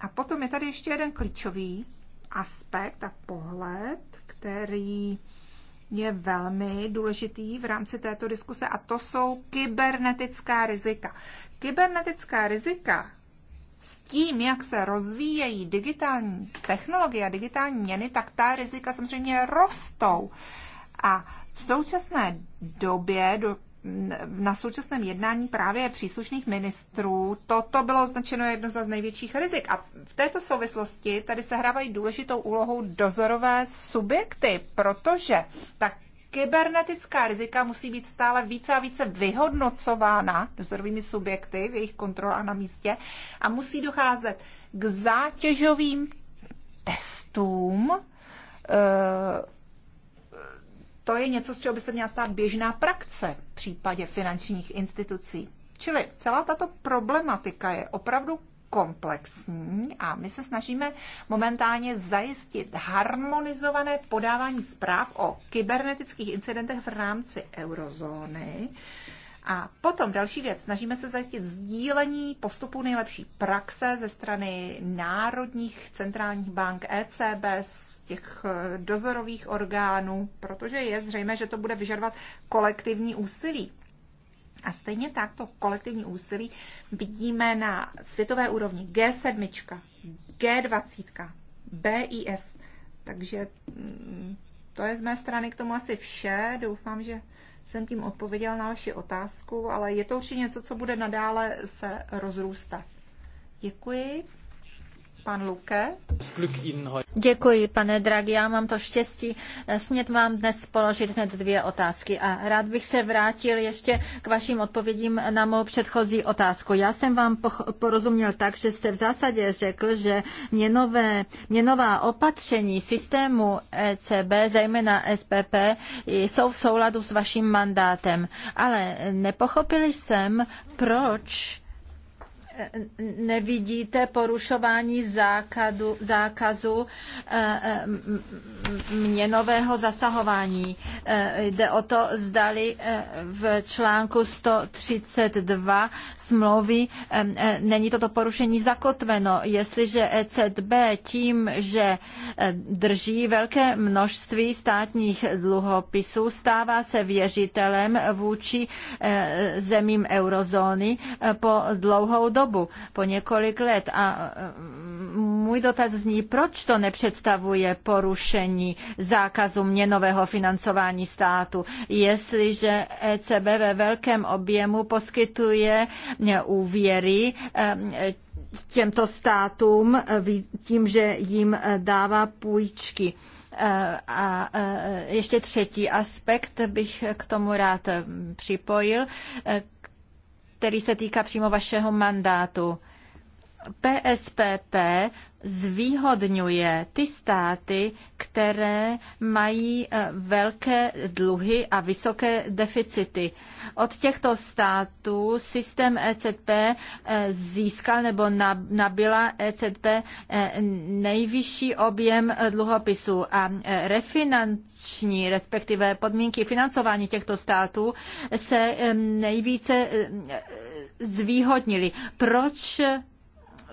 A potom je tady ještě jeden klíčový aspekt a pohled, který je velmi důležitý v rámci této diskuse a to jsou kybernetická rizika. Kybernetická rizika s tím, jak se rozvíjejí digitální technologie a digitální měny, tak ta rizika samozřejmě rostou. A v současné době do na současném jednání právě příslušných ministrů toto bylo označeno jako jedno z největších rizik. A v této souvislosti tady sehrávají důležitou úlohou dozorové subjekty, protože tak kybernetická rizika musí být stále více a více vyhodnocována dozorovými subjekty v jejich kontrolách na místě a musí docházet k zátěžovým testům, eh, to je něco, z čeho by se měla stát běžná praxe v případě finančních institucí. Čili celá tato problematika je opravdu komplexní a my se snažíme momentálně zajistit harmonizované podávání zpráv o kybernetických incidentech v rámci eurozóny a potom další věc. Snažíme se zajistit sdílení postupů nejlepší praxe ze strany národních centrálních bank ECB, z těch eh, dozorových orgánů, protože je zřejmé, že to bude vyžadovat kolektivní úsilí. A stejně tak to kolektivní úsilí vidíme na světové úrovni G7, G20, BIS. Takže mm, to je z mé strany k tomu asi vše. Doufám, že jsem tím odpověděl na vaši otázku, ale je to určitě něco, co bude nadále se rozrůstat. Děkuji. Pan Luke.
Děkuji, pane Draghi, já mám to štěstí. Eh, smět vám dnes položit hned dvě otázky a rád bych se vrátil ještě k vašim odpovědím na mou předchozí otázku. Já jsem vám porozuměl tak, že jste v zásadě řekl, že měnové, měnová opatření systému ECB, zejména SPP, jsou v souladu s vaším mandátem. Ale nepochopil jsem, proč nevidíte porušování zákazu, zákazu eh, eh, měnového zasahování. Eh, jde o to, zdali v článku 132 smlouvy není toto porušení zakotveno. Jestliže ECB tím, že drží velké množství státních dluhopisů, stává se věřitelem vůči zemím eurozóny po dlouhou dobu dobu, po několik let. A mm, můj dotaz zní, proč to nepředstavuje porušení zákazu měnového financování státu, jestliže ECB ve velkém objemu poskytuje mm, úvěry mm, těmto státům tím, že jim dává půjčky. A ještě třetí aspekt bych k tomu rád připojil který se týká přímo vašeho mandátu. PSPP zvýhodňuje ty státy, které mají eh, velké dluhy a vysoké deficity. Od těchto států systém ECP eh, získal nebo nabila ECP eh, nejvyšší objem dluhopisů a refinanční, respektive podmínky financování těchto států se nejvíce zvýhodnili. Proč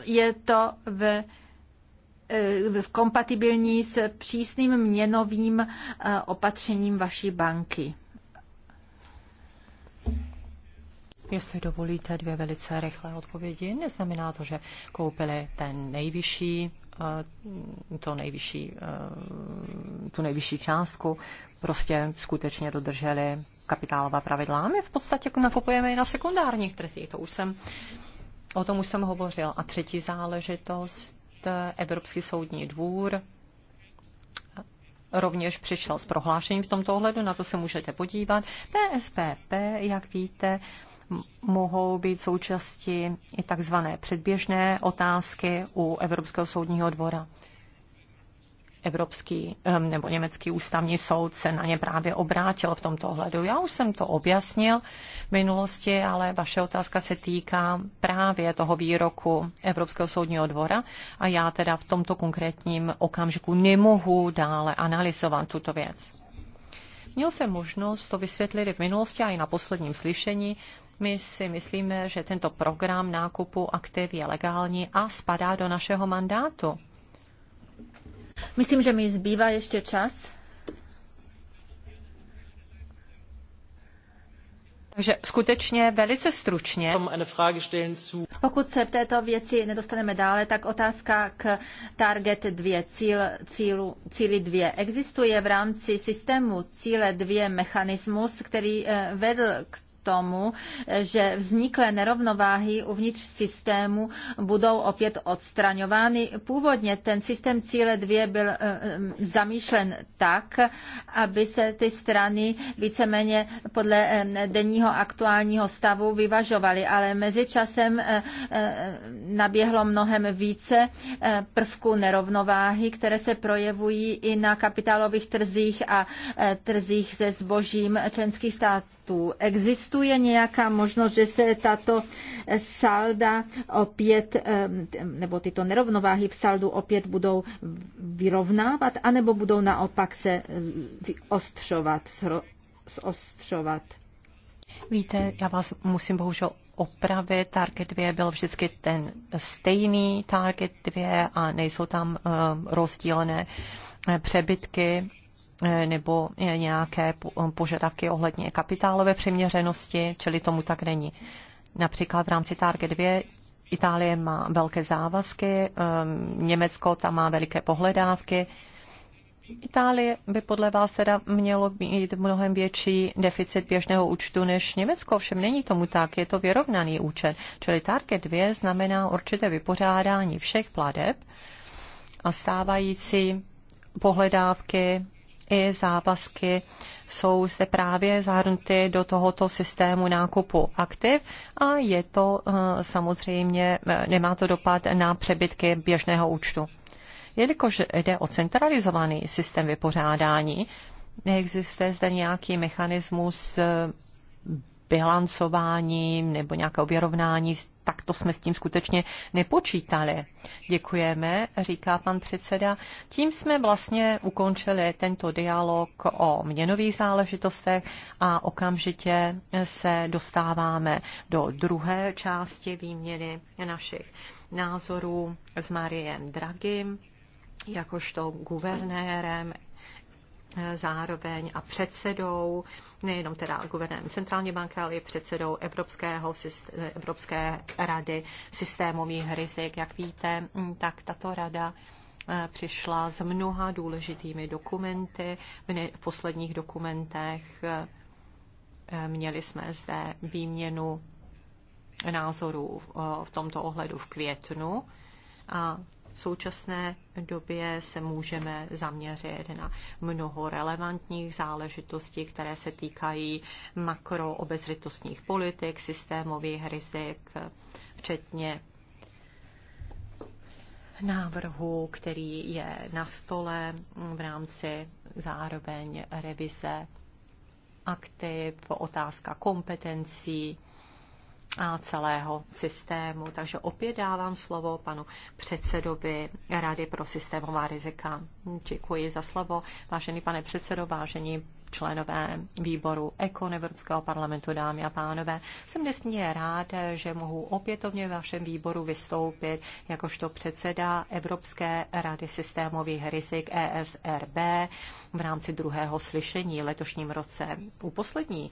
je to v eh, v kompatibilní s přísným měnovým eh, opatřením vaší banky. Jestli dovolíte dvě velice rychlé
odpovědi, neznamená to, že koupili ten nejvyšší, eh, to nejvyšší, tu nejvyšší částku, prostě skutečně dodrželi kapitálová pravidla. My v podstatě nakupujeme i na sekundárních trzích, to už jsem O tom už jsem hovořil. A třetí záležitost, Evropský soudní dvůr rovněž přišel s prohlášením v tomto ohledu, na to se můžete podívat. PSPP, jak víte, mohou být součástí i takzvané předběžné otázky u Evropského soudního dvora. Evropský nebo Německý ústavní soud se na ně právě obrátil v tomto ohledu. Já už jsem to objasnil v minulosti, ale vaše otázka se týká právě toho výroku Evropského soudního dvora a já teda v tomto konkrétním okamžiku nemohu dále analyzovat tuto věc. Měl jsem možnost to vysvětlit v minulosti a i na posledním slyšení. My si myslíme, že tento program nákupu aktiv je legální a spadá do našeho mandátu.
Myslím, že mi zbývá ještě čas.
Takže skutečně velice stručně. Um,
Pokud se v této věci nedostaneme dále, tak otázka k Target 2, cíl, cílu, cíli 2. Existuje v rámci systému cíle 2 mechanismus, který eh, vedl k tomu, že vzniklé nerovnováhy uvnitř systému budou opět odstraňovány. Původně ten systém cíle 2 byl eh, eh, zamýšlen tak, aby se ty strany víceméně podle eh, denního aktuálního stavu vyvažovaly, ale mezičasem naběhlo mnohem více prvků nerovnováhy, které se projevují i na kapitálových trzích a trzích se zbožím členských států platů. Existuje nějaká možnost, že se tato salda opět, nebo tyto nerovnováhy v saldu opět budou vyrovnávat, anebo budou naopak se ostřovat, zostřovat?
Víte, já vás musím bohužel opravy. Target 2 byl vždycky ten stejný Target 2 a nejsou tam eh, rozdílné eh, přebytky Eh, nebo eh, nějaké eh, požadavky ohledně kapitálové přiměřenosti, čili tomu tak není. Například v rámci Target 2 Itálie má velké závazky, Německo tam má veliké pohledávky. Itálie by podle vás teda mělo mít mnohem větší deficit běžného účtu než Německo, ovšem není tomu tak, je to vyrovnaný účet. Čili Target 2 znamená určité vypořádání všech pladeb a stávající pohledávky i závazky jsou zde právě zahrnuty do tohoto systému nákupu aktiv a je to eh, samozřejmě, eh, nemá to dopad na přebytky běžného účtu. Jelikož jde o centralizovaný systém vypořádání, neexistuje zde nějaký mechanismus eh, bilancování nebo nějaké objerovnání s tak to jsme s tím skutečně nepočítali. Děkujeme, říká pan předseda. Tím jsme vlastně ukončili tento dialog o měnových záležitostech a okamžitě se dostáváme do druhé části výměny našich názorů s Mariem Dragim, jakožto guvernérem zároveň a předsedou nejenom teda guvernérem Centrální banky, ale i předsedou Evropského, Evropské rady systémových rizik. Jak víte, mm, tak tato rada eh, přišla s mnoha důležitými dokumenty. V posledních dokumentech eh, eh, měli jsme zde výměnu názorů v tomto ohledu v květnu a v současné době se můžeme zaměřit na mnoho relevantních záležitostí, které se týkají makroobezřetostních politik, systémových rizik, včetně návrhu, který je na stole v rámci zároveň revize aktiv, otázka kompetencí, a celého systému. Takže opět dávám slovo panu předsedovi Rady pro systémová rizika. Děkuji za slovo. Vážený pane předsedo, vážení členové výboru ECO Evropského parlamentu, dámy a pánové. Jsem nesmírně rád, že mohu opětovně ve vašem výboru vystoupit jakožto předseda Evropské rady systémových rizik ESRB v rámci druhého slyšení letošním roce. U poslední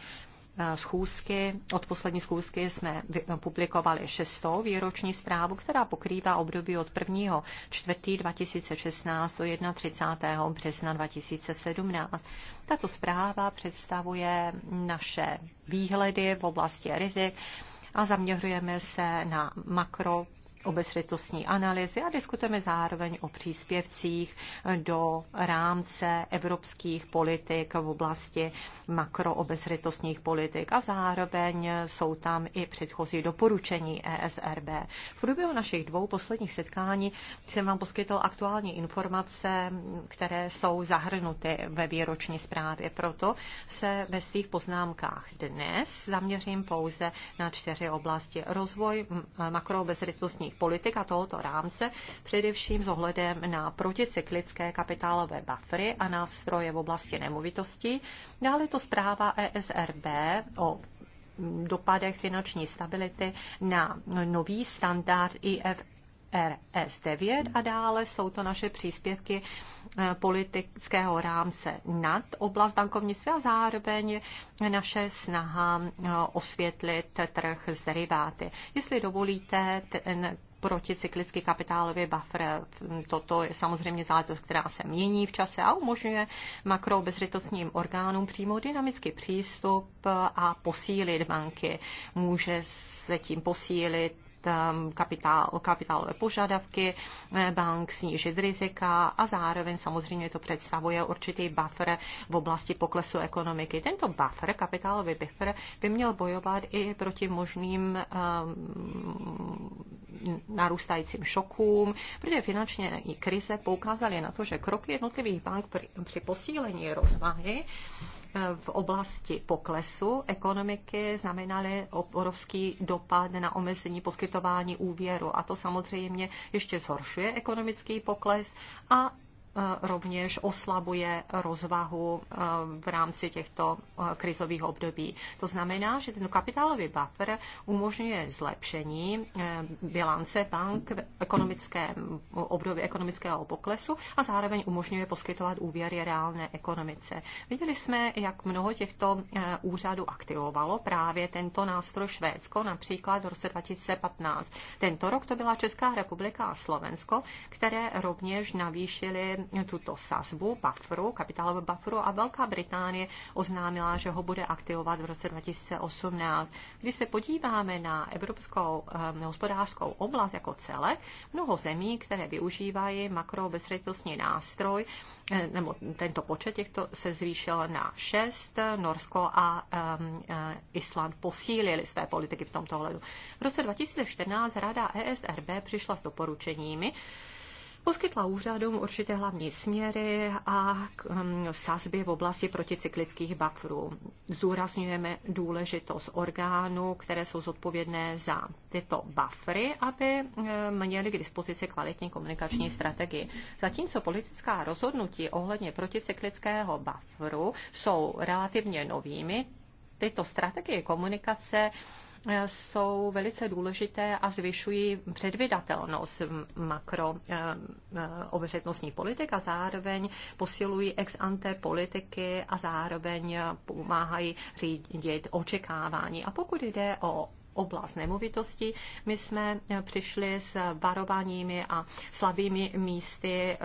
Eh, schůzky, od poslední schůzky jsme eh, publikovali šestou výroční zprávu, která pokrývá období od 1. čtvrtý 2016 do 31. března 2017. Tato zpráva představuje naše výhledy v oblasti rizik, a zaměřujeme se na makro obezřetostní analýzy a diskutujeme zároveň o příspěvcích do rámce evropských politik v oblasti makroobezřetostních politik a zároveň jsou tam i předchozí doporučení ESRB. V průběhu našich dvou posledních setkání jsem vám poskytl aktuální informace, které jsou zahrnuty ve výroční zprávě. Proto se ve svých poznámkách dnes zaměřím pouze na čtyři aktéři oblasti rozvoj eh, makroobezřetnostních politik a tohoto rámce, především s ohledem na proticyklické kapitálové buffery a nástroje v oblasti nemovitostí. Dále to zpráva ESRB o dopadech finanční stability na nový standard IFRS RS9 a dále jsou to naše příspěvky eh, politického rámce nad oblast bankovnictví a zároveň naše snaha eh, osvětlit trh s deriváty. Jestli dovolíte, ten proticyklický kapitálový buffer. Mm, toto je samozřejmě záležitost, která se mění v čase a umožňuje makrobezřetostním orgánům přímo dynamický přístup eh, a posílit banky. Může se tím posílit kapitál, kapitálové požadavky eh, bank, snížit rizika a zároveň samozřejmě to představuje určitý buffer v oblasti poklesu ekonomiky. Tento buffer, kapitálový buffer, by měl bojovat i proti možným ehm, narůstajícím šokům, protože finančně krize poukázaly na to, že kroky jednotlivých bank při posílení rozvahy v oblasti poklesu ekonomiky znamenaly obrovský dopad na omezení poskytování úvěru a to samozřejmě ještě zhoršuje ekonomický pokles a rovněž oslabuje rozvahu eh, v rámci těchto eh, krizových období. To znamená, že ten kapitálový buffer umožňuje zlepšení eh, bilance bank v ekonomickém období ekonomického poklesu a zároveň umožňuje poskytovat úvěry reálné ekonomice. Viděli jsme, jak mnoho těchto úřadů aktivovalo právě tento nástroj Švédsko, například v roce 2015. Tento rok to byla Česká republika a Slovensko, které rovněž navýšily tuto sazbu, bufferu, kapitálovou bufferu a Velká Británie oznámila, že ho bude aktivovat v roce 2018. Když se podíváme na evropskou um, hospodářskou oblast jako celé, mnoho zemí, které využívají makrobezřetnostní nástroj, eh, nebo tento počet těchto se zvýšil na 6, Norsko a um, Island posílili své politiky v tomto ohledu. V roce 2014 Rada ESRB přišla s doporučeními, poskytla úřadům určité hlavní směry a um, sazby v oblasti proticyklických bufferů. Zúraznujeme důležitost orgánů, které jsou zodpovědné za tyto buffery, aby um, měly k dispozici kvalitní komunikační strategii. Zatímco politická rozhodnutí ohledně proticyklického bufferu jsou relativně novými, tyto strategie komunikace jsou velice důležité a zvyšují předvydatelnost makro eh, eh, obezřetnostní politik a zároveň posilují ex ante politiky a zároveň pomáhají řídit očekávání. A pokud jde o oblast nemovitosti. My jsme přišli s varováními a slabými místy eh,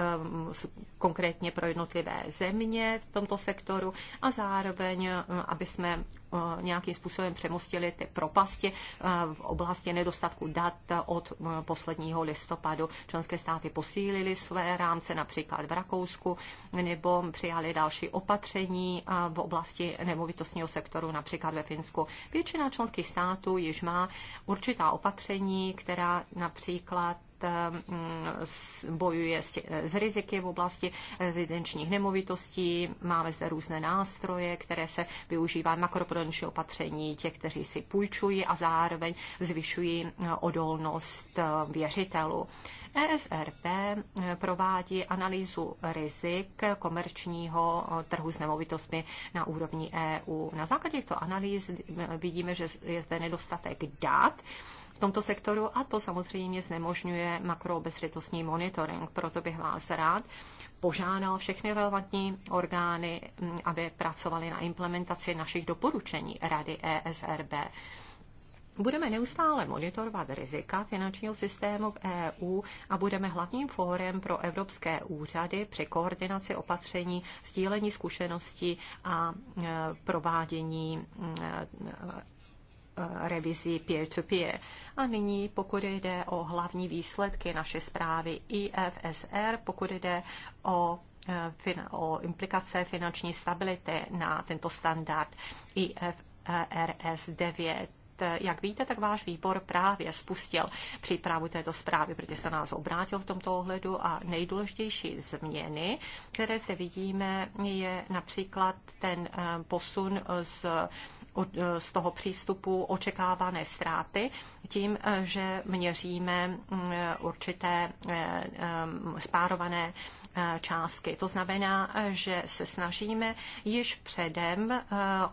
konkrétně pro jednotlivé země v tomto sektoru a zároveň, aby jsme Eh, nějakým způsobem přemostili ty propasti eh, v oblasti nedostatku dat od eh, posledního listopadu. Členské státy posílily své rámce například v Rakousku nebo přijali další opatření v oblasti nemovitostního sektoru například ve Finsku. Většina členských států již má určitá opatření, která například Eh, mm, bojuje eh, s riziky v oblasti rezidenčních nemovitostí. Máme zde různé nástroje, které se využívá makroprodenční opatření těch, kteří si půjčují a zároveň zvyšují eh, odolnost věřitelů. ESRP provádí analýzu rizik komerčního trhu s nemovitostmi na úrovni EU. Na základě těchto analýz vidíme, že je zde nedostatek dat, v tomto sektoru a to samozřejmě znemožňuje makroobezřetostní monitoring. Proto bych vás rád požádal všechny relevantní orgány, mm, aby pracovali na implementaci našich doporučení Rady ESRB. Budeme neustále monitorovat rizika finančního systému v EU a budeme hlavním fórem pro evropské úřady při koordinaci opatření, sdílení zkušeností a e, provádění mm, e, Eh, revizí peer-to-peer. -peer. A nyní, pokud jde o hlavní výsledky naše zprávy IFSR, pokud jde o eh, o implikace finanční stability na tento standard IFRS 9 eh, jak víte, tak váš výbor právě spustil přípravu této zprávy, protože se nás obrátil v tomto ohledu a nejdůležitější změny, které zde vidíme, je například ten posun z Eh, z toho přístupu očekávané ztráty tím, eh, že měříme mm, eh, určité spárované E, částky. To znamená, že se snažíme již předem e,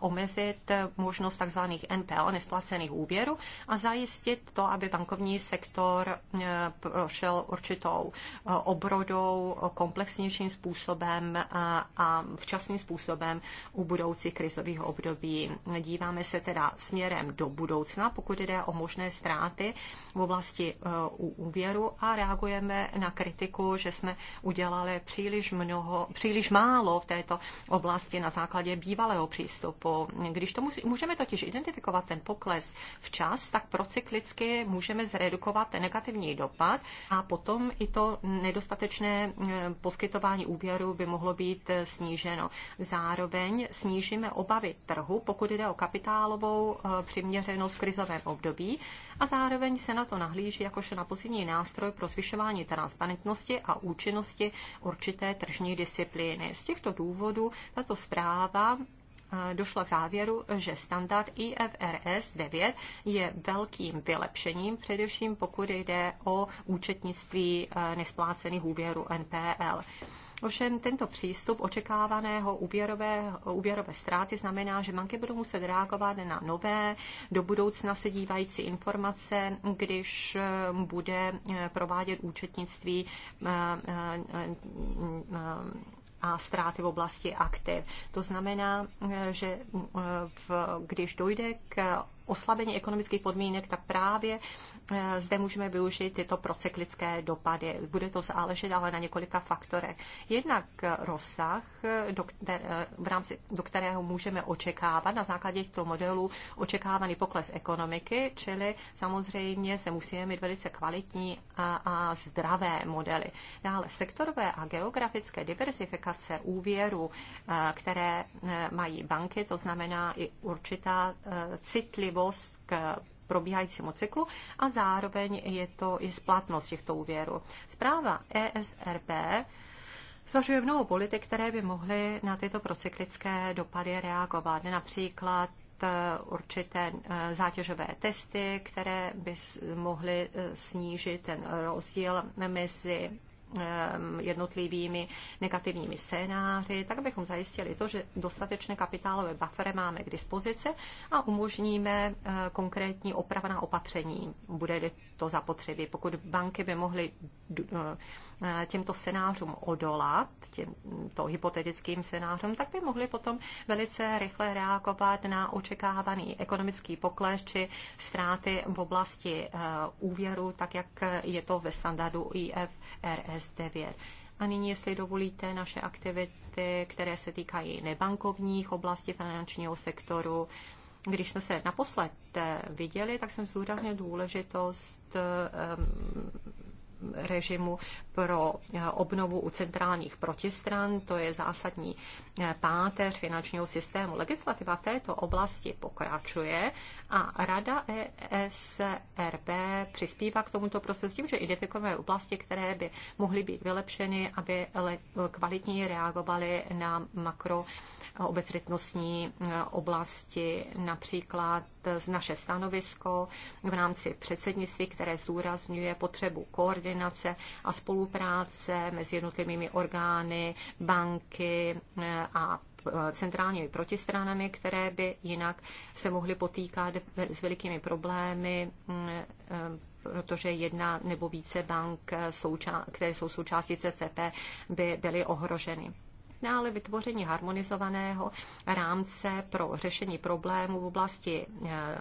omezit možnost tzv. NPL, nesplacených úvěrů, a zajistit to, aby bankovní sektor e, prošel určitou obrodou komplexnějším způsobem a včasným způsobem u budoucích krizových období. Díváme se teda směrem do budoucna, pokud jde o možné ztráty v oblasti úvěru a reagujeme na kritiku, že jsme udělali je příliš, mnoho, příliš málo v této oblasti na základě bývalého přístupu. Když to musí, můžeme totiž identifikovat ten pokles včas, tak procyklicky můžeme zredukovat ten negativní dopad a potom i to nedostatečné eh, poskytování úvěru by mohlo být eh, sníženo. Zároveň snížíme obavy trhu, pokud jde o kapitálovou eh, přiměřenost v krizovém období a zároveň se na to nahlíží jakož na pozitivní nástroj pro zvyšování transparentnosti a účinnosti určité tržní disciplíny. Z těchto důvodů tato zpráva eh, došla k závěru, že standard IFRS 9 je velkým vylepšením, především pokud jde o účetnictví eh, nesplácených úvěrů NPL. Ovšem tento přístup očekávaného úvěrové, úvěrové ztráty znamená, že banky budou muset reagovat na nové, do budoucna se dívající informace, když eh, bude eh, provádět účetnictví eh, a ztráty v oblasti aktiv. To znamená, že v, když dojde k oslabení ekonomických podmínek, tak právě eh, zde můžeme využít tyto procyklické dopady. Bude to záležet ale na několika faktorech. Jednak eh, rozsah, eh, do, které, v rámci, do kterého můžeme očekávat na základě těchto modelů očekávaný pokles ekonomiky, čili samozřejmě se musíme mít velice kvalitní a, a zdravé modely. Dále sektorové a geografické diversifikace úvěru, které mají banky, to znamená i určitá citlivá trpělivost k probíhajícímu cyklu a zároveň je to i splatnost těchto úvěrů. Zpráva ESRB zvažuje mnoho politik, které by mohly na tyto procyklické dopady reagovat. Například eh, určité eh, zátěžové testy, které by mohly eh, snížit ten rozdíl mezi Ehm, jednotlivými negativními scénáři, tak abychom zajistili to, že dostatečné kapitálové buffery máme k dispozici a umožníme eh, konkrétní opravná opatření, bude to zapotřebí. Pokud banky by mohly eh, těmto scénářům odolat, těmto hypotetickým scénářům, tak by mohly potom velice rychle reagovat na očekávaný ekonomický pokles či ztráty v oblasti eh, úvěru, tak jak je to ve standardu IFRS 9. A nyní, jestli dovolíte, naše aktivity, které se týkají nebankovních oblastí finančního sektoru, když jsme se naposled eh, viděli, tak jsem zdůraznil důležitost eh, režimu pro eh, obnovu u centrálních protistran. To je zásadní páteř finančního systému. Legislativa v této oblasti pokračuje a Rada ESRB přispívá k tomuto procesu tím, že identifikujeme oblasti, které by mohly být vylepšeny, aby kvalitněji reagovaly na makro obezřetnostní eh, oblasti, například z eh, naše stanovisko v rámci předsednictví, které zdůrazňuje potřebu koordinace a spolupráce mezi jednotlivými orgány, banky eh, a centrálními protistranami, které by jinak se mohly potýkat s velikými problémy, mm, protože jedna nebo více bank, které jsou součástí CCP, by byly ohroženy ale vytvoření harmonizovaného rámce pro řešení problémů v oblasti eh, eh,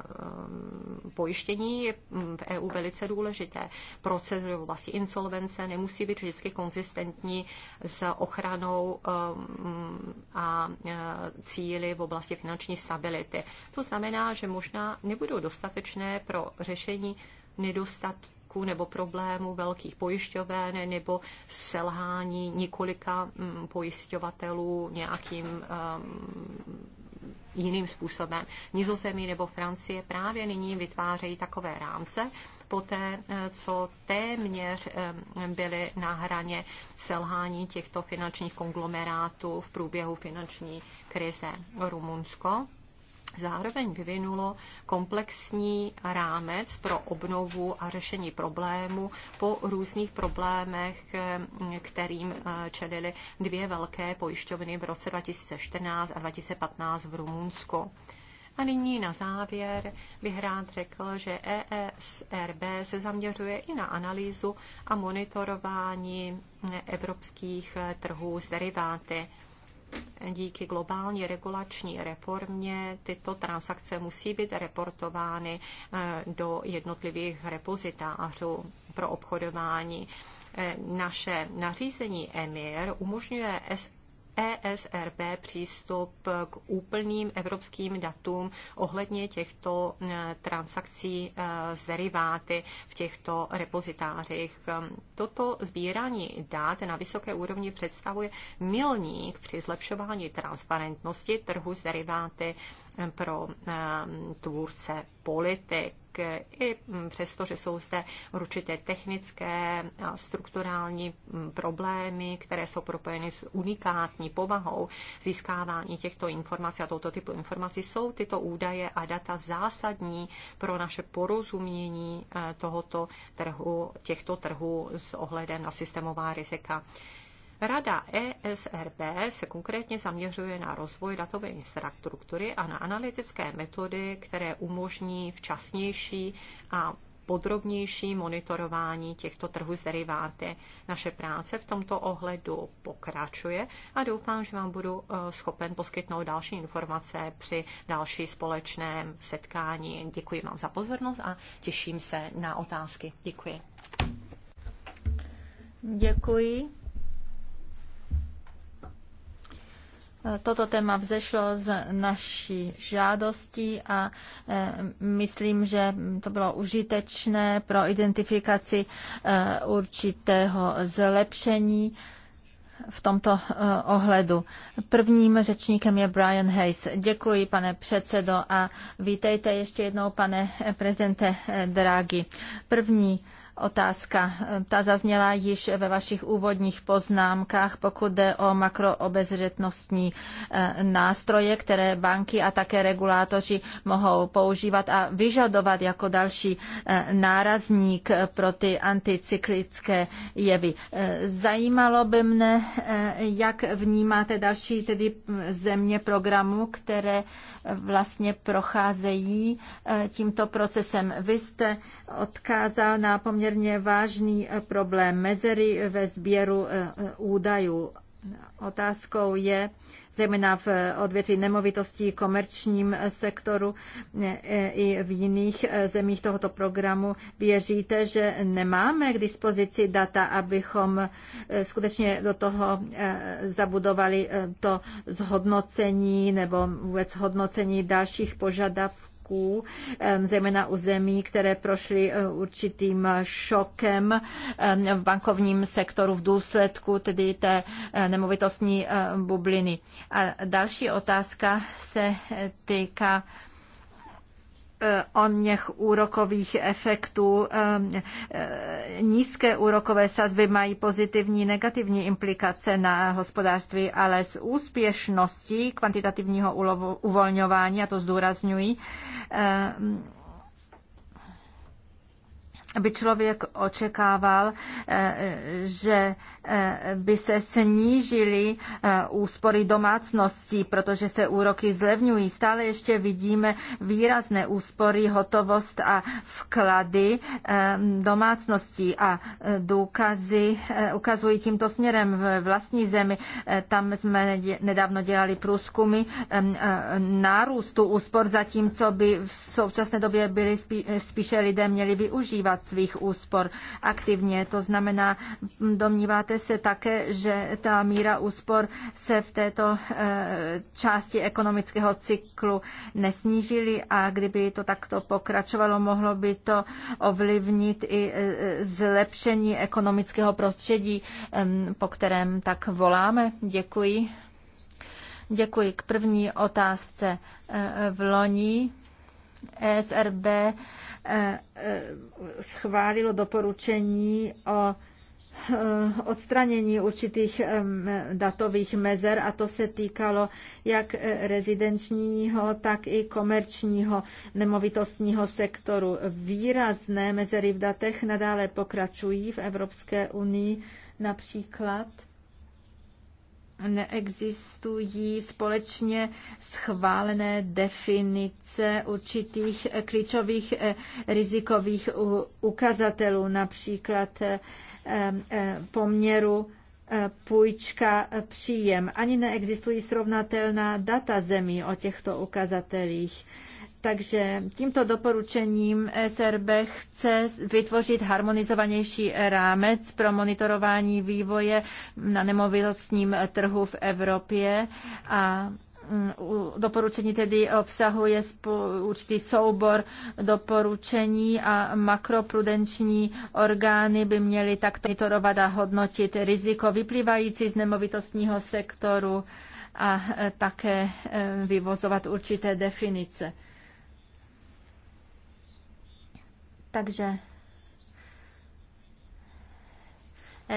pojištění je mm, v EU velice důležité. Procedury v oblasti insolvence nemusí být vždycky konzistentní s ochranou eh, a cíly v oblasti finanční stability. To znamená, že možná nebudou dostatečné pro řešení nedostatků riziků nebo problémů velkých pojišťoven nebo selhání několika mm, pojišťovatelů nějakým um, jiným způsobem. Nizozemí nebo Francie právě nyní vytvářejí takové rámce, poté, eh, co téměř eh, byly na hraně selhání těchto finančních konglomerátů v průběhu finanční krize. Rumunsko zároveň vyvinulo komplexní rámec pro obnovu a řešení problému po různých problémech, eh, kterým eh, čelily dvě velké pojišťovny v roce 2014 a 2015 v Rumunsku. A nyní na závěr bych rád řekl, že ESRB se zaměřuje i na analýzu a monitorování eh, evropských trhů s deriváty díky globální regulační reformě tyto transakce musí být reportovány eh, do jednotlivých repozitářů pro obchodování. Eh, naše nařízení EMIR umožňuje ESRB přístup k úplným evropským datům ohledně těchto eh, transakcí eh, s deriváty v těchto repozitářích. Toto sbírání dát na vysoké úrovni představuje milník při zlepšování transparentnosti trhu s deriváty eh, pro tvůrce politik i přesto, že jsou zde určité technické a strukturální mm, problémy, které jsou propojeny s unikátní povahou získávání těchto informací a tohoto typu informací, jsou tyto údaje a data zásadní pro naše porozumění eh, tohoto trhu, těchto trhů s ohledem na systémová rizika. Rada ESRB se konkrétně zaměřuje na rozvoj datové infrastruktury a na analytické metody, které umožní včasnější a podrobnější monitorování těchto trhů s deriváty. Naše práce v tomto ohledu pokračuje a doufám, že vám budu eh, schopen poskytnout další informace při další společném setkání. Děkuji vám za pozornost a těším se na otázky. Děkuji.
Děkuji. Toto téma vzešlo z naší žádosti a e, myslím, že to bylo užitečné pro identifikaci e, určitého zlepšení v tomto e, ohledu. Prvním řečníkem je Brian Hayes. Děkuji, pane předsedo, a vítejte ještě jednou, pane prezidente Draghi. První otázka. Ta zazněla již ve vašich úvodních poznámkách, pokud jde o makroobezřetnostní eh, nástroje, které banky a také regulátoři mohou používat a vyžadovat jako další eh, nárazník pro ty anticyklické jevy. Eh, zajímalo by mne, jak vnímáte další tedy hm, země programu, které vlastně procházejí tímto procesem. Vy jste odkázal na poměrně poměrně vážný eh, problém mezery eh, ve sběru eh, údajů. Otázkou je, zejména v odvětví nemovitostí, komerčním sektoru i v jiných zemích tohoto programu. Věříte, že nemáme k dispozici data, abychom skutečně do toho zabudovali to zhodnocení nebo vůbec hodnocení dalších požadavků? prvků, zejména u zemí, které prošly eh, určitým šokem v bankovním sektoru v důsledku tedy té eh, nemovitostní eh, bubliny. A další otázka se týká Eh, o něch úrokových efektů. Eh, eh, nízké úrokové sazby mají pozitivní negativní implikace na hospodářství, ale s úspěšností kvantitativního uvolňování, a to zdůrazňuji, by člověk očekával, že Eh, by se snížily eh, úspory domácností, protože se úroky zlevňují. Stále ještě vidíme výrazné úspory, hotovost a vklady eh, domácností a důkazy ukazují tímto směrem v vlastní zemi. Tam jsme nedávno dělali průzkumy nárůstu úspor, zatímco by v současné době byli spíše lidé měli využívat svých úspor aktivně. To znamená, domníváte Domníváte se také, že ta míra úspor se v této eh, části ekonomického cyklu nesnížily a kdyby to takto pokračovalo, mohlo by to ovlivnit i eh, zlepšení ekonomického prostředí, po kterém tak voláme? Děkuji. Děkuji. K první otázce eh, v loni ESRB schválilo doporučení o Eh, odstranění určitých datových mezer a to se týkalo jak eh, rezidenčního, tak i komerčního nemovitostního sektoru. Výrazné mezery v datech nadále pokračují v Evropské unii, například neexistují společně schválené definice určitých eh, klíčových eh, rizikových ukazatelů, například eh, poměru půjčka příjem. Ani neexistují srovnatelná data zemí o těchto ukazatelích. Takže tímto doporučením SRB chce vytvořit harmonizovanější rámec pro monitorování vývoje na nemovitostním trhu v Evropě a mm, doporučení tedy obsahuje určitý soubor doporučení a makroprudenční orgány by měly takto monitorovat a hodnotit riziko vyplývající z nemovitostního sektoru a e, také e, vyvozovat určité definice. Takže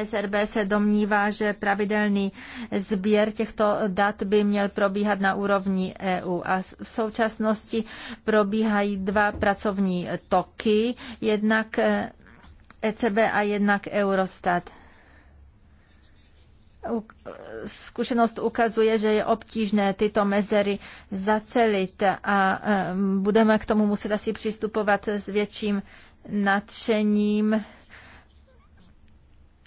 SRB se domnívá, že pravidelný sběr těchto dat by měl probíhat na úrovni EU. A v současnosti probíhají dva pracovní toky, jednak ECB eh, e a jednak Eurostat. Zkušenost ukazuje, že je obtížné tyto mezery zacelit a eh, budeme k tomu muset asi přistupovat s větším nadšením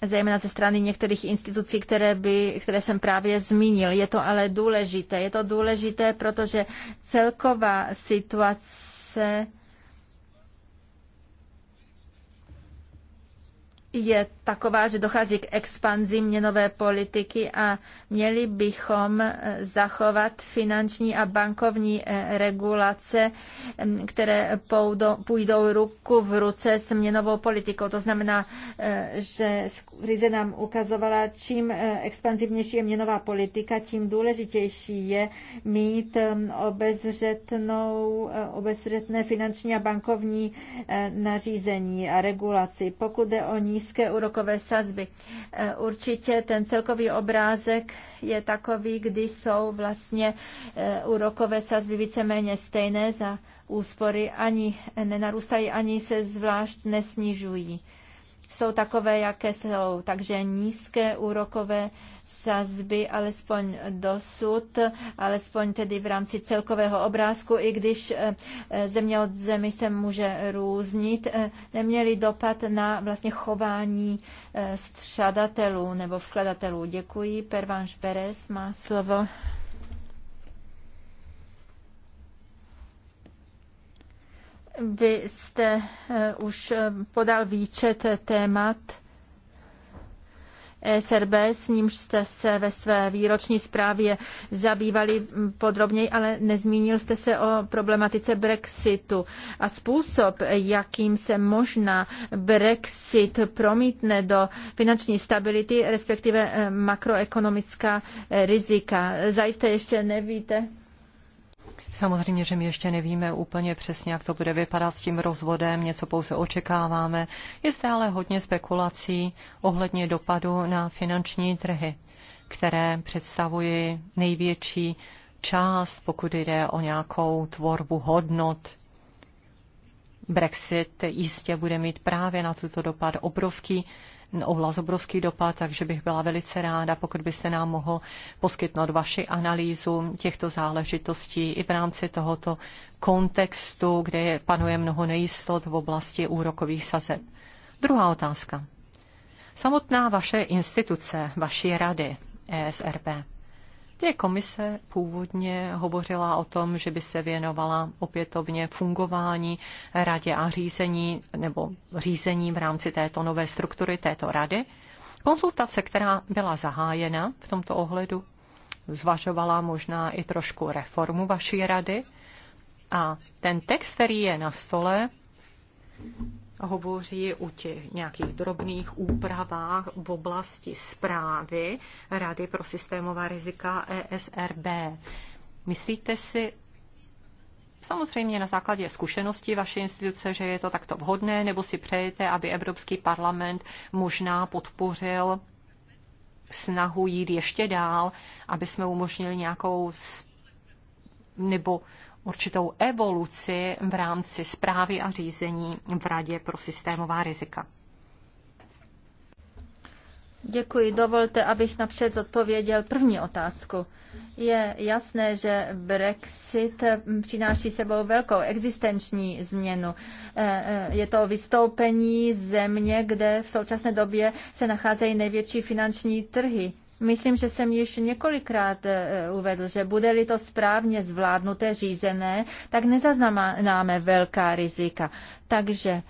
zejména ze strany některých institucí, které, by, které jsem právě zmínil. Je to ale důležité. Je to důležité, protože celková situace je taková, že dochází k expanzi měnové politiky a měli bychom eh, zachovat finanční a bankovní eh, regulace, mm, které půjdou ruku v ruce s měnovou politikou. To znamená, eh, že krize nám ukazovala, čím expanzivnější je měnová politika, tím důležitější je mít mm, obezřetnou, obezřetné finanční a bankovní nařízení a regulaci. Pokud jde o ní, nízké úrokové sazby. E, určitě ten celkový obrázek je takový, kdy jsou vlastně e, úrokové sazby víceméně stejné za úspory, ani nenarůstají, ani se zvlášť nesnižují. Jsou takové, jaké jsou, takže nízké úrokové sazby alespoň dosud, alespoň tedy v rámci celkového obrázku, i když eh, země od zemi se může různit, eh, neměly dopad na vlastně chování eh, střadatelů nebo vkladatelů. Děkuji. Pervan Šperes má slovo. Vy jste už podal výčet témat, E SRB, s nímž jste se ve své výroční zprávě zabývali podrobněji, ale nezmínil jste se o problematice Brexitu a způsob, jakým se možná Brexit promítne do finanční stability, respektive eh, makroekonomická rizika. Zajisté ještě nevíte,
Samozřejmě, že my ještě nevíme úplně přesně, jak to bude vypadat s tím rozvodem, něco pouze očekáváme. Je stále hodně spekulací ohledně dopadu na finanční trhy, které představují největší část, pokud jde o nějakou tvorbu hodnot. Brexit jistě bude mít právě na tuto dopad obrovský ohlas obrovský dopad, takže bych byla velice ráda, pokud byste nám mohl poskytnout vaši analýzu těchto záležitostí i v rámci tohoto kontextu, kde panuje mnoho nejistot v oblasti úrokových sazeb. Druhá otázka. Samotná vaše instituce, vaší rady ESRB, Té komise původně hovořila o tom, že by se věnovala opětovně fungování radě a řízení nebo řízení v rámci této nové struktury této rady. Konzultace, která byla zahájena v tomto ohledu, zvažovala možná i trošku reformu vaší rady. A ten text, který je na stole, hovoří o těch nějakých drobných úpravách v oblasti zprávy Rady pro systémová rizika ESRB. Myslíte si, samozřejmě na základě zkušenosti vaší instituce, že je to takto vhodné, nebo si přejete, aby Evropský parlament možná podpořil snahu jít ještě dál, aby jsme umožnili nějakou nebo určitou evoluci v rámci zprávy a řízení v Radě pro systémová rizika.
Děkuji. Dovolte, abych napřed odpověděl první otázku. Je jasné, že Brexit přináší sebou velkou existenční změnu. Eh, eh, je to vystoupení země, kde v současné době se nacházejí největší finanční trhy Myslím, že jsem již několikrát eh, uvedl, že bude-li to správně zvládnuté, řízené, tak nezaznamenáme velká rizika. Takže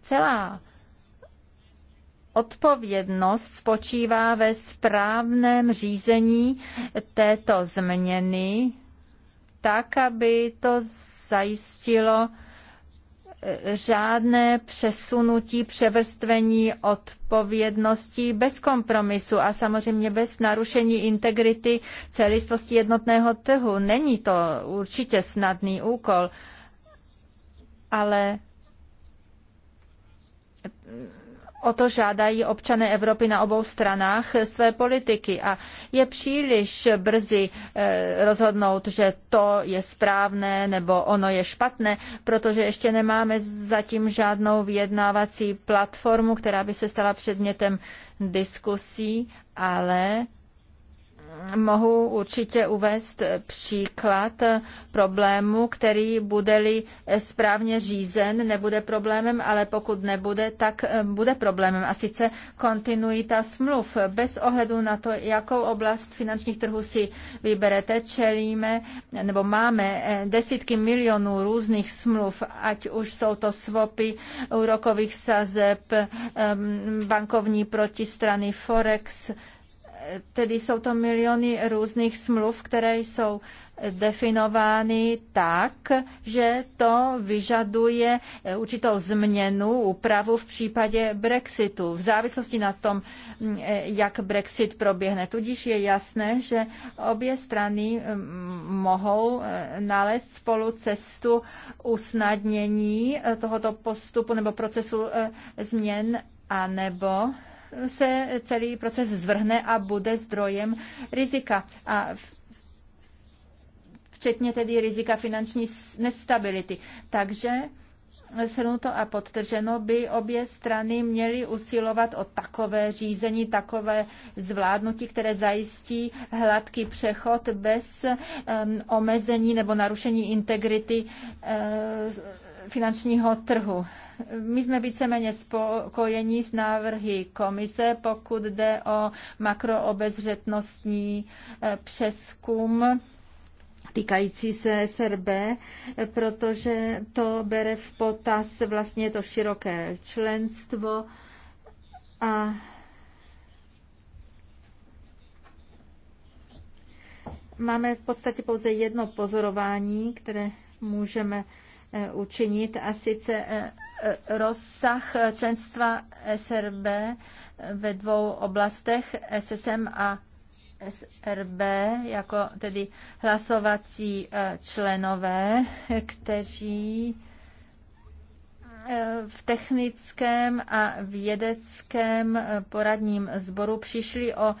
celá odpovědnost spočívá ve správném řízení této změny, tak, aby to zajistilo žádné přesunutí, převrstvení odpovědností bez kompromisu a samozřejmě bez narušení integrity celistvosti jednotného trhu. Není to určitě snadný úkol, ale o to žádají občané Evropy na obou stranách své politiky a je příliš brzy eh, rozhodnout, že to je správné nebo ono je špatné, protože ještě nemáme zatím žádnou vyjednávací platformu, která by se stala předmětem diskusí, ale mohu určitě uvést příklad problému, který bude-li správně řízen, nebude problémem, ale pokud nebude, tak eh, bude problémem. A sice kontinuita smluv. Bez ohledu na to, jakou oblast finančních trhů si vyberete, čelíme nebo máme eh, desítky milionů různých smluv, ať už jsou to svopy úrokových sazeb, eh, bankovní protistrany, forex, tedy jsou to miliony různých smluv, které jsou definovány tak, že to vyžaduje určitou změnu, úpravu v případě Brexitu, v závislosti na tom, jak Brexit proběhne. Tudíž je jasné, že obě strany mm, mohou eh, nalézt spolu cestu usnadnění eh, tohoto postupu nebo procesu eh, změn a nebo se celý proces zvrhne a bude zdrojem rizika. A včetně tedy rizika finanční nestability. Takže shrnuto a podtrženo by obě strany měly usilovat o takové řízení, takové zvládnutí, které zajistí hladký přechod bez um, omezení nebo narušení integrity eh, finančního trhu. My jsme víceméně spokojeni s návrhy komise, pokud jde o makroobezřetnostní eh, přeskum týkající se SRB, protože to bere v potaz vlastně to široké členstvo a máme v podstatě pouze jedno pozorování, které můžeme Eh, učinit, a sice eh, eh, rozsah členstva SRB ve dvou oblastech, SSM a SRB, jako tedy hlasovací členové, kteří v technickém a vědeckém poradním sboru přišli o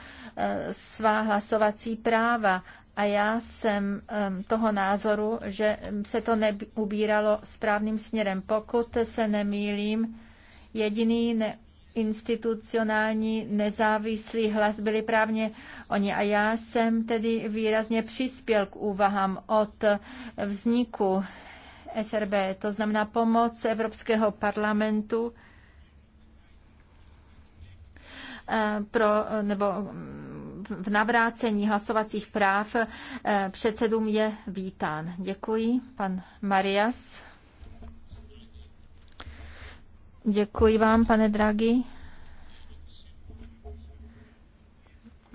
svá hlasovací práva a já jsem toho názoru, že se to neubíralo správným směrem. Pokud se nemýlím, jediný ne institucionální nezávislý hlas byli právě oni. A já jsem tedy výrazně přispěl k úvahám od vzniku SRB, to znamená pomoc Evropského parlamentu eh, pro, nebo v navrácení hlasovacích práv eh, předsedům je vítán. Děkuji, pan Marias. Děkuji vám, pane Draghi.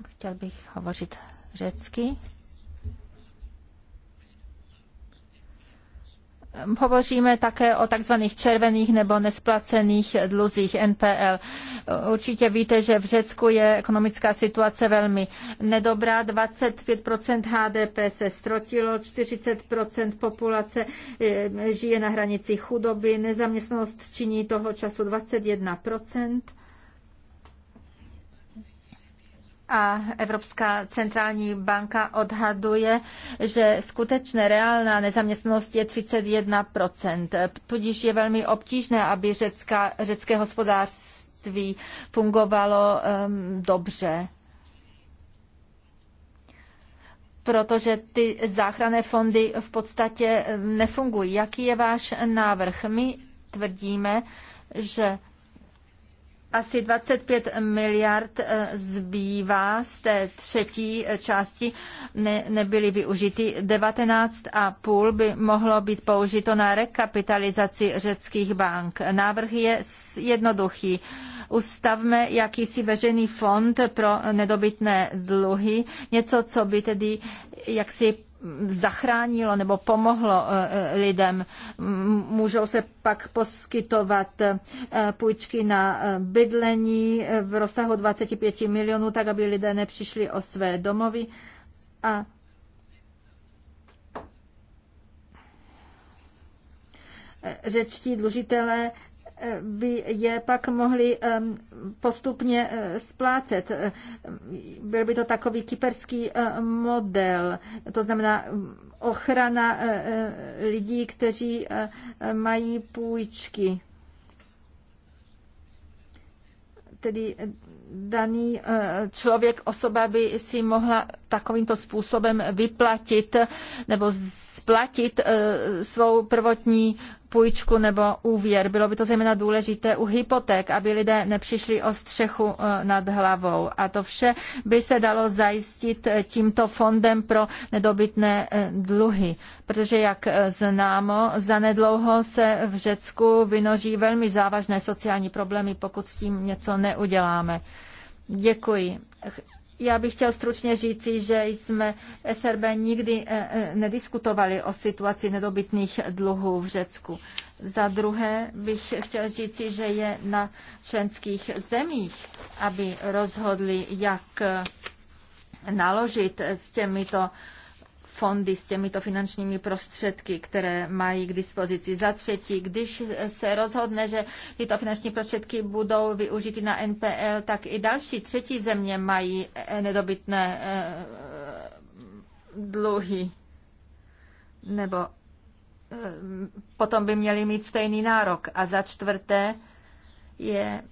Chtěl bych hovořit řecky. Ehm, hovoříme také o takzvaných červených nebo nesplacených dluzích NPL. Určitě víte, že v Řecku je ekonomická situace velmi nedobrá. 25 HDP se strotilo, 40 populace ehm, žije na hranici chudoby, nezaměstnanost činí toho času 21 a Evropská centrální banka odhaduje, že skutečně reálná nezaměstnanost je 31%. Tudíž je velmi obtížné, aby řecká, řecké hospodářství fungovalo um, dobře. protože ty záchranné fondy v podstatě um, nefungují. Jaký je váš návrh? My tvrdíme, že asi 25 miliard eh, zbývá z té třetí eh, části, ne, nebyly využity. 19,5 by mohlo být použito na rekapitalizaci řeckých bank. Návrh je jednoduchý ustavme jakýsi veřejný fond pro nedobytné dluhy, něco, co by tedy jaksi zachránilo nebo pomohlo eh, eh, lidem. Můžou se pak poskytovat eh, půjčky na bydlení v rozsahu 25 milionů, tak aby lidé nepřišli o své domovy. A řečtí dlužitelé by je pak mohli postupně eh, splácet. Byl by to takový kyperský eh, model, to znamená ochrana eh, lidí, kteří mají půjčky. Tedy daný člověk, osoba by si mohla takovýmto způsobem vyplatit nebo splatit svou prvotní půjčku nebo úvěr. Bylo by to zejména důležité u hypoték, aby lidé nepřišli o střechu e, nad hlavou. A to vše by se dalo zajistit e, tímto fondem pro nedobytné e, dluhy. Protože, jak známo, zanedlouho se v Řecku vynoží velmi závažné sociální problémy, pokud s tím něco neuděláme. Děkuji. Já bych chtěl stručně říci, že jsme SRB nikdy eh, eh, nediskutovali o situaci nedobytných dluhů v Řecku. Za druhé bych chtěl říci, že je na členských zemích, aby rozhodli, jak eh, naložit s těmito fondy s těmito finančními prostředky, které mají k dispozici. Za třetí, když se rozhodne, že tyto finanční prostředky budou využity na NPL, tak i další třetí země mají eh, nedobytné eh, dluhy nebo eh, potom by měli mít stejný nárok. A za čtvrté je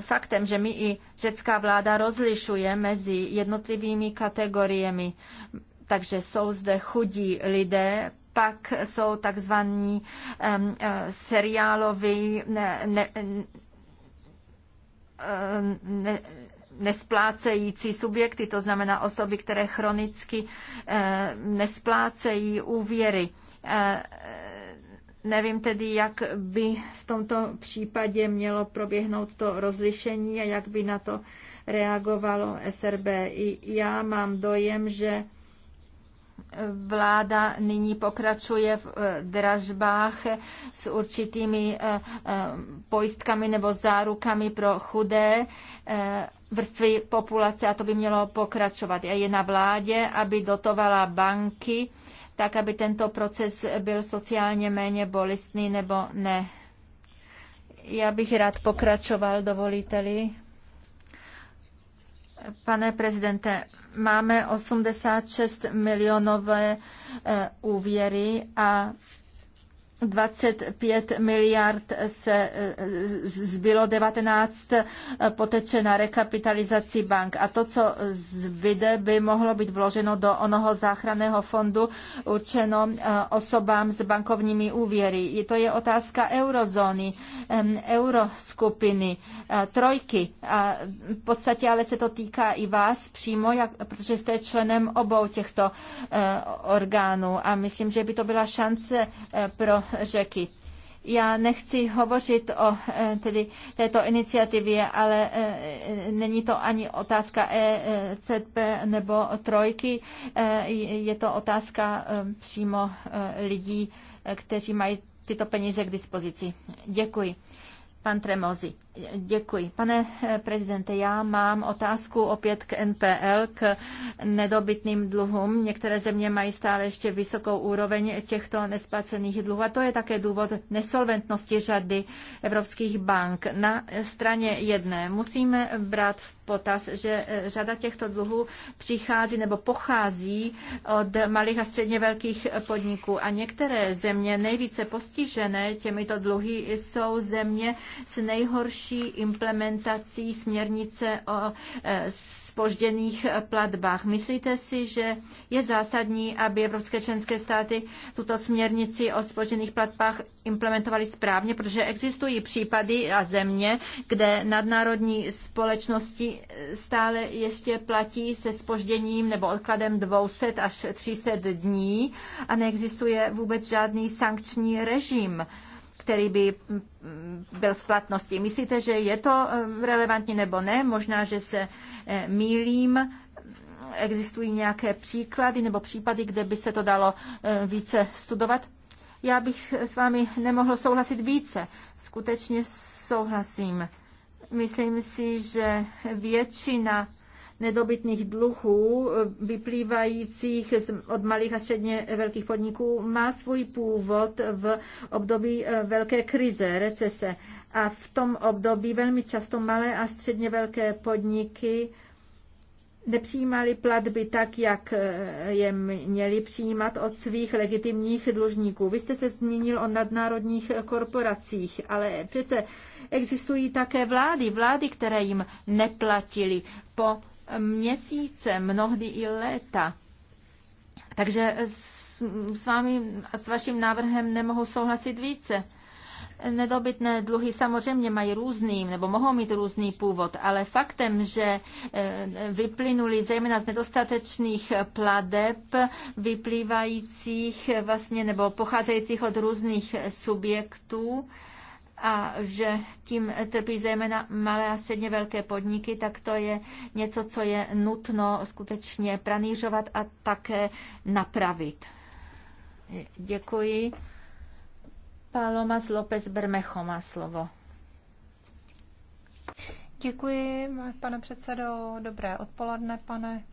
faktem, že my i řecká vláda rozlišuje mezi jednotlivými kategoriemi takže jsou zde chudí lidé, pak jsou takzvaní um, seriáloví ne, ne, ne, nesplácející subjekty, to znamená osoby, které chronicky uh, nesplácejí úvěry. Uh, Nevím tedy, jak by v tomto případě mělo proběhnout to rozlišení a jak by na to reagovalo SRB. I já mám dojem, že Vláda nyní pokračuje v eh, dražbách s určitými eh, eh, pojistkami nebo zárukami pro chudé vrstvy populace a to by mělo pokračovat. Je na vládě, aby dotovala banky, tak aby tento proces byl sociálně méně bolestný nebo ne. Já bych rád pokračoval, dovolíte-li. Pane prezidente, máme 86 milionové eh, úvěry a 25 miliard se eh, zbylo 19 poteče na rekapitalizaci bank. A to, co zbyde, by mohlo být vloženo do onoho záchranného fondu určeno eh, osobám s bankovními úvěry. To je otázka eurozóny, euroskupiny, eh, trojky. A v podstatě ale se to týká i vás přímo, jak, protože jste členem obou těchto orgánů. A myslím, že by to byla šance pro řeky. Já nechci hovořit o eh, tedy této iniciativě, ale eh, není to ani otázka ECP nebo trojky, eh, je to otázka přímo lidí, kteří mají tyto peníze k dispozici. Děkuji. Pan Tremozi. Děkuji. Pane eh, prezidente, já mám otázku opět k NPL, k nedobytným dluhům. Některé země mají stále ještě vysokou úroveň těchto nesplacených dluhů a to je také důvod nesolventnosti řady evropských bank. Na straně jedné musíme brát v potaz, že eh, řada těchto dluhů přichází nebo pochází od malých a středně velkých podniků a některé země nejvíce postižené těmito dluhy jsou země s nejhorší další implementací směrnice o spožděných e, platbách. Myslíte si, že je zásadní, aby evropské členské státy tuto směrnici o spožděných platbách implementovali správně, protože existují případy a země, kde nadnárodní společnosti stále ještě platí se spožděním nebo odkladem 200 až 300 dní a neexistuje vůbec žádný sankční režim který by mm, byl v platnosti. Myslíte, že je to mm, relevantní nebo ne? Možná, že se eh, mýlím. Existují nějaké příklady nebo případy, kde by se to dalo eh, více studovat? Já bych s vámi nemohl souhlasit více. Skutečně souhlasím. Myslím si, že většina nedobytných dluhů eh, vyplývajících od malých a středně velkých podniků má svůj původ v období eh, velké krize, recese. A v tom období velmi často malé a středně velké podniky nepřijímali platby tak, jak eh, je měli přijímat od svých legitimních dlužníků. Vy jste se zmínil o nadnárodních korporacích, ale přece existují také vlády, vlády, které jim neplatili po měsíce, mnohdy i léta. Takže s, s vámi a s vaším návrhem nemohu souhlasit více. Nedobytné dluhy samozřejmě mají různý, nebo mohou mít různý původ, ale faktem, že eh, vyplynuli zejména z nedostatečných pladeb, vyplývajících vlastně, nebo pocházejících od různých subjektů, a že tím trpí zejména malé a středně velké podniky, tak to je něco, co je nutno skutečně pranířovat a také napravit. Děkuji. Palomas López Bermecho má slovo.
Děkuji, pane předsedo. Dobré odpoledne, pane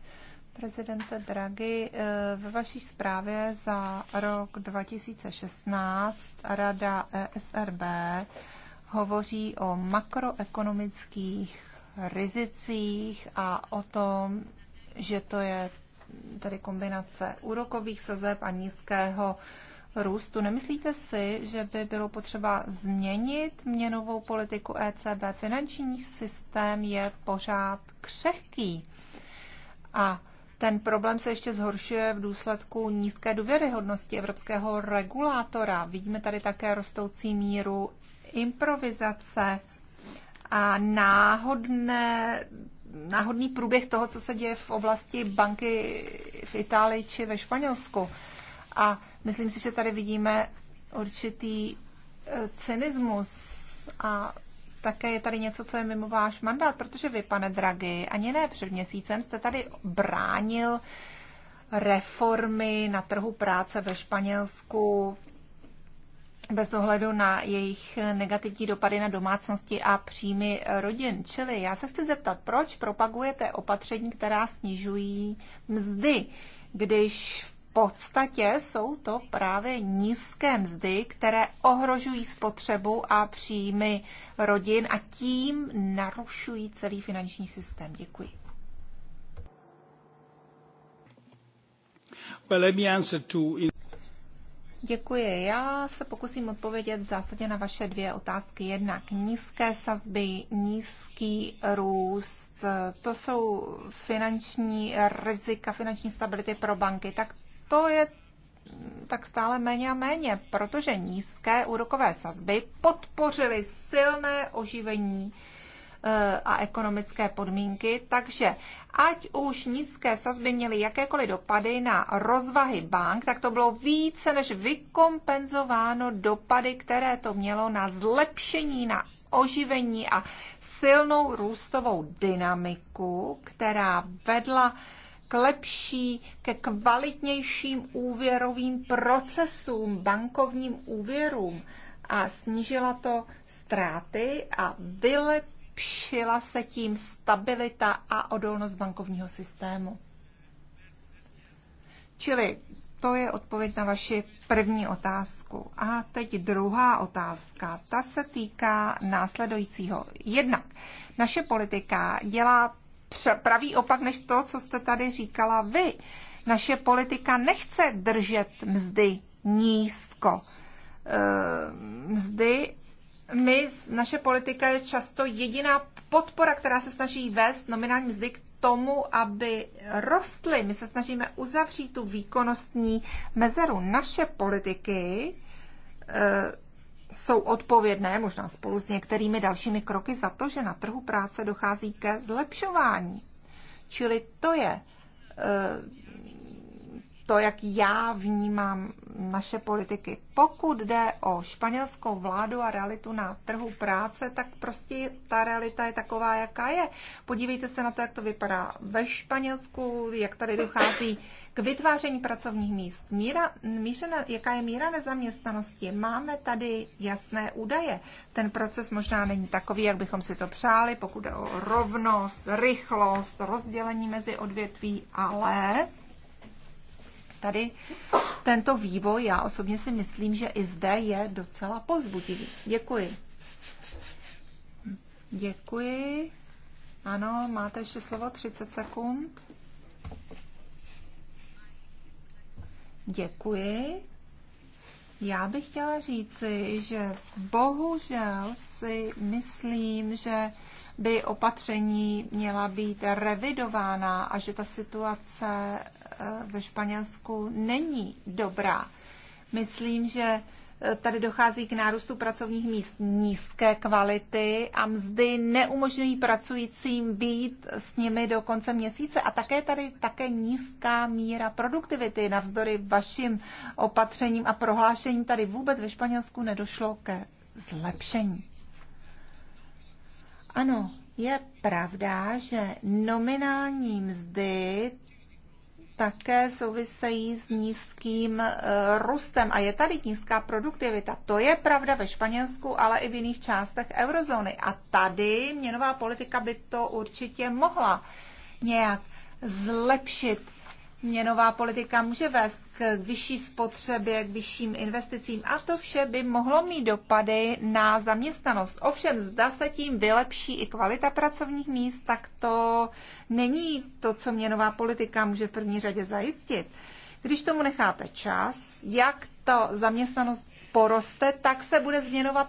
prezidente Draghi, eh, ve vaší zprávě za rok 2016 Rada ESRB hovoří o makroekonomických rizicích a o tom, že to je tedy kombinace úrokových sazeb a nízkého růstu. Nemyslíte si, že by bylo potřeba změnit měnovou politiku ECB? Finanční systém je pořád křehký. A ten problém se ještě zhoršuje v důsledku nízké důvěryhodnosti evropského regulátora. Vidíme tady také rostoucí míru improvizace a náhodné, náhodný průběh toho, co se děje v oblasti banky v Itálii či ve Španělsku. A myslím si, že tady vidíme určitý eh, cynismus a také je tady něco, co je mimo váš mandát, protože vy, pane Draghi, ani ne před měsícem jste tady bránil reformy na trhu práce ve Španělsku bez ohledu na jejich negativní dopady na domácnosti a příjmy rodin. Čili já se chci zeptat, proč propagujete opatření, která snižují mzdy, když v podstatě jsou to právě nízké mzdy, které ohrožují spotřebu a příjmy rodin a tím narušují celý finanční systém. Děkuji.
Well, let me answer to...
Děkuji. Já se pokusím odpovědět v zásadě na vaše dvě otázky. Jednak nízké sazby, nízký růst, to jsou finanční rizika, finanční stability pro banky. Tak to je tak stále méně a méně, protože nízké úrokové sazby podpořily silné oživení eh, a ekonomické podmínky, takže ať už nízké sazby měly jakékoliv dopady na rozvahy bank, tak to bylo více než vykompenzováno dopady, které to mělo na zlepšení, na oživení a silnou růstovou dynamiku, která vedla k lepší, ke kvalitnějším úvěrovým procesům, bankovním úvěrům a snížila to ztráty a vylepšila se tím stabilita a odolnost bankovního systému. Čili to je odpověď na vaši první otázku. A teď druhá otázka. Ta se týká následujícího. Jednak naše politika dělá pravý opak než to, co jste tady říkala vy. Naše politika nechce držet mzdy nízko. E, mzdy, my, naše politika je často jediná podpora, která se snaží vést nominální mzdy k tomu, aby rostly. My se snažíme uzavřít tu výkonnostní mezeru. Naše politiky e, jsou odpovědné, možná spolu s některými dalšími kroky, za to, že na trhu práce dochází ke zlepšování. Čili to je eh, to, jak já vnímám naše politiky. Pokud jde o španělskou vládu a realitu na trhu práce, tak prostě ta realita je taková, jaká je. Podívejte se na to, jak to vypadá ve Španělsku, jak tady dochází k vytváření pracovních míst. Míra, míře, jaká je míra nezaměstnanosti? Máme tady jasné údaje. Ten proces možná není takový, jak bychom si to přáli, pokud jde o rovnost, rychlost, rozdělení mezi odvětví, ale tady tento vývoj, já osobně si myslím, že i zde je docela pozbudivý. Děkuji. Děkuji. Ano, máte ještě slovo 30 sekund. Děkuji. Já bych chtěla říci, že bohužel si myslím, že by opatření měla být revidována a že ta situace Eh, ve Španělsku není dobrá. Myslím, že eh, tady dochází k nárůstu pracovních míst nízké kvality a mzdy neumožňují pracujícím být s nimi do konce měsíce. A také tady také nízká míra produktivity. Navzdory vašim opatřením a prohlášením tady vůbec ve Španělsku nedošlo ke zlepšení. Ano, je pravda, že nominální mzdy také souvisejí s nízkým eh, růstem a je tady nízká produktivita. To je pravda ve Španělsku, ale i v jiných částech eurozóny. A tady měnová politika by to určitě mohla nějak zlepšit. Měnová politika může vést k vyšší spotřebě, k vyšším investicím a to vše by mohlo mít dopady na zaměstnanost. Ovšem, zda se tím vylepší i kvalita pracovních míst, tak to není to, co měnová politika může v první řadě zajistit. Když tomu necháte čas, jak to zaměstnanost poroste, tak se bude změnovat,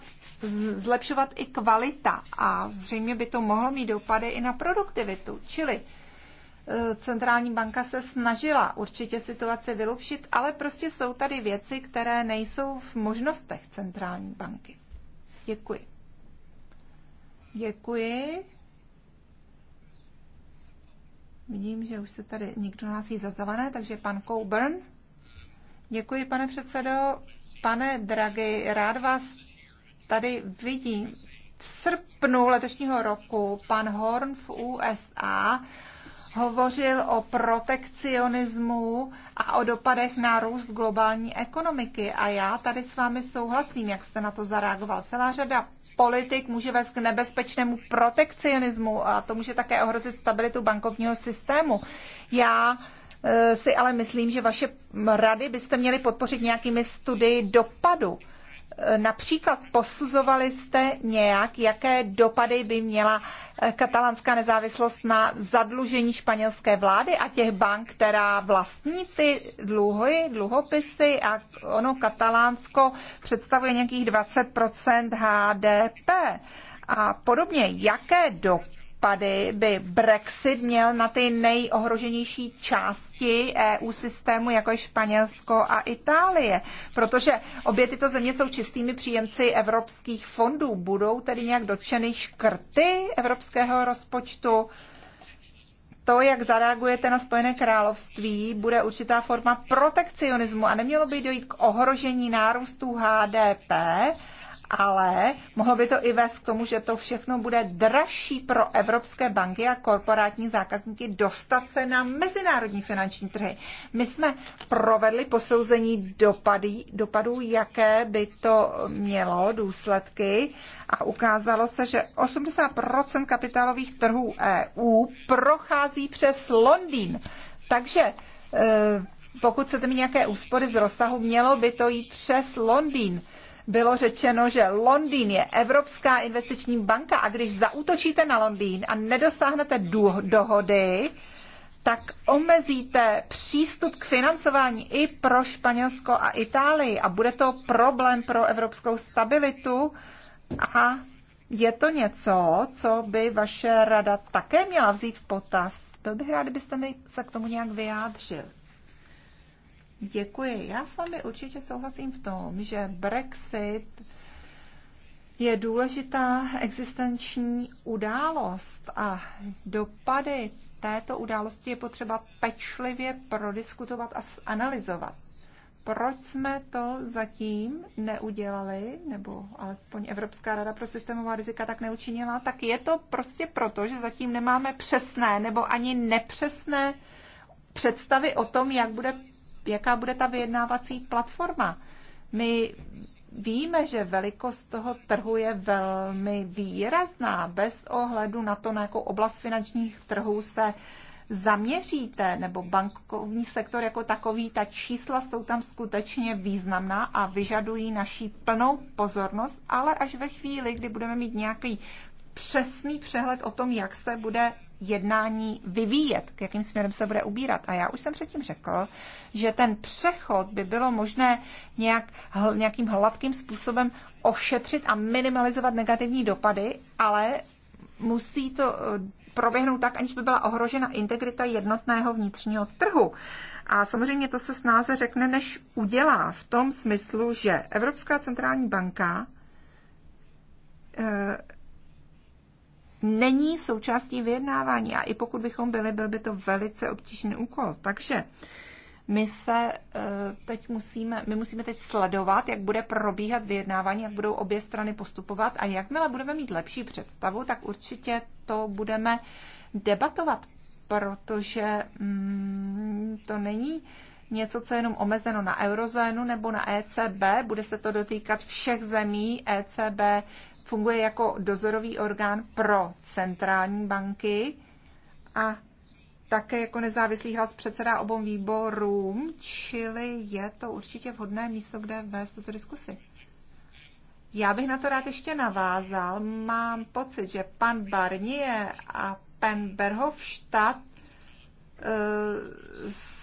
zlepšovat i kvalita a zřejmě by to mohlo mít dopady i na produktivitu. Čili centrální banka se snažila určitě situaci vylepšit, ale prostě jsou tady věci, které nejsou v možnostech centrální banky. Děkuji. Děkuji. Vidím, že už se tady někdo hlásí za zelené, takže pan Coburn. Děkuji, pane předsedo. Pane Draghi, rád vás tady vidím. V srpnu letošního roku pan Horn v USA hovořil o protekcionismu a o dopadech na růst globální ekonomiky. A já tady s vámi souhlasím, jak jste na to zareagoval. Celá řada politik může vést k nebezpečnému protekcionismu a to může také ohrozit stabilitu bankovního systému. Já eh, si ale myslím, že vaše rady byste měli podpořit nějakými studii dopadu. Například posuzovali jste nějak, jaké dopady by měla eh, katalánská nezávislost na zadlužení španělské vlády a těch bank, která vlastní ty dluhy, dluhopisy a ono katalánsko představuje nějakých 20% HDP. A podobně, jaké dopady dopady by Brexit měl na ty nejohroženější části EU systému, jako je Španělsko a Itálie. Protože obě tyto země jsou čistými příjemci evropských fondů. Budou tedy nějak dotčeny škrty evropského rozpočtu? to, jak zareagujete na Spojené království, bude určitá forma protekcionismu a nemělo by dojít k ohrožení nárůstu HDP ale mohlo by to i vést k tomu, že to všechno bude dražší pro evropské banky a korporátní zákazníky dostat se na mezinárodní finanční trhy. My jsme provedli posouzení dopady, dopadů, jaké by to mělo důsledky a ukázalo se, že 80% kapitálových trhů EU prochází přes Londýn. Takže eh, pokud chcete mít nějaké úspory z rozsahu, mělo by to jít přes Londýn bylo řečeno, že Londýn je Evropská investiční banka a když zaútočíte na Londýn a nedosáhnete dohody, tak omezíte přístup k financování i pro Španělsko a Itálii a bude to problém pro evropskou stabilitu a je to něco, co by vaše rada také měla vzít v potaz. Byl bych rád, kdybyste mi se k tomu nějak vyjádřil. Děkuji. Já s vámi určitě souhlasím v tom, že Brexit je důležitá existenční událost a dopady této události je potřeba pečlivě prodiskutovat a zanalizovat. Proč jsme to zatím neudělali, nebo alespoň Evropská rada pro systémová rizika tak neučinila, tak je to prostě proto, že zatím nemáme přesné nebo ani nepřesné představy o tom, jak bude jaká bude ta vyjednávací platforma. My víme, že velikost toho trhu je velmi výrazná, bez ohledu na to, na jakou oblast finančních trhů se zaměříte, nebo bankovní sektor jako takový, ta čísla jsou tam skutečně významná a vyžadují naší plnou pozornost, ale až ve chvíli, kdy budeme mít nějaký přesný přehled o tom, jak se bude jednání vyvíjet, k jakým směrem se bude ubírat. A já už jsem předtím řekl, že ten přechod by bylo možné nějak, hl, nějakým hladkým způsobem ošetřit a minimalizovat negativní dopady, ale musí to eh, proběhnout tak, aniž by byla ohrožena integrita jednotného vnitřního trhu. A samozřejmě to se snáze řekne, než udělá v tom smyslu, že Evropská centrální banka e, není součástí vyjednávání a i pokud bychom byli, byl by to velice obtížný úkol. Takže my se eh, teď musíme, my musíme teď sledovat, jak bude probíhat vyjednávání, jak budou obě strany postupovat a jakmile budeme mít lepší představu, tak určitě to budeme debatovat, protože mm, to není něco, co je jenom omezeno na eurozénu nebo na ECB. Bude se to dotýkat všech zemí. ECB funguje jako dozorový orgán pro centrální banky a také jako nezávislý hlas předseda obou výborům, čili je to určitě vhodné místo, kde vést tuto diskusi. Já bych na to rád ještě navázal. Mám pocit, že pan Barnier a pan Berhofstadt eh,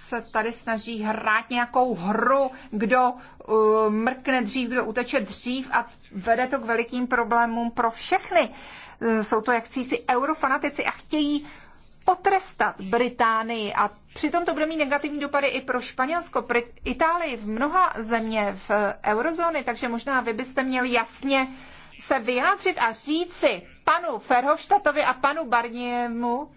se tady snaží hrát nějakou hru, kdo eh, mrkne dřív, kdo uteče dřív a vede to k velikým problémům pro všechny. Eh, jsou to jak si eurofanatici a chtějí potrestat Británii a přitom to bude mít negativní dopady i pro Španělsko, pro Itálii, v mnoha země v eh, eurozóny, takže možná vy byste měli jasně se vyjádřit a říci panu Ferhoštatovi a panu Barniemu,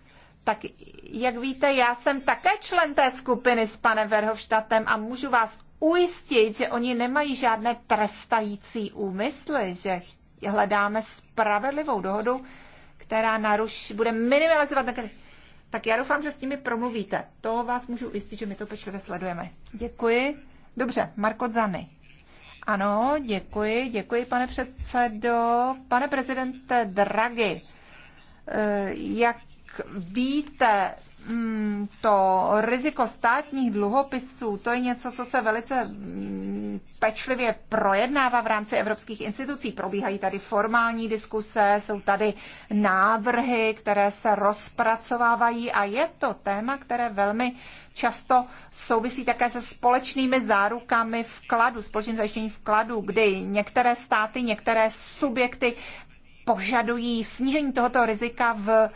tak jak víte, já jsem také člen té skupiny s panem Verhofstadtem a můžu vás ujistit, že oni nemají žádné trestající úmysly, že hledáme spravedlivou dohodu, která naruší, bude minimalizovat tak já doufám, že s nimi promluvíte. To vás můžu ujistit, že my to pečlivě sledujeme. Děkuji. Dobře, Marko Zany. Ano, děkuji, děkuji, pane předsedo. Pane prezidente Draghi, eh, jak víte, Mm, to riziko státních dluhopisů, to je něco, co se velice mm, pečlivě projednává v rámci evropských institucí. Probíhají tady formální diskuse, jsou tady návrhy, které se rozpracovávají a je to téma, které velmi často souvisí také se společnými zárukami vkladu, společným zajištěním vkladu, kdy některé státy, některé subjekty požadují snížení tohoto rizika v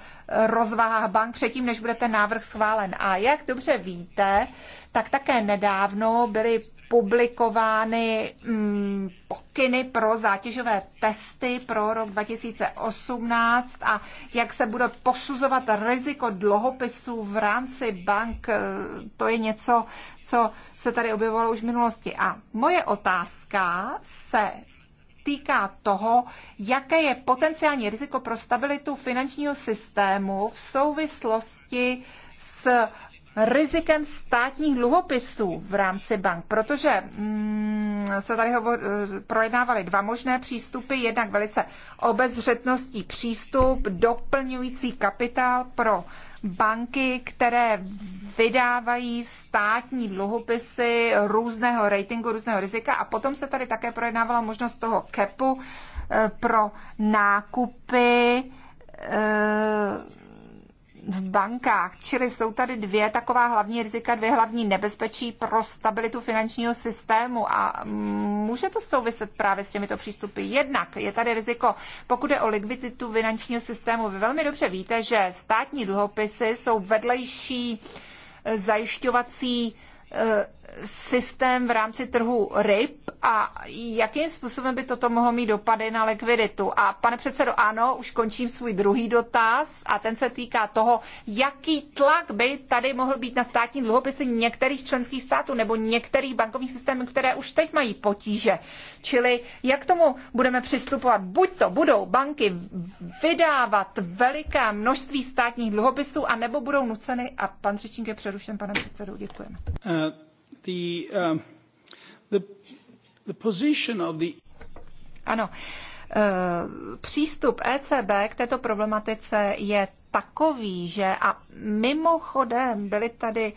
rozvahách bank předtím, než bude ten návrh schválen. A jak dobře víte, tak také nedávno byly publikovány mm, pokyny pro zátěžové testy pro rok 2018 a jak se bude posuzovat riziko dlohopisů v rámci bank, eh, to je něco, co se tady objevovalo už v minulosti. A moje otázka se týká toho, jaké je potenciální riziko pro stabilitu finančního systému v souvislosti s rizikem státních dluhopisů v rámci bank, protože mm, se tady hovo- projednávaly dva možné přístupy, jednak velice obezřetností přístup, doplňující kapitál pro banky, které vydávají státní dluhopisy různého ratingu, různého rizika a potom se tady také projednávala možnost toho kepu eh, pro nákupy eh, v bankách. Čili jsou tady dvě taková hlavní rizika, dvě hlavní nebezpečí pro stabilitu finančního systému a může to souviset právě s těmito přístupy. Jednak je tady riziko, pokud je o likviditu finančního systému. Vy velmi dobře víte, že státní dluhopisy jsou vedlejší zajišťovací eh, systém v rámci trhu ryb a jakým způsobem by toto mohlo mít dopady na likviditu. A pane předsedo, ano, už končím svůj druhý dotaz a ten se týká toho, jaký tlak by tady mohl být na státní dluhopisy některých členských států nebo některých bankovních systémů, které už teď mají potíže. Čili jak tomu budeme přistupovat? Buď to budou banky vydávat veliké množství státních dluhopisů, anebo budou nuceny, a pan řečník je přerušen, pane předsedou, děkujeme.
Uh... The, um, the, the position of the... Ano,
uh, přístup ECB k této problematice je takový, že a mimochodem byly tady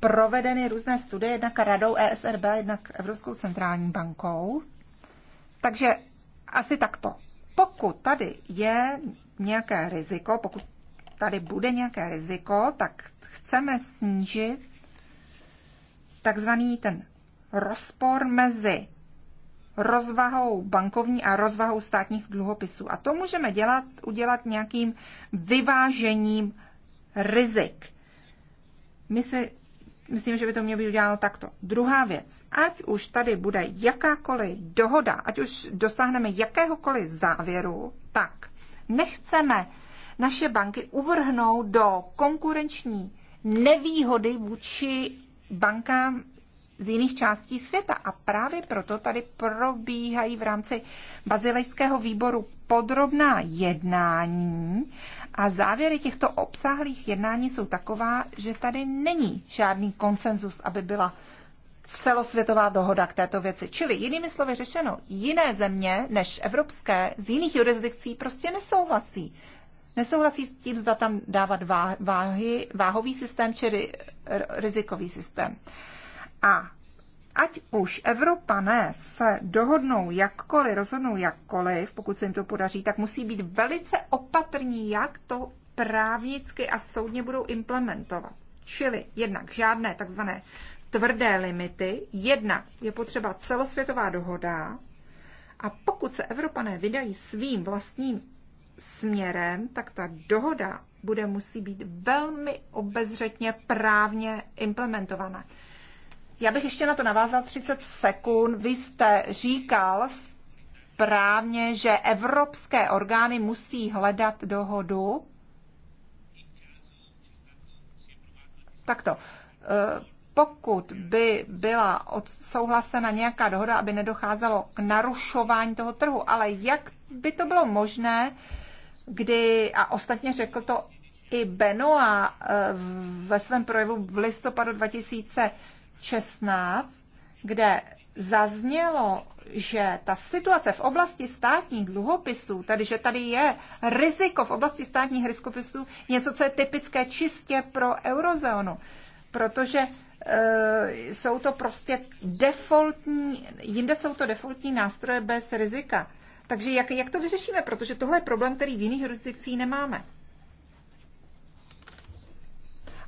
provedeny různé studie, jednak radou ESRB, jednak Evropskou centrální bankou. Takže asi takto. Pokud tady je nějaké riziko, pokud tady bude nějaké riziko, tak chceme snížit takzvaný ten rozpor mezi rozvahou bankovní a rozvahou státních dluhopisů. A to můžeme dělat, udělat nějakým vyvážením rizik. My si myslím, že by to mělo být uděláno takto. Druhá věc, ať už tady bude jakákoliv dohoda, ať už dosáhneme jakéhokoliv závěru, tak nechceme naše banky uvrhnout do konkurenční nevýhody vůči bankám z jiných částí světa. A právě proto tady probíhají v rámci bazilejského výboru podrobná jednání a závěry těchto obsáhlých jednání jsou taková, že tady není žádný konsenzus, aby byla celosvětová dohoda k této věci. Čili jinými slovy řešeno jiné země než evropské z jiných jurisdikcí prostě nesouhlasí. Nesouhlasí s tím, zda tam dávat váhy, váhový systém či rizikový systém. A ať už Evropané se dohodnou jakkoliv, rozhodnou jakkoliv, pokud se jim to podaří, tak musí být velice opatrní, jak to právnicky a soudně budou implementovat. Čili jednak žádné takzvané tvrdé limity, jednak je potřeba celosvětová dohoda a pokud se Evropané vydají svým vlastním směrem, tak ta dohoda bude musí být velmi obezřetně právně implementovaná. Já bych ještě na to navázal 30 sekund. Vy jste říkal správně, že evropské orgány musí hledat dohodu. Takto. E, pokud by byla odsouhlasena nějaká dohoda, aby nedocházelo k narušování toho trhu, ale jak by to bylo možné, kdy, a ostatně řekl to i Benoa eh, ve svém projevu v listopadu 2016, kde zaznělo, že ta situace v oblasti státních dluhopisů, tedy že tady je riziko v oblasti státních riskopisů, něco, co je typické čistě pro eurozónu, protože eh, jsou to prostě defaultní, jinde jsou to defaultní nástroje bez rizika. Takže jak, jak to vyřešíme? Protože tohle je problém, který v jiných jurisdikcích nemáme.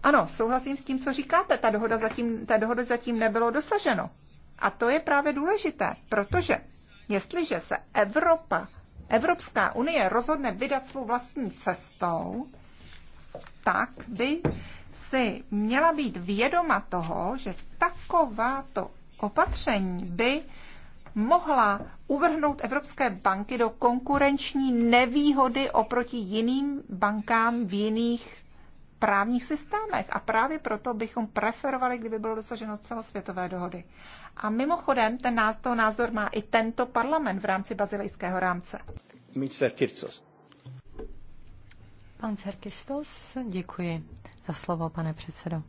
Ano, souhlasím s tím, co říkáte. Ta dohoda zatím, ta dohoda zatím nebylo dosaženo. A to je právě důležité, protože jestliže se Evropa, Evropská unie rozhodne vydat svou vlastní cestou, tak by si měla být vědoma toho, že takováto opatření by mohla uvrhnout evropské banky do konkurenční nevýhody oproti jiným bankám v jiných právních systémech. A právě proto bychom preferovali, kdyby bylo dosaženo celosvětové dohody. A mimochodem, ten to názor má i tento parlament v rámci bazilejského rámce. Pan Serkistos, děkuji
za slovo, pane předsedo.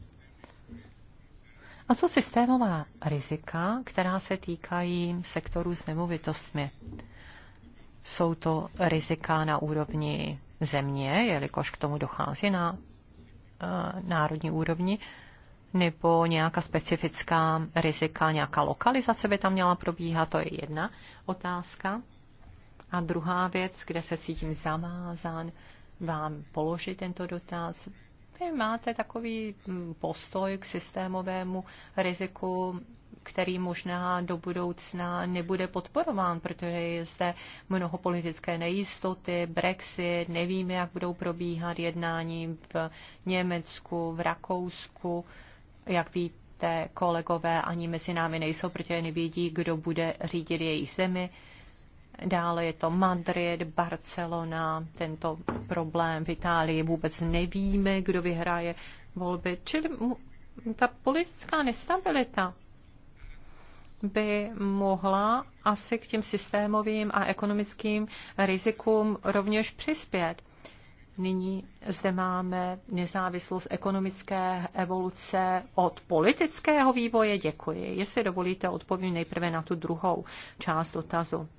A co systémová rizika, která se týkají sektoru s nemovitostmi? Jsou to rizika na úrovni země, jelikož k tomu dochází na uh, národní úrovni, nebo nějaká specifická rizika, nějaká lokalizace by tam měla probíhat, to je jedna otázka. A druhá věc, kde se cítím zamázán vám položit tento dotaz, jaké máte takový mm, postoj k systémovému riziku, který možná do budoucna nebude podporován, protože je zde mnoho politické nejistoty, Brexit, nevíme, jak budou probíhat jednání v Německu, v Rakousku. Jak víte, kolegové ani mezi námi nejsou, protože nevědí, kdo bude řídit jejich zemi. Dále je to Madrid, Barcelona, tento problém v Itálii. Vůbec nevíme, kdo vyhraje volby. Čili ta politická nestabilita by mohla asi k těm systémovým a ekonomickým rizikům rovněž přispět. Nyní zde máme nezávislost ekonomické evoluce od politického vývoje. Děkuji. Jestli dovolíte, odpovím nejprve na tu druhou část dotazu.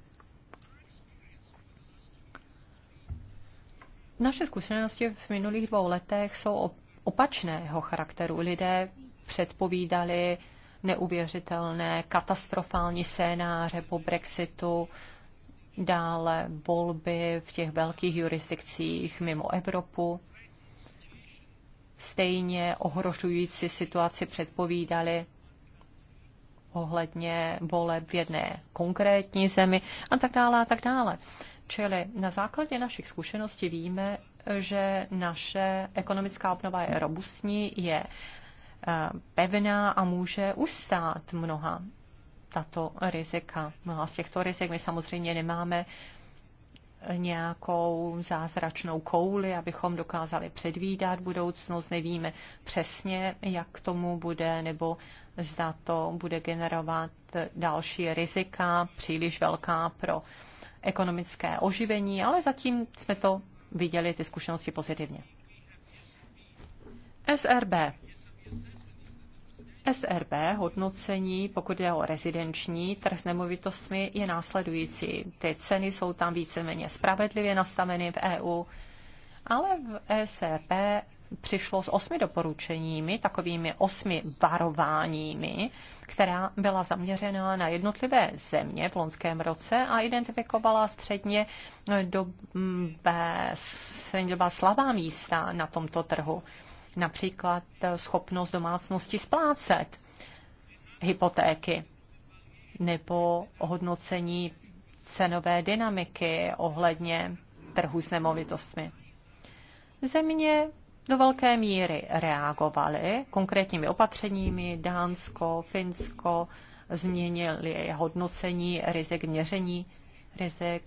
Naše zkušenosti v minulých dvou letech jsou opačného charakteru. Lidé předpovídali neuvěřitelné, katastrofální scénáře po Brexitu, dále volby v těch velkých jurisdikcích mimo Evropu. Stejně ohrožující situaci předpovídali ohledně voleb v jedné konkrétní zemi a tak dále a tak dále. Čili na základě našich zkušeností víme, že naše ekonomická obnova je robustní, je eh, pevná a může ustát mnoha tato rizika. Mnoha z těchto rizik my samozřejmě nemáme nějakou zázračnou kouli, abychom dokázali předvídat budoucnost. Nevíme přesně, jak k tomu bude, nebo zda to bude generovat další rizika, příliš velká pro uh, ekonomické oživení, ale zatím jsme to viděli, ty zkušenosti pozitivně. SRB. SRB hodnocení, pokud je o rezidenční trh s nemovitostmi, je následující. Ty ceny jsou tam víceméně spravedlivě nastaveny v EU, ale v SRB přišlo s osmi doporučeními, takovými osmi varováními, která byla zaměřena na jednotlivé země v loňském roce a identifikovala středně dobé, středně dobá slabá místa na tomto trhu. Například schopnost domácnosti splácet hypotéky nebo hodnocení cenové dynamiky ohledně trhu s nemovitostmi. Země do velké míry reagovaly konkrétními opatřeními. Dánsko, Finsko změnili hodnocení rizik měření rizik.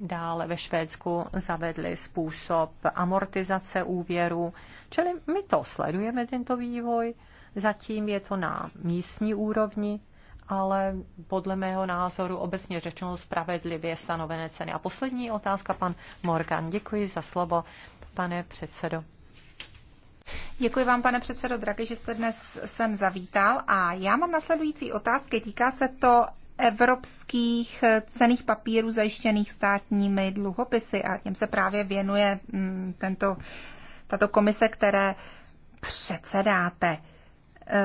Dále ve Švédsku zavedli způsob amortizace úvěru. Čili my to sledujeme, tento vývoj. Zatím je to na místní úrovni, ale podle mého názoru obecně řečeno spravedlivě stanovené ceny. A poslední otázka, pan Morgan. Děkuji za slovo, pane předsedo.
Děkuji vám, pane předsedo Draky, že jste dnes sem zavítal a já mám nasledující otázky. Týká se to evropských cených papírů zajištěných státními dluhopisy a těm se právě věnuje mm, tento, tato komise, které předsedáte. E,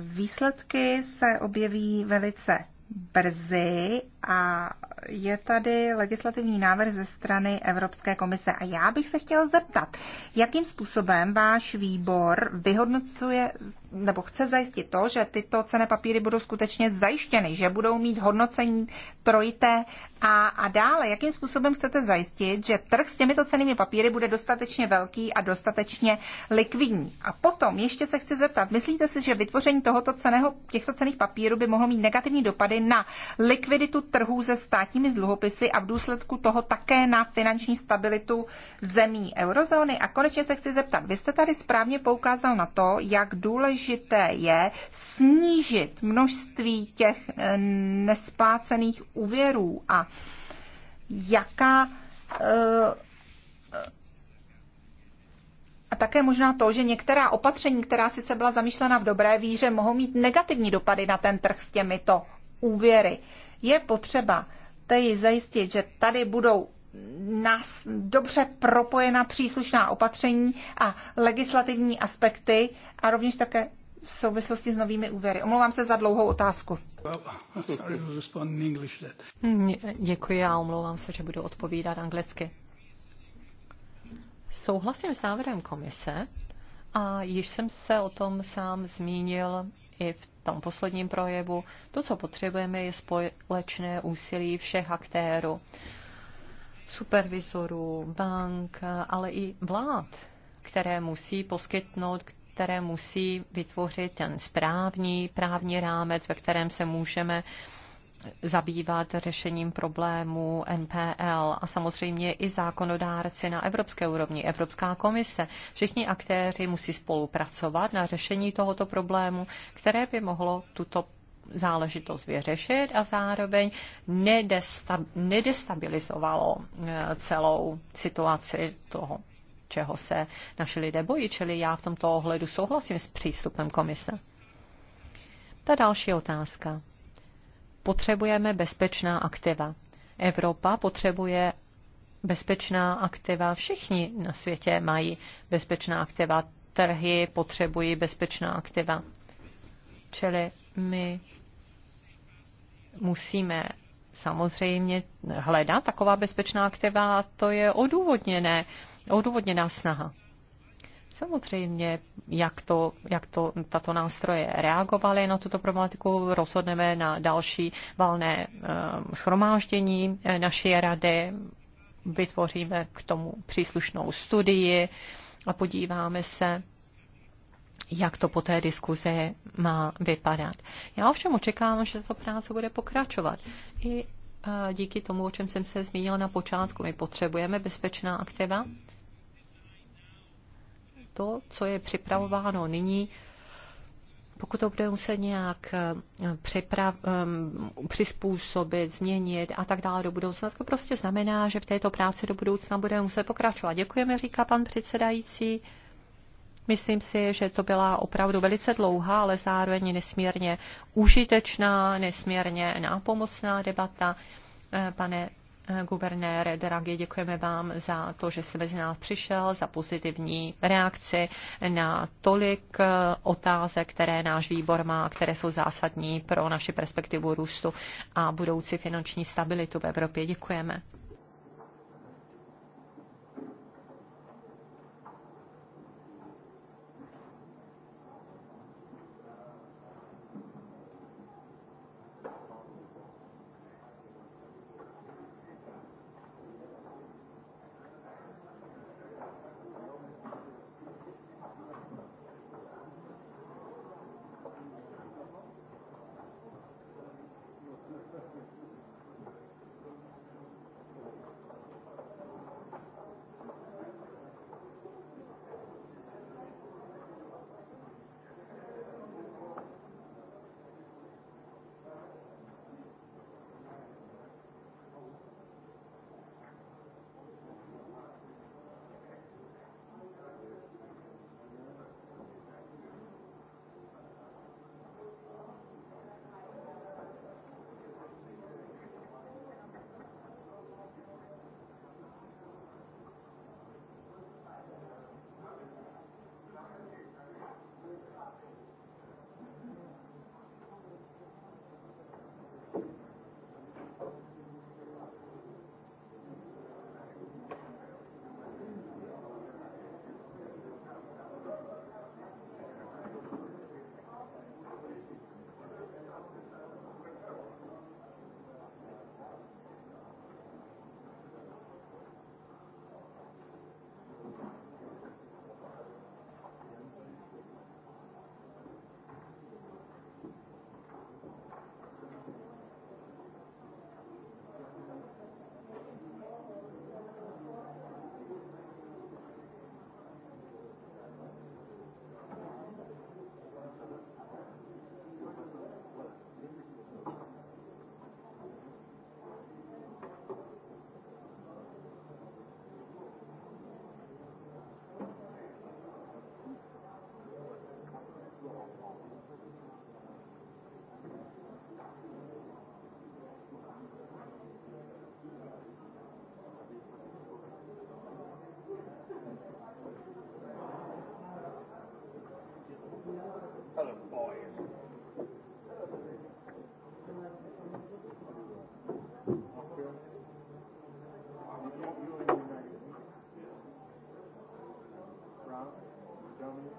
výsledky se objeví velice brzy a je tady legislativní návrh ze strany Evropské komise. A já bych se chtěl zeptat, jakým způsobem váš výbor vyhodnocuje nebo chce zajistit to, že tyto cené papíry budou skutečně zajištěny, že budou mít hodnocení trojité a, a dále. Jakým způsobem chcete zajistit, že trh s těmito cenými papíry bude dostatečně velký a dostatečně likvidní? A potom ještě se chci zeptat, myslíte si, že vytvoření tohoto ceného, těchto cených papírů by mohlo mít negativní dopady na likviditu trhů se státními dluhopisy a v důsledku toho také na finanční stabilitu zemí eurozóny? A konečně se chci zeptat, vy jste tady správně poukázal na to, jak důležité důležité je snížit množství těch eh, nesplácených úvěrů a jaká eh, a také možná to, že některá opatření, která sice byla zamýšlena v dobré víře, mohou mít negativní dopady na ten trh s těmito úvěry. Je potřeba tedy zajistit, že tady budou nás dobře propojena příslušná opatření a legislativní aspekty a rovněž také v souvislosti s novými úvěry. Omlouvám se za dlouhou otázku. Děkuji a omlouvám se, že budu odpovídat
anglicky. Souhlasím s návrhem komise a již jsem se o tom sám zmínil i v tom posledním projevu. To, co potřebujeme, je společné úsilí všech aktérů supervizorů, bank, ale i vlád, které musí poskytnout, které musí vytvořit ten správný právní rámec, ve kterém se můžeme zabývat řešením problémů NPL a samozřejmě i zákonodárci na evropské úrovni, Evropská komise. Všichni aktéři musí spolupracovat na řešení tohoto problému, které by mohlo tuto záležitost vyřešit a zároveň nedestabilizovalo eh, celou situaci toho, čeho se naši lidé bojí. Čili já v tomto ohledu souhlasím s přístupem komise. Ta další otázka. Potřebujeme bezpečná aktiva. Evropa potřebuje bezpečná aktiva. Všichni na světě mají bezpečná aktiva. Trhy potřebují bezpečná aktiva. Čili my musíme samozřejmě hledat taková bezpečná aktiva, to je odůvodněné, odůvodněná snaha. Samozřejmě, jak, to, jak to, tato nástroje reagovaly na tuto problematiku, rozhodneme na další valné eh, schromáždění eh, naší rady, vytvoříme k tomu příslušnou studii a podíváme se jak to po té diskuze má vypadat. Já ovšem očekávám, že tato práce bude pokračovat. I e, díky tomu, o čem jsem se zmínila na počátku, my potřebujeme bezpečná aktiva. To, co je připravováno nyní, pokud to bude muset nějak e, připrav, e, přizpůsobit, změnit a tak dále do budoucna, to prostě znamená, že v této práci do budoucna budeme muset pokračovat. Děkujeme, říká pan předsedající. Myslím si, že to byla opravdu velice dlouhá, ale zároveň nesmírně užitečná, nesmírně nápomocná debata. Eh, pane eh, guvernére Dragi. děkujeme vám za to, že jste mezi nás přišel, za pozitivní reakci na tolik eh, otázek, které náš výbor má, které jsou zásadní pro naši perspektivu růstu a budoucí finanční stabilitu v Evropě. Děkujeme. programu,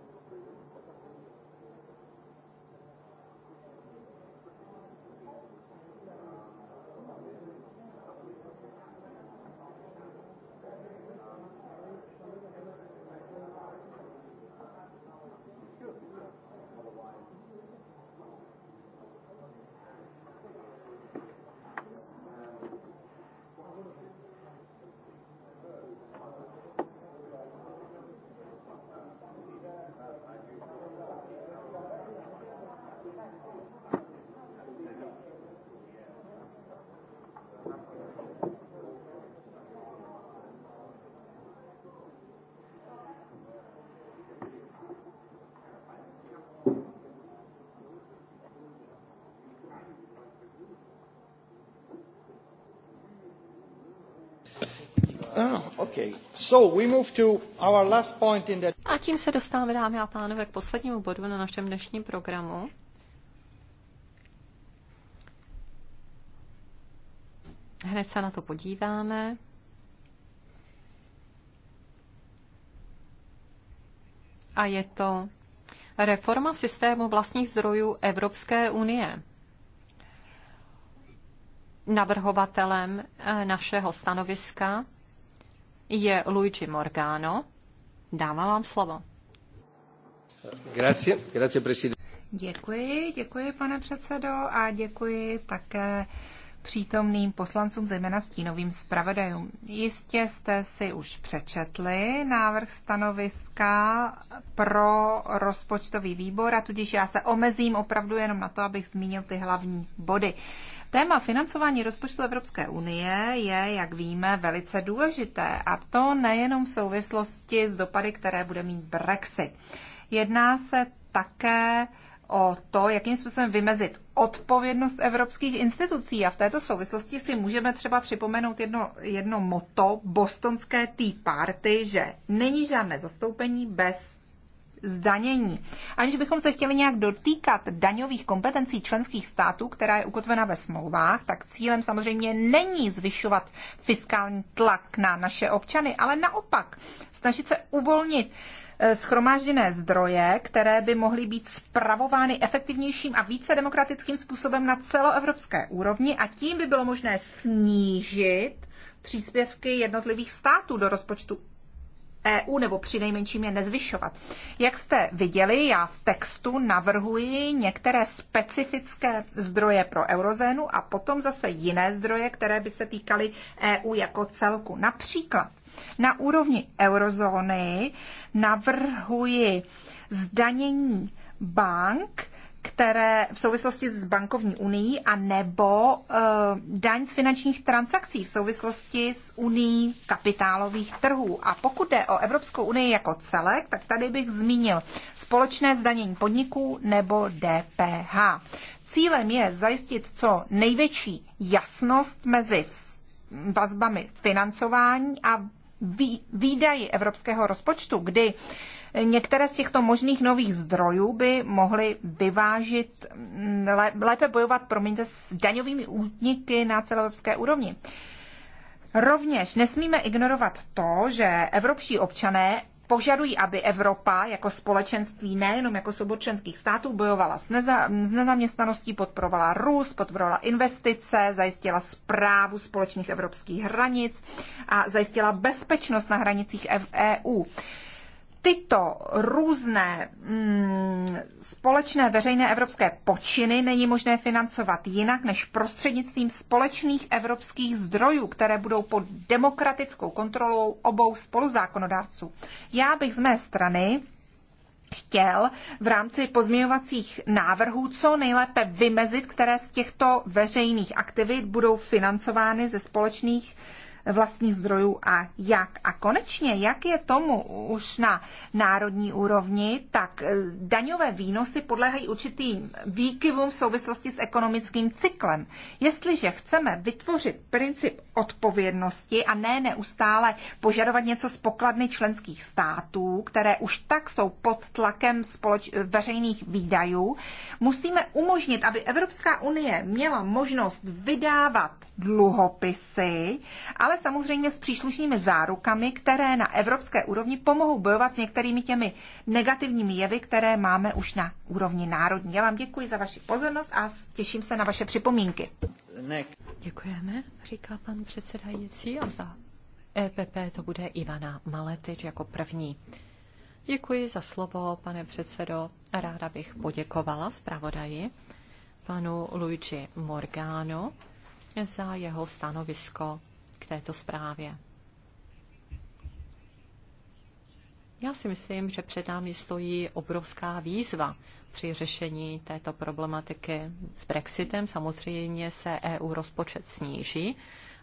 A tím se dostáváme, dámy a pánové, k poslednímu bodu na našem dnešním programu. Hned se na to podíváme. A je to reforma systému vlastních zdrojů Evropské unie. Navrhovatelem eh, našeho stanoviska je Luigi
Morgano. Dávám vám slovo.
Grazie, grazie presidente.
Děkuji, děkuji pane předsedo a děkuji také přítomným poslancům, zejména stínovým zpravodajům. Jistě jste si už přečetli návrh stanoviska pro rozpočtový výbor a tudíž já se omezím opravdu jenom na to, abych zmínil ty hlavní body. Téma financování rozpočtu Evropské unie je, jak víme, velice důležité a to nejenom v souvislosti s dopady, které bude mít Brexit. Jedná se také o to, jakým způsobem vymezit odpovědnost evropských institucí. A v této souvislosti si můžeme třeba připomenout jedno, jedno moto bostonské Tea Party, že není žádné zastoupení bez zdanění. Aniž bychom se chtěli nějak dotýkat daňových kompetencí členských států, která je ukotvena ve smlouvách, tak cílem samozřejmě není zvyšovat fiskální tlak na naše občany, ale naopak snažit se uvolnit eh, schromážděné zdroje, které by mohly být spravovány efektivnějším a více demokratickým způsobem na celoevropské úrovni a tím by bylo možné snížit příspěvky jednotlivých států do rozpočtu EU nebo při nejmenším je nezvyšovat. Jak jste viděli, já v textu navrhuji některé specifické zdroje pro eurozénu a potom zase jiné zdroje, které by se týkaly EU jako celku. Například na úrovni eurozóny navrhuji zdanění bank které v souvislosti s bankovní unii a nebo uh, daň z finančních transakcí v souvislosti s unii kapitálových trhů. A pokud jde o Evropskou unii jako celek, tak tady bych zmínil společné zdanění podniků nebo DPH. Cílem je zajistit co největší jasnost mezi vazbami financování a výdaji evropského rozpočtu, kdy některé z těchto možných nových zdrojů by mohly vyvážit, mm, lépe bojovat, promiňte, s daňovými úniky na celoevropské úrovni. Rovněž nesmíme ignorovat to, že evropští občané požadují, aby Evropa jako společenství, nejenom jako soubor členských států, bojovala s, neza, s nezaměstnaností, podporovala růst, podporovala investice, zajistila správu společných evropských hranic a zajistila bezpečnost na hranicích e- EU tyto různé mm, společné veřejné evropské počiny není možné financovat jinak než prostřednictvím společných evropských zdrojů, které budou pod demokratickou kontrolou obou spoluzákonodárců. Já bych z mé strany chtěl v rámci pozměňovacích návrhů co nejlépe vymezit, které z těchto veřejných aktivit budou financovány ze společných vlastních zdrojů a jak. A konečně, jak je tomu už na národní úrovni, tak eh, daňové výnosy podléhají určitým výkyvům v souvislosti s ekonomickým cyklem. Jestliže chceme vytvořit princip odpovědnosti a ne neustále požadovat něco z pokladny členských států, které už tak jsou pod tlakem společ- veřejných výdajů, musíme umožnit, aby Evropská unie měla možnost vydávat dluhopisy, ale ale samozřejmě s příslušnými zárukami, které na evropské úrovni pomohou bojovat s některými těmi negativními jevy, které máme už na úrovni národní. Já vám děkuji za vaši pozornost a těším se na vaše připomínky. Děkujeme, říká pan předsedající a za EPP to bude Ivana
Maletič jako první. Děkuji za slovo, pane předsedo. Ráda bych poděkovala zpravodaji panu Luigi Morgano za jeho stanovisko k této zprávě. Já si myslím, že před námi stojí obrovská výzva při řešení této problematiky. S Brexitem samozřejmě se EU rozpočet sníží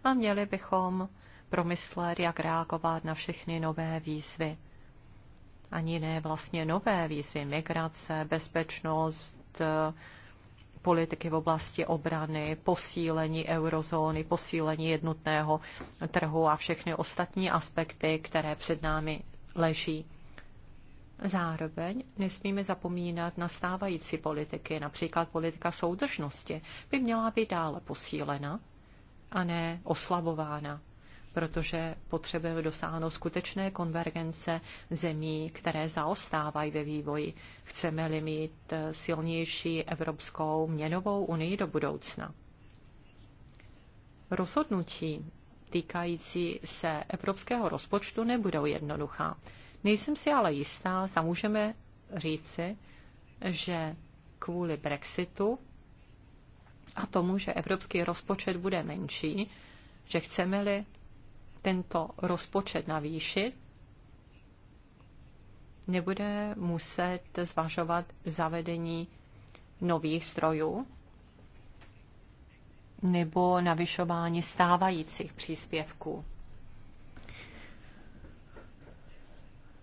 a měli bychom promyslet, jak reagovat na všechny nové výzvy. Ani ne vlastně nové výzvy, migrace, bezpečnost, politiky v oblasti obrany, posílení eurozóny, posílení jednotného trhu a všechny ostatní aspekty, které před námi leží. Zároveň nesmíme zapomínat na stávající politiky, například politika soudržnosti by měla být dále posílena a ne oslabována protože potřebujeme dosáhnout skutečné konvergence zemí, které zaostávají ve vývoji. Chceme-li mít eh, silnější Evropskou měnovou unii do budoucna. Rozhodnutí týkající se evropského rozpočtu nebudou jednoduchá. Nejsem si ale jistá, zda můžeme říci, že kvůli Brexitu a tomu, že evropský rozpočet bude menší, že chceme-li tento rozpočet navýšit, nebude muset zvažovat zavedení nových strojů nebo navyšování stávajících příspěvků.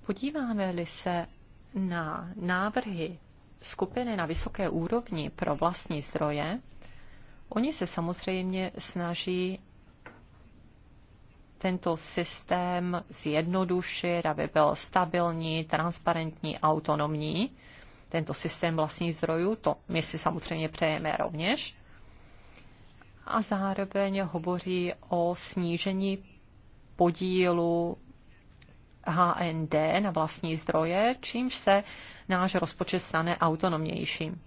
Podíváme-li se na návrhy skupiny na vysoké úrovni pro vlastní zdroje, oni se samozřejmě snaží tento systém zjednodušit, aby byl stabilní, transparentní, autonomní. Tento systém vlastních zdrojů, to my si samozřejmě přejeme rovněž. A zároveň hovoří o snížení podílu HND na vlastní zdroje, čímž se náš rozpočet stane autonomnějším.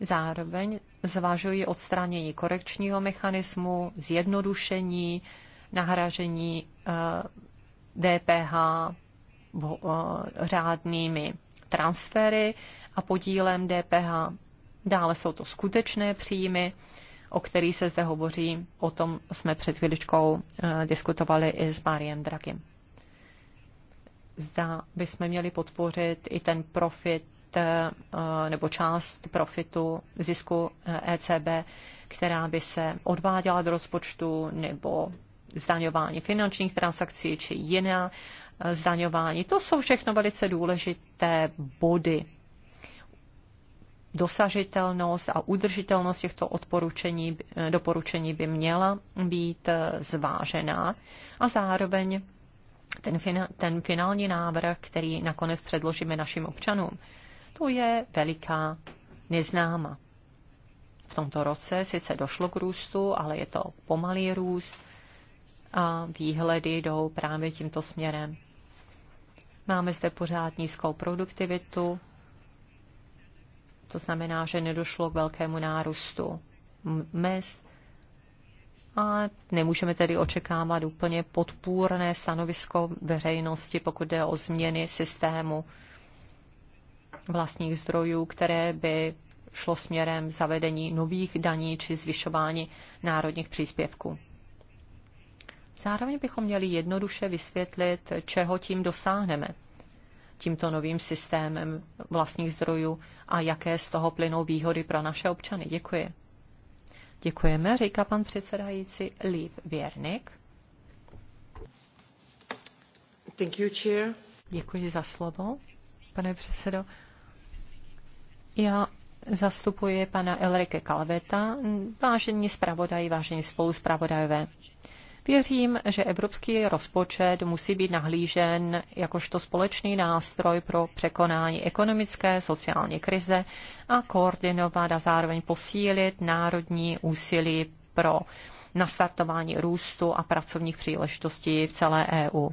Zároveň zvažují odstranění korekčního mechanismu, zjednodušení nahražení DPH eh, eh, řádnými transfery a podílem DPH. Dále jsou to skutečné příjmy, o kterých se zde hovoří. O tom jsme před chvíličkou eh, diskutovali i s Máriem Dragim. Zda bychom měli podpořit i ten profit nebo část profitu zisku ECB, e která by se odváděla do rozpočtu nebo zdaňování finančních transakcí či jiná eh, zdaňování. To jsou všechno velice důležité body. Dosažitelnost a udržitelnost těchto odporučení, eh, doporučení by měla být eh, zvážená a zároveň ten, fina, ten finální návrh, který nakonec předložíme našim občanům, to je veliká neznáma. V tomto roce sice došlo k růstu, ale je to pomalý růst, a výhledy jdou právě tímto směrem. Máme zde pořád nízkou produktivitu, to znamená, že nedošlo k velkému nárůstu mest a nemůžeme tedy očekávat úplně podpůrné stanovisko veřejnosti, pokud jde o změny systému vlastních zdrojů, které by šlo směrem zavedení nových daní či zvyšování národních příspěvků. Zároveň bychom měli jednoduše vysvětlit, čeho tím dosáhneme tímto novým systémem vlastních zdrojů a jaké z toho plynou výhody pro naše občany. Děkuji. Děkujeme, říká pan předsedající Liv Věrnik. Thank you, chair. Děkuji za slovo, pane předsedo. Já zastupuji pana Elrike Kalveta, vážení zpravodaji, vážení spoluzpravodajové. Věřím, že evropský rozpočet musí být nahlížen jakožto společný nástroj pro překonání ekonomické, sociální krize a koordinovat a zároveň posílit národní úsilí pro nastartování růstu a pracovních příležitostí v celé EU.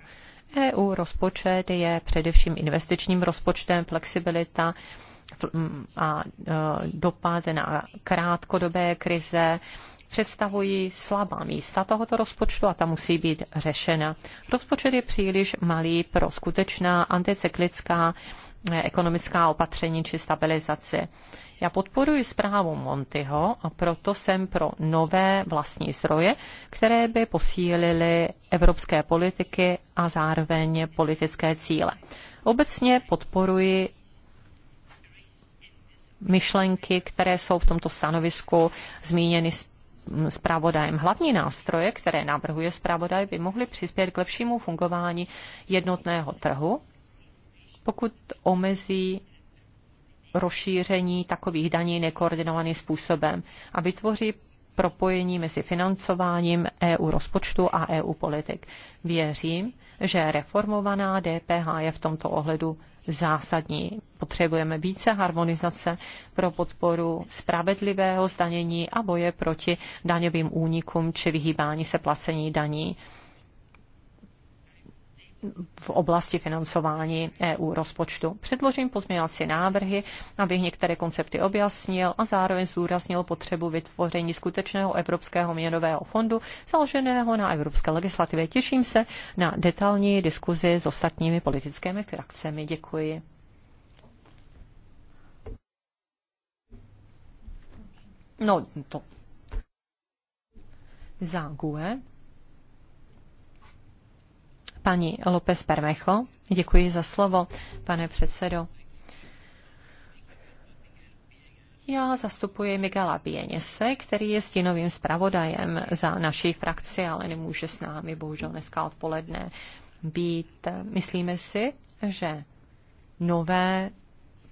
EU rozpočet je především investičním rozpočtem, flexibilita a e, dopad na krátkodobé krize, představují slabá místa tohoto rozpočtu a ta musí být řešena. Rozpočet je příliš malý pro skutečná anticyklická eh, ekonomická opatření či stabilizace. Já podporuji zprávu Montyho a proto jsem pro nové vlastní zdroje, které by posílily evropské politiky a zároveň politické cíle. Obecně podporuji myšlenky, které jsou v tomto stanovisku zmíněny zpravodajem. Hlavní nástroje, které navrhuje zpravodaj, by mohly přispět k lepšímu fungování jednotného trhu, pokud omezí rozšíření takových daní nekoordinovaným způsobem a vytvoří propojení mezi financováním EU rozpočtu a EU politik. Věřím, že reformovaná DPH je v tomto ohledu zásadní. Potřebujeme více harmonizace pro podporu spravedlivého zdanění a boje proti daňovým únikům či vyhýbání se placení daní v oblasti financování EU rozpočtu. Předložím pozměňovací návrhy, abych některé koncepty objasnil a zároveň zdůraznil potřebu vytvoření skutečného Evropského měnového fondu založeného na evropské legislativě. Těším se na detailní diskuzi s ostatními politickými frakcemi. Děkuji. No, to. Za GUE Paní López Permecho, děkuji za slovo, pane předsedo. Já zastupuji Miguela Bieněse, který je stínovým zpravodajem za naší frakci, ale nemůže s námi bohužel dneska odpoledne být. Myslíme si, že nové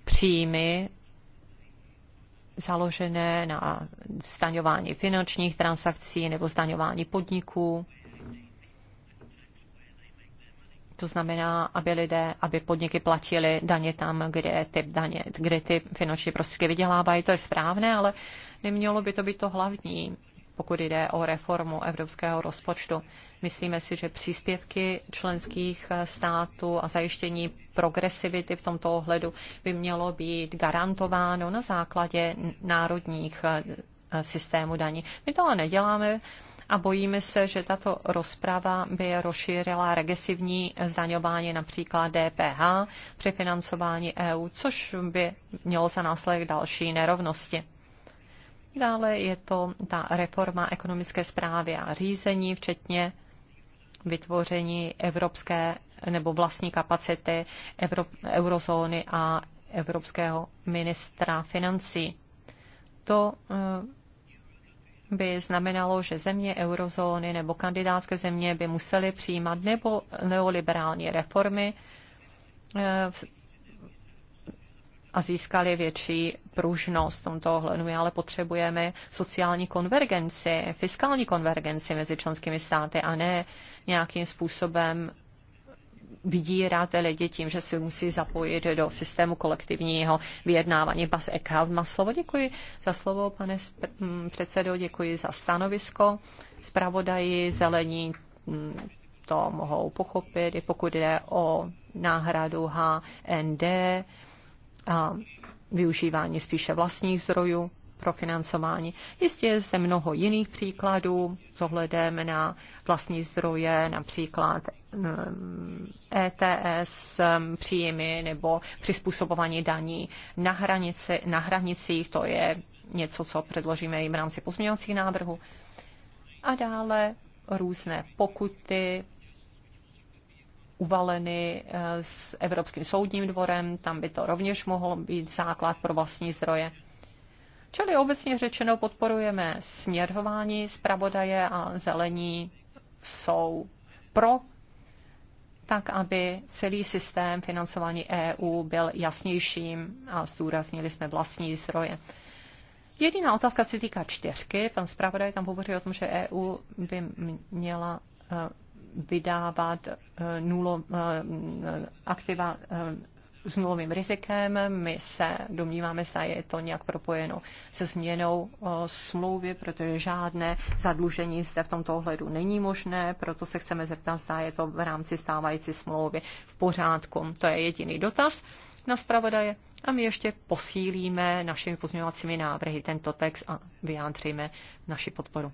příjmy založené na zdaňování finančních transakcí nebo zdaňování podniků to znamená, aby lidé, aby podniky platili daně tam, kde ty, daně, kde ty finanční prostředky vydělávají. To je správné, ale nemělo by to být to hlavní, pokud jde o reformu evropského rozpočtu. Myslíme si, že příspěvky členských států a zajištění progresivity v tomto ohledu by mělo být garantováno na základě národních eh, systému daní. My to ale neděláme a bojíme se, že tato rozprava by rozšířila regresivní zdaňování například DPH při financování EU, což by mělo za následek další nerovnosti. Dále je to ta reforma ekonomické zprávy a řízení, včetně vytvoření evropské nebo vlastní kapacity Evro, eurozóny a evropského ministra financí. To eh, by znamenalo, že země eurozóny nebo kandidátské země by musely přijímat nebo neoliberální reformy eh, a získali větší pružnost v tomto ohledu. My ale potřebujeme sociální konvergenci, fiskální konvergenci mezi členskými státy a ne nějakým způsobem vydírá ty lidi tím, že si musí zapojit do systému kolektivního vyjednávání. Pas Eckhout má slovo. Děkuji za slovo, pane mm, předsedo, děkuji za stanovisko. Zpravodaji, zelení mm, to mohou pochopit, i pokud jde o náhradu HND a využívání spíše vlastních zdrojů pro financování. Jistě je zde mnoho jiných příkladů s ohledem na vlastní zdroje, například ETS eh, e eh, příjmy nebo přizpůsobování daní na, hranici, na hranicích. To je něco, co předložíme i v rámci pozměňovacích návrhů. A dále různé pokuty uvaleny eh, s Evropským soudním dvorem, tam by to rovněž mohlo být základ pro vlastní zdroje. Čili obecně řečeno podporujeme směrování zpravodaje a zelení jsou pro tak aby celý systém financování EU byl jasnějším a zdůraznili jsme vlastní zdroje. Jediná otázka se týká čtyřky. Pan zpravodaj tam hovoří o tom, že EU by měla eh, vydávat eh, nulo, eh, aktiva s nulovým rizikem. My se domníváme, že je to nějak propojeno se změnou smlouvy, protože žádné zadlužení zde v tomto ohledu není možné, proto se chceme zeptat, zda je to v rámci stávající smlouvy v pořádku. To je jediný dotaz na zpravodaje. A my ještě posílíme našimi pozměňovacími návrhy tento text a vyjádříme naši podporu.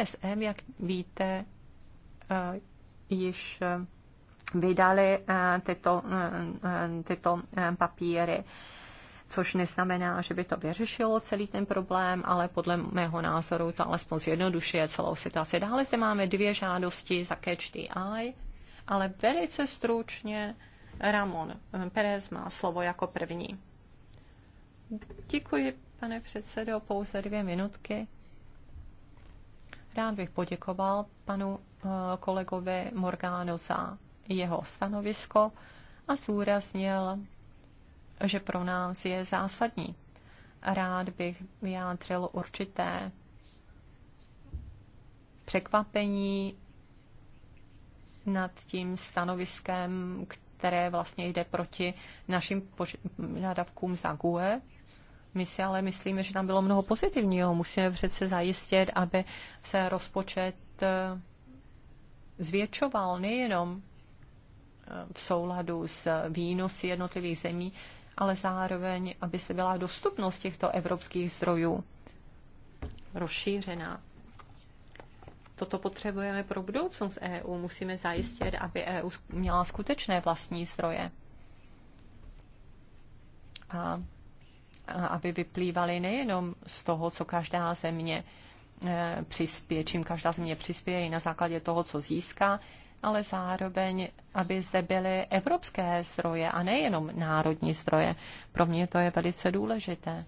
ESM, jak víte, e, již e, vydali eh, tyto, eh, tyto eh, papíry což neznamená, že by to vyřešilo celý ten problém, ale podle mého názoru to alespoň zjednodušuje celou situaci. Dále zde máme dvě žádosti za Catch the Eye, ale velice stručně Ramon Perez má slovo jako první. Děkuji, pane předsedo, pouze dvě minutky. Rád bych poděkoval panu kolegovi Morgánu za jeho stanovisko a zdůraznil, že pro nás je zásadní. Rád bych vyjádřil určité překvapení nad tím stanoviskem, které vlastně jde proti našim nadavkům za GUE. My si ale myslíme, že tam bylo mnoho pozitivního. Musíme přece zajistit, aby se rozpočet eh, zvětšoval nejenom v souladu s výnosy jednotlivých zemí, ale zároveň, aby se byla dostupnost těchto evropských zdrojů rozšířená. Toto potřebujeme pro budoucnost EU. Musíme zajistit, aby EU měla skutečné vlastní zdroje. A, aby vyplývaly nejenom z toho, co každá země eh, přispěje, čím každá země přispěje i na základě toho, co získá, ale zároveň, aby zde byly evropské zdroje a nejenom národní zdroje. Pro mě to je velice důležité.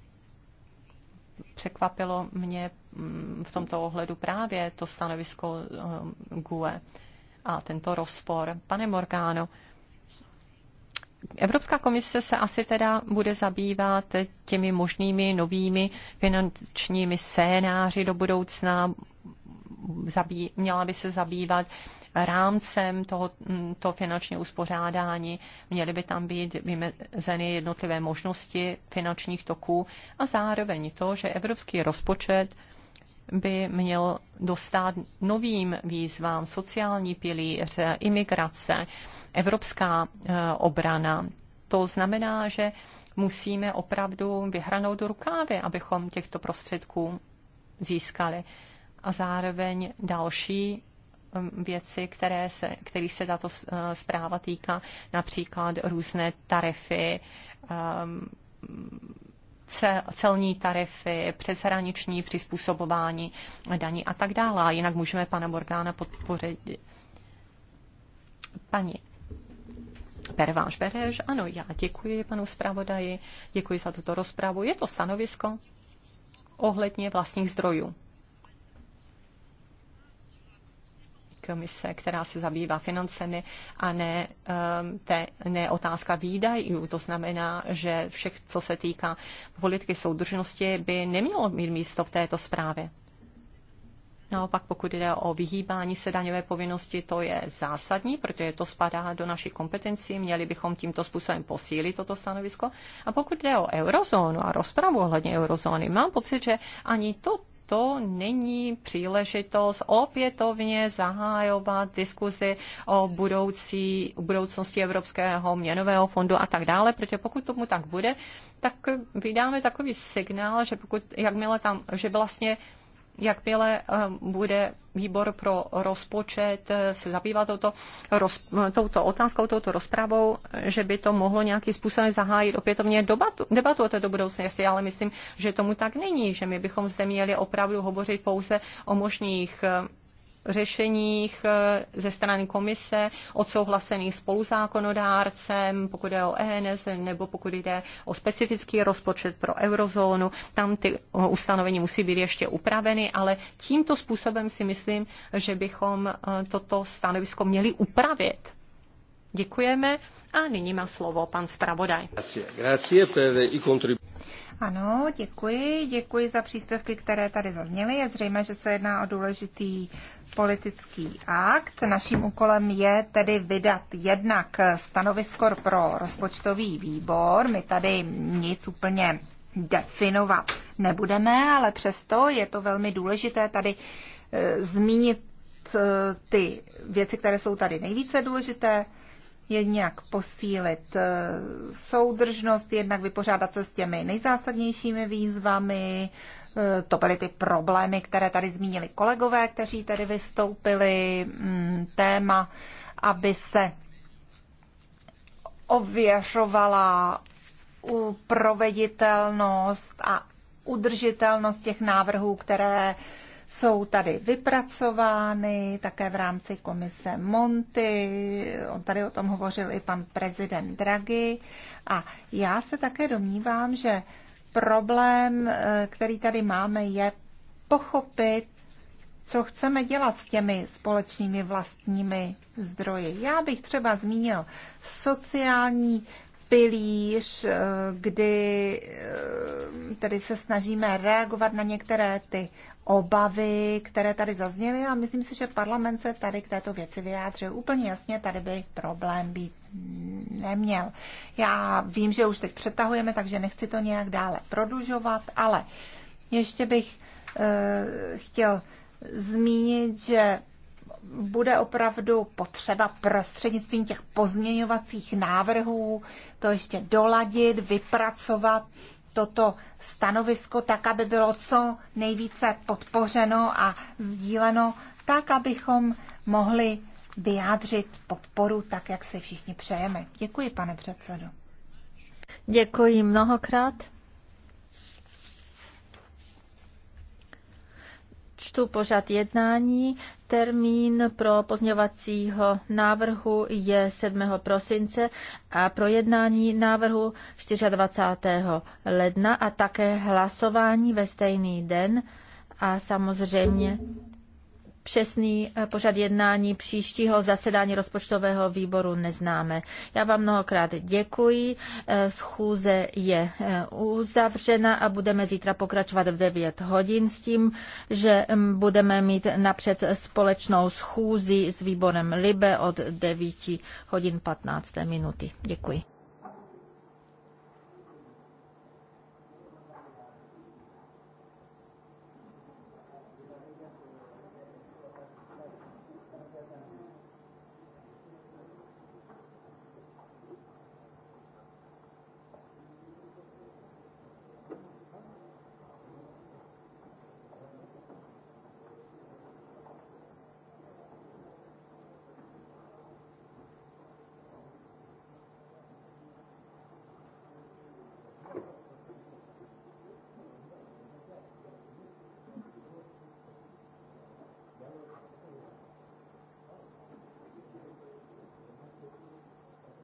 Překvapilo mě mm, v tomto ohledu právě to stanovisko um, GUE a tento rozpor. Pane Morgáno, Evropská komise se asi teda bude zabývat těmi možnými novými finančními scénáři do budoucna, zabí, měla by se zabývat rámcem tohoto mm, finančního uspořádání. Měly by tam být vymezeny jednotlivé možnosti finančních toků a zároveň to, že evropský rozpočet by měl dostat novým výzvám sociální pilíř, imigrace, evropská e, obrana. To znamená, že musíme opravdu vyhranout do rukávy, abychom těchto prostředků získali. A zároveň další Um, věci, které se, který se tato uh, zpráva týká, například různé tarify, um, celní tarify, přeshraniční přizpůsobování daní a tak dále. jinak můžeme pana Borgána podpořit. Paní Perváš Bereš, ano, já děkuji panu zpravodaji, děkuji za tuto rozpravu. Je to stanovisko ohledně vlastních zdrojů. komise, která se zabývá financemi a ne, ehm, te, ne otázka výdajů. To znamená, že všech, co se týká politiky soudržnosti, by nemělo mít místo v této zprávě. Naopak, pokud jde o vyhýbání se daňové povinnosti, to je zásadní, protože to spadá do našich kompetencí. Měli bychom tímto způsobem posílit toto stanovisko. A pokud jde o eurozónu a rozpravu ohledně eurozóny, mám pocit, že ani to to není příležitost opětovně zahájovat diskuzi o budoucí, budoucnosti Evropského měnového fondu a tak dále, protože pokud tomu tak bude, tak vydáme takový signál, že pokud, jakmile tam, že vlastně jakmile eh, bude výbor pro rozpočet eh, se zabývat touto, roz, touto otázkou, touto rozpravou, že by to mohlo nějakým způsobem zahájit opětovně debatu, debatu o této budoucnosti. Ale myslím, že tomu tak není, že my bychom zde měli opravdu hovořit pouze o možných eh, řešeních eh, ze strany komise odsouhlasených spoluzákonodárcem, pokud je o ENS nebo pokud jde o specifický rozpočet pro eurozónu. Tam ty ustanovení musí být ještě upraveny, ale tímto způsobem si myslím, že bychom eh, toto stanovisko měli upravit. Děkujeme
a nyní má slovo pan zpravodaj. Ano, děkuji. Děkuji za příspěvky, které tady zazněly. Je zřejmé, že se jedná o důležitý politický akt. Naším úkolem je tedy vydat jednak stanovisko pro rozpočtový výbor. My tady nic úplně definovat nebudeme, ale přesto je to velmi důležité tady e, zmínit e, ty věci, které jsou tady nejvíce důležité, nějak posílit eh, soudržnost, jednak vypořádat se s těmi nejzásadnějšími výzvami, eh, to byly ty problémy, které tady zmínili kolegové, kteří tady vystoupili, mm, téma, aby se ověřovala proveditelnost a udržitelnost těch návrhů, které jsou tady vypracovány také v rámci komise Monty, on tady o tom hovořil i pan prezident Draghi a já se také domnívám, že problém, eh, který tady máme, je pochopit, co chceme dělat s těmi společnými vlastními zdroji. Já bych třeba zmínil sociální pilíř, eh, kdy eh, tedy se snažíme reagovat na některé ty obavy, které tady zazněly a myslím si, že parlament se tady k této věci vyjádřil úplně jasně, tady by problém být neměl. Já vím, že už teď přetahujeme, takže nechci to nějak dále prodlužovat, ale ještě bych e, chtěl zmínit, že bude opravdu potřeba prostřednictvím těch pozměňovacích návrhů to ještě doladit, vypracovat toto stanovisko tak, aby bylo co nejvíce podpořeno a sdíleno, tak, abychom mohli vyjádřit podporu tak, jak si všichni přejeme. Děkuji, pane předsedo. Děkuji mnohokrát.
čtu pořad jednání. Termín pro pozměňovacího návrhu je 7. prosince a pro jednání návrhu 24. ledna a také hlasování ve stejný den a samozřejmě přesný eh, pořad jednání příštího zasedání rozpočtového výboru neznáme. Já vám mnohokrát děkuji. Eh, schůze je eh, uzavřena a budeme zítra pokračovat v 9 hodin s tím, že mm, budeme mít napřed společnou schůzi s výborem Libe od 9 hodin 15 minuty. Děkuji.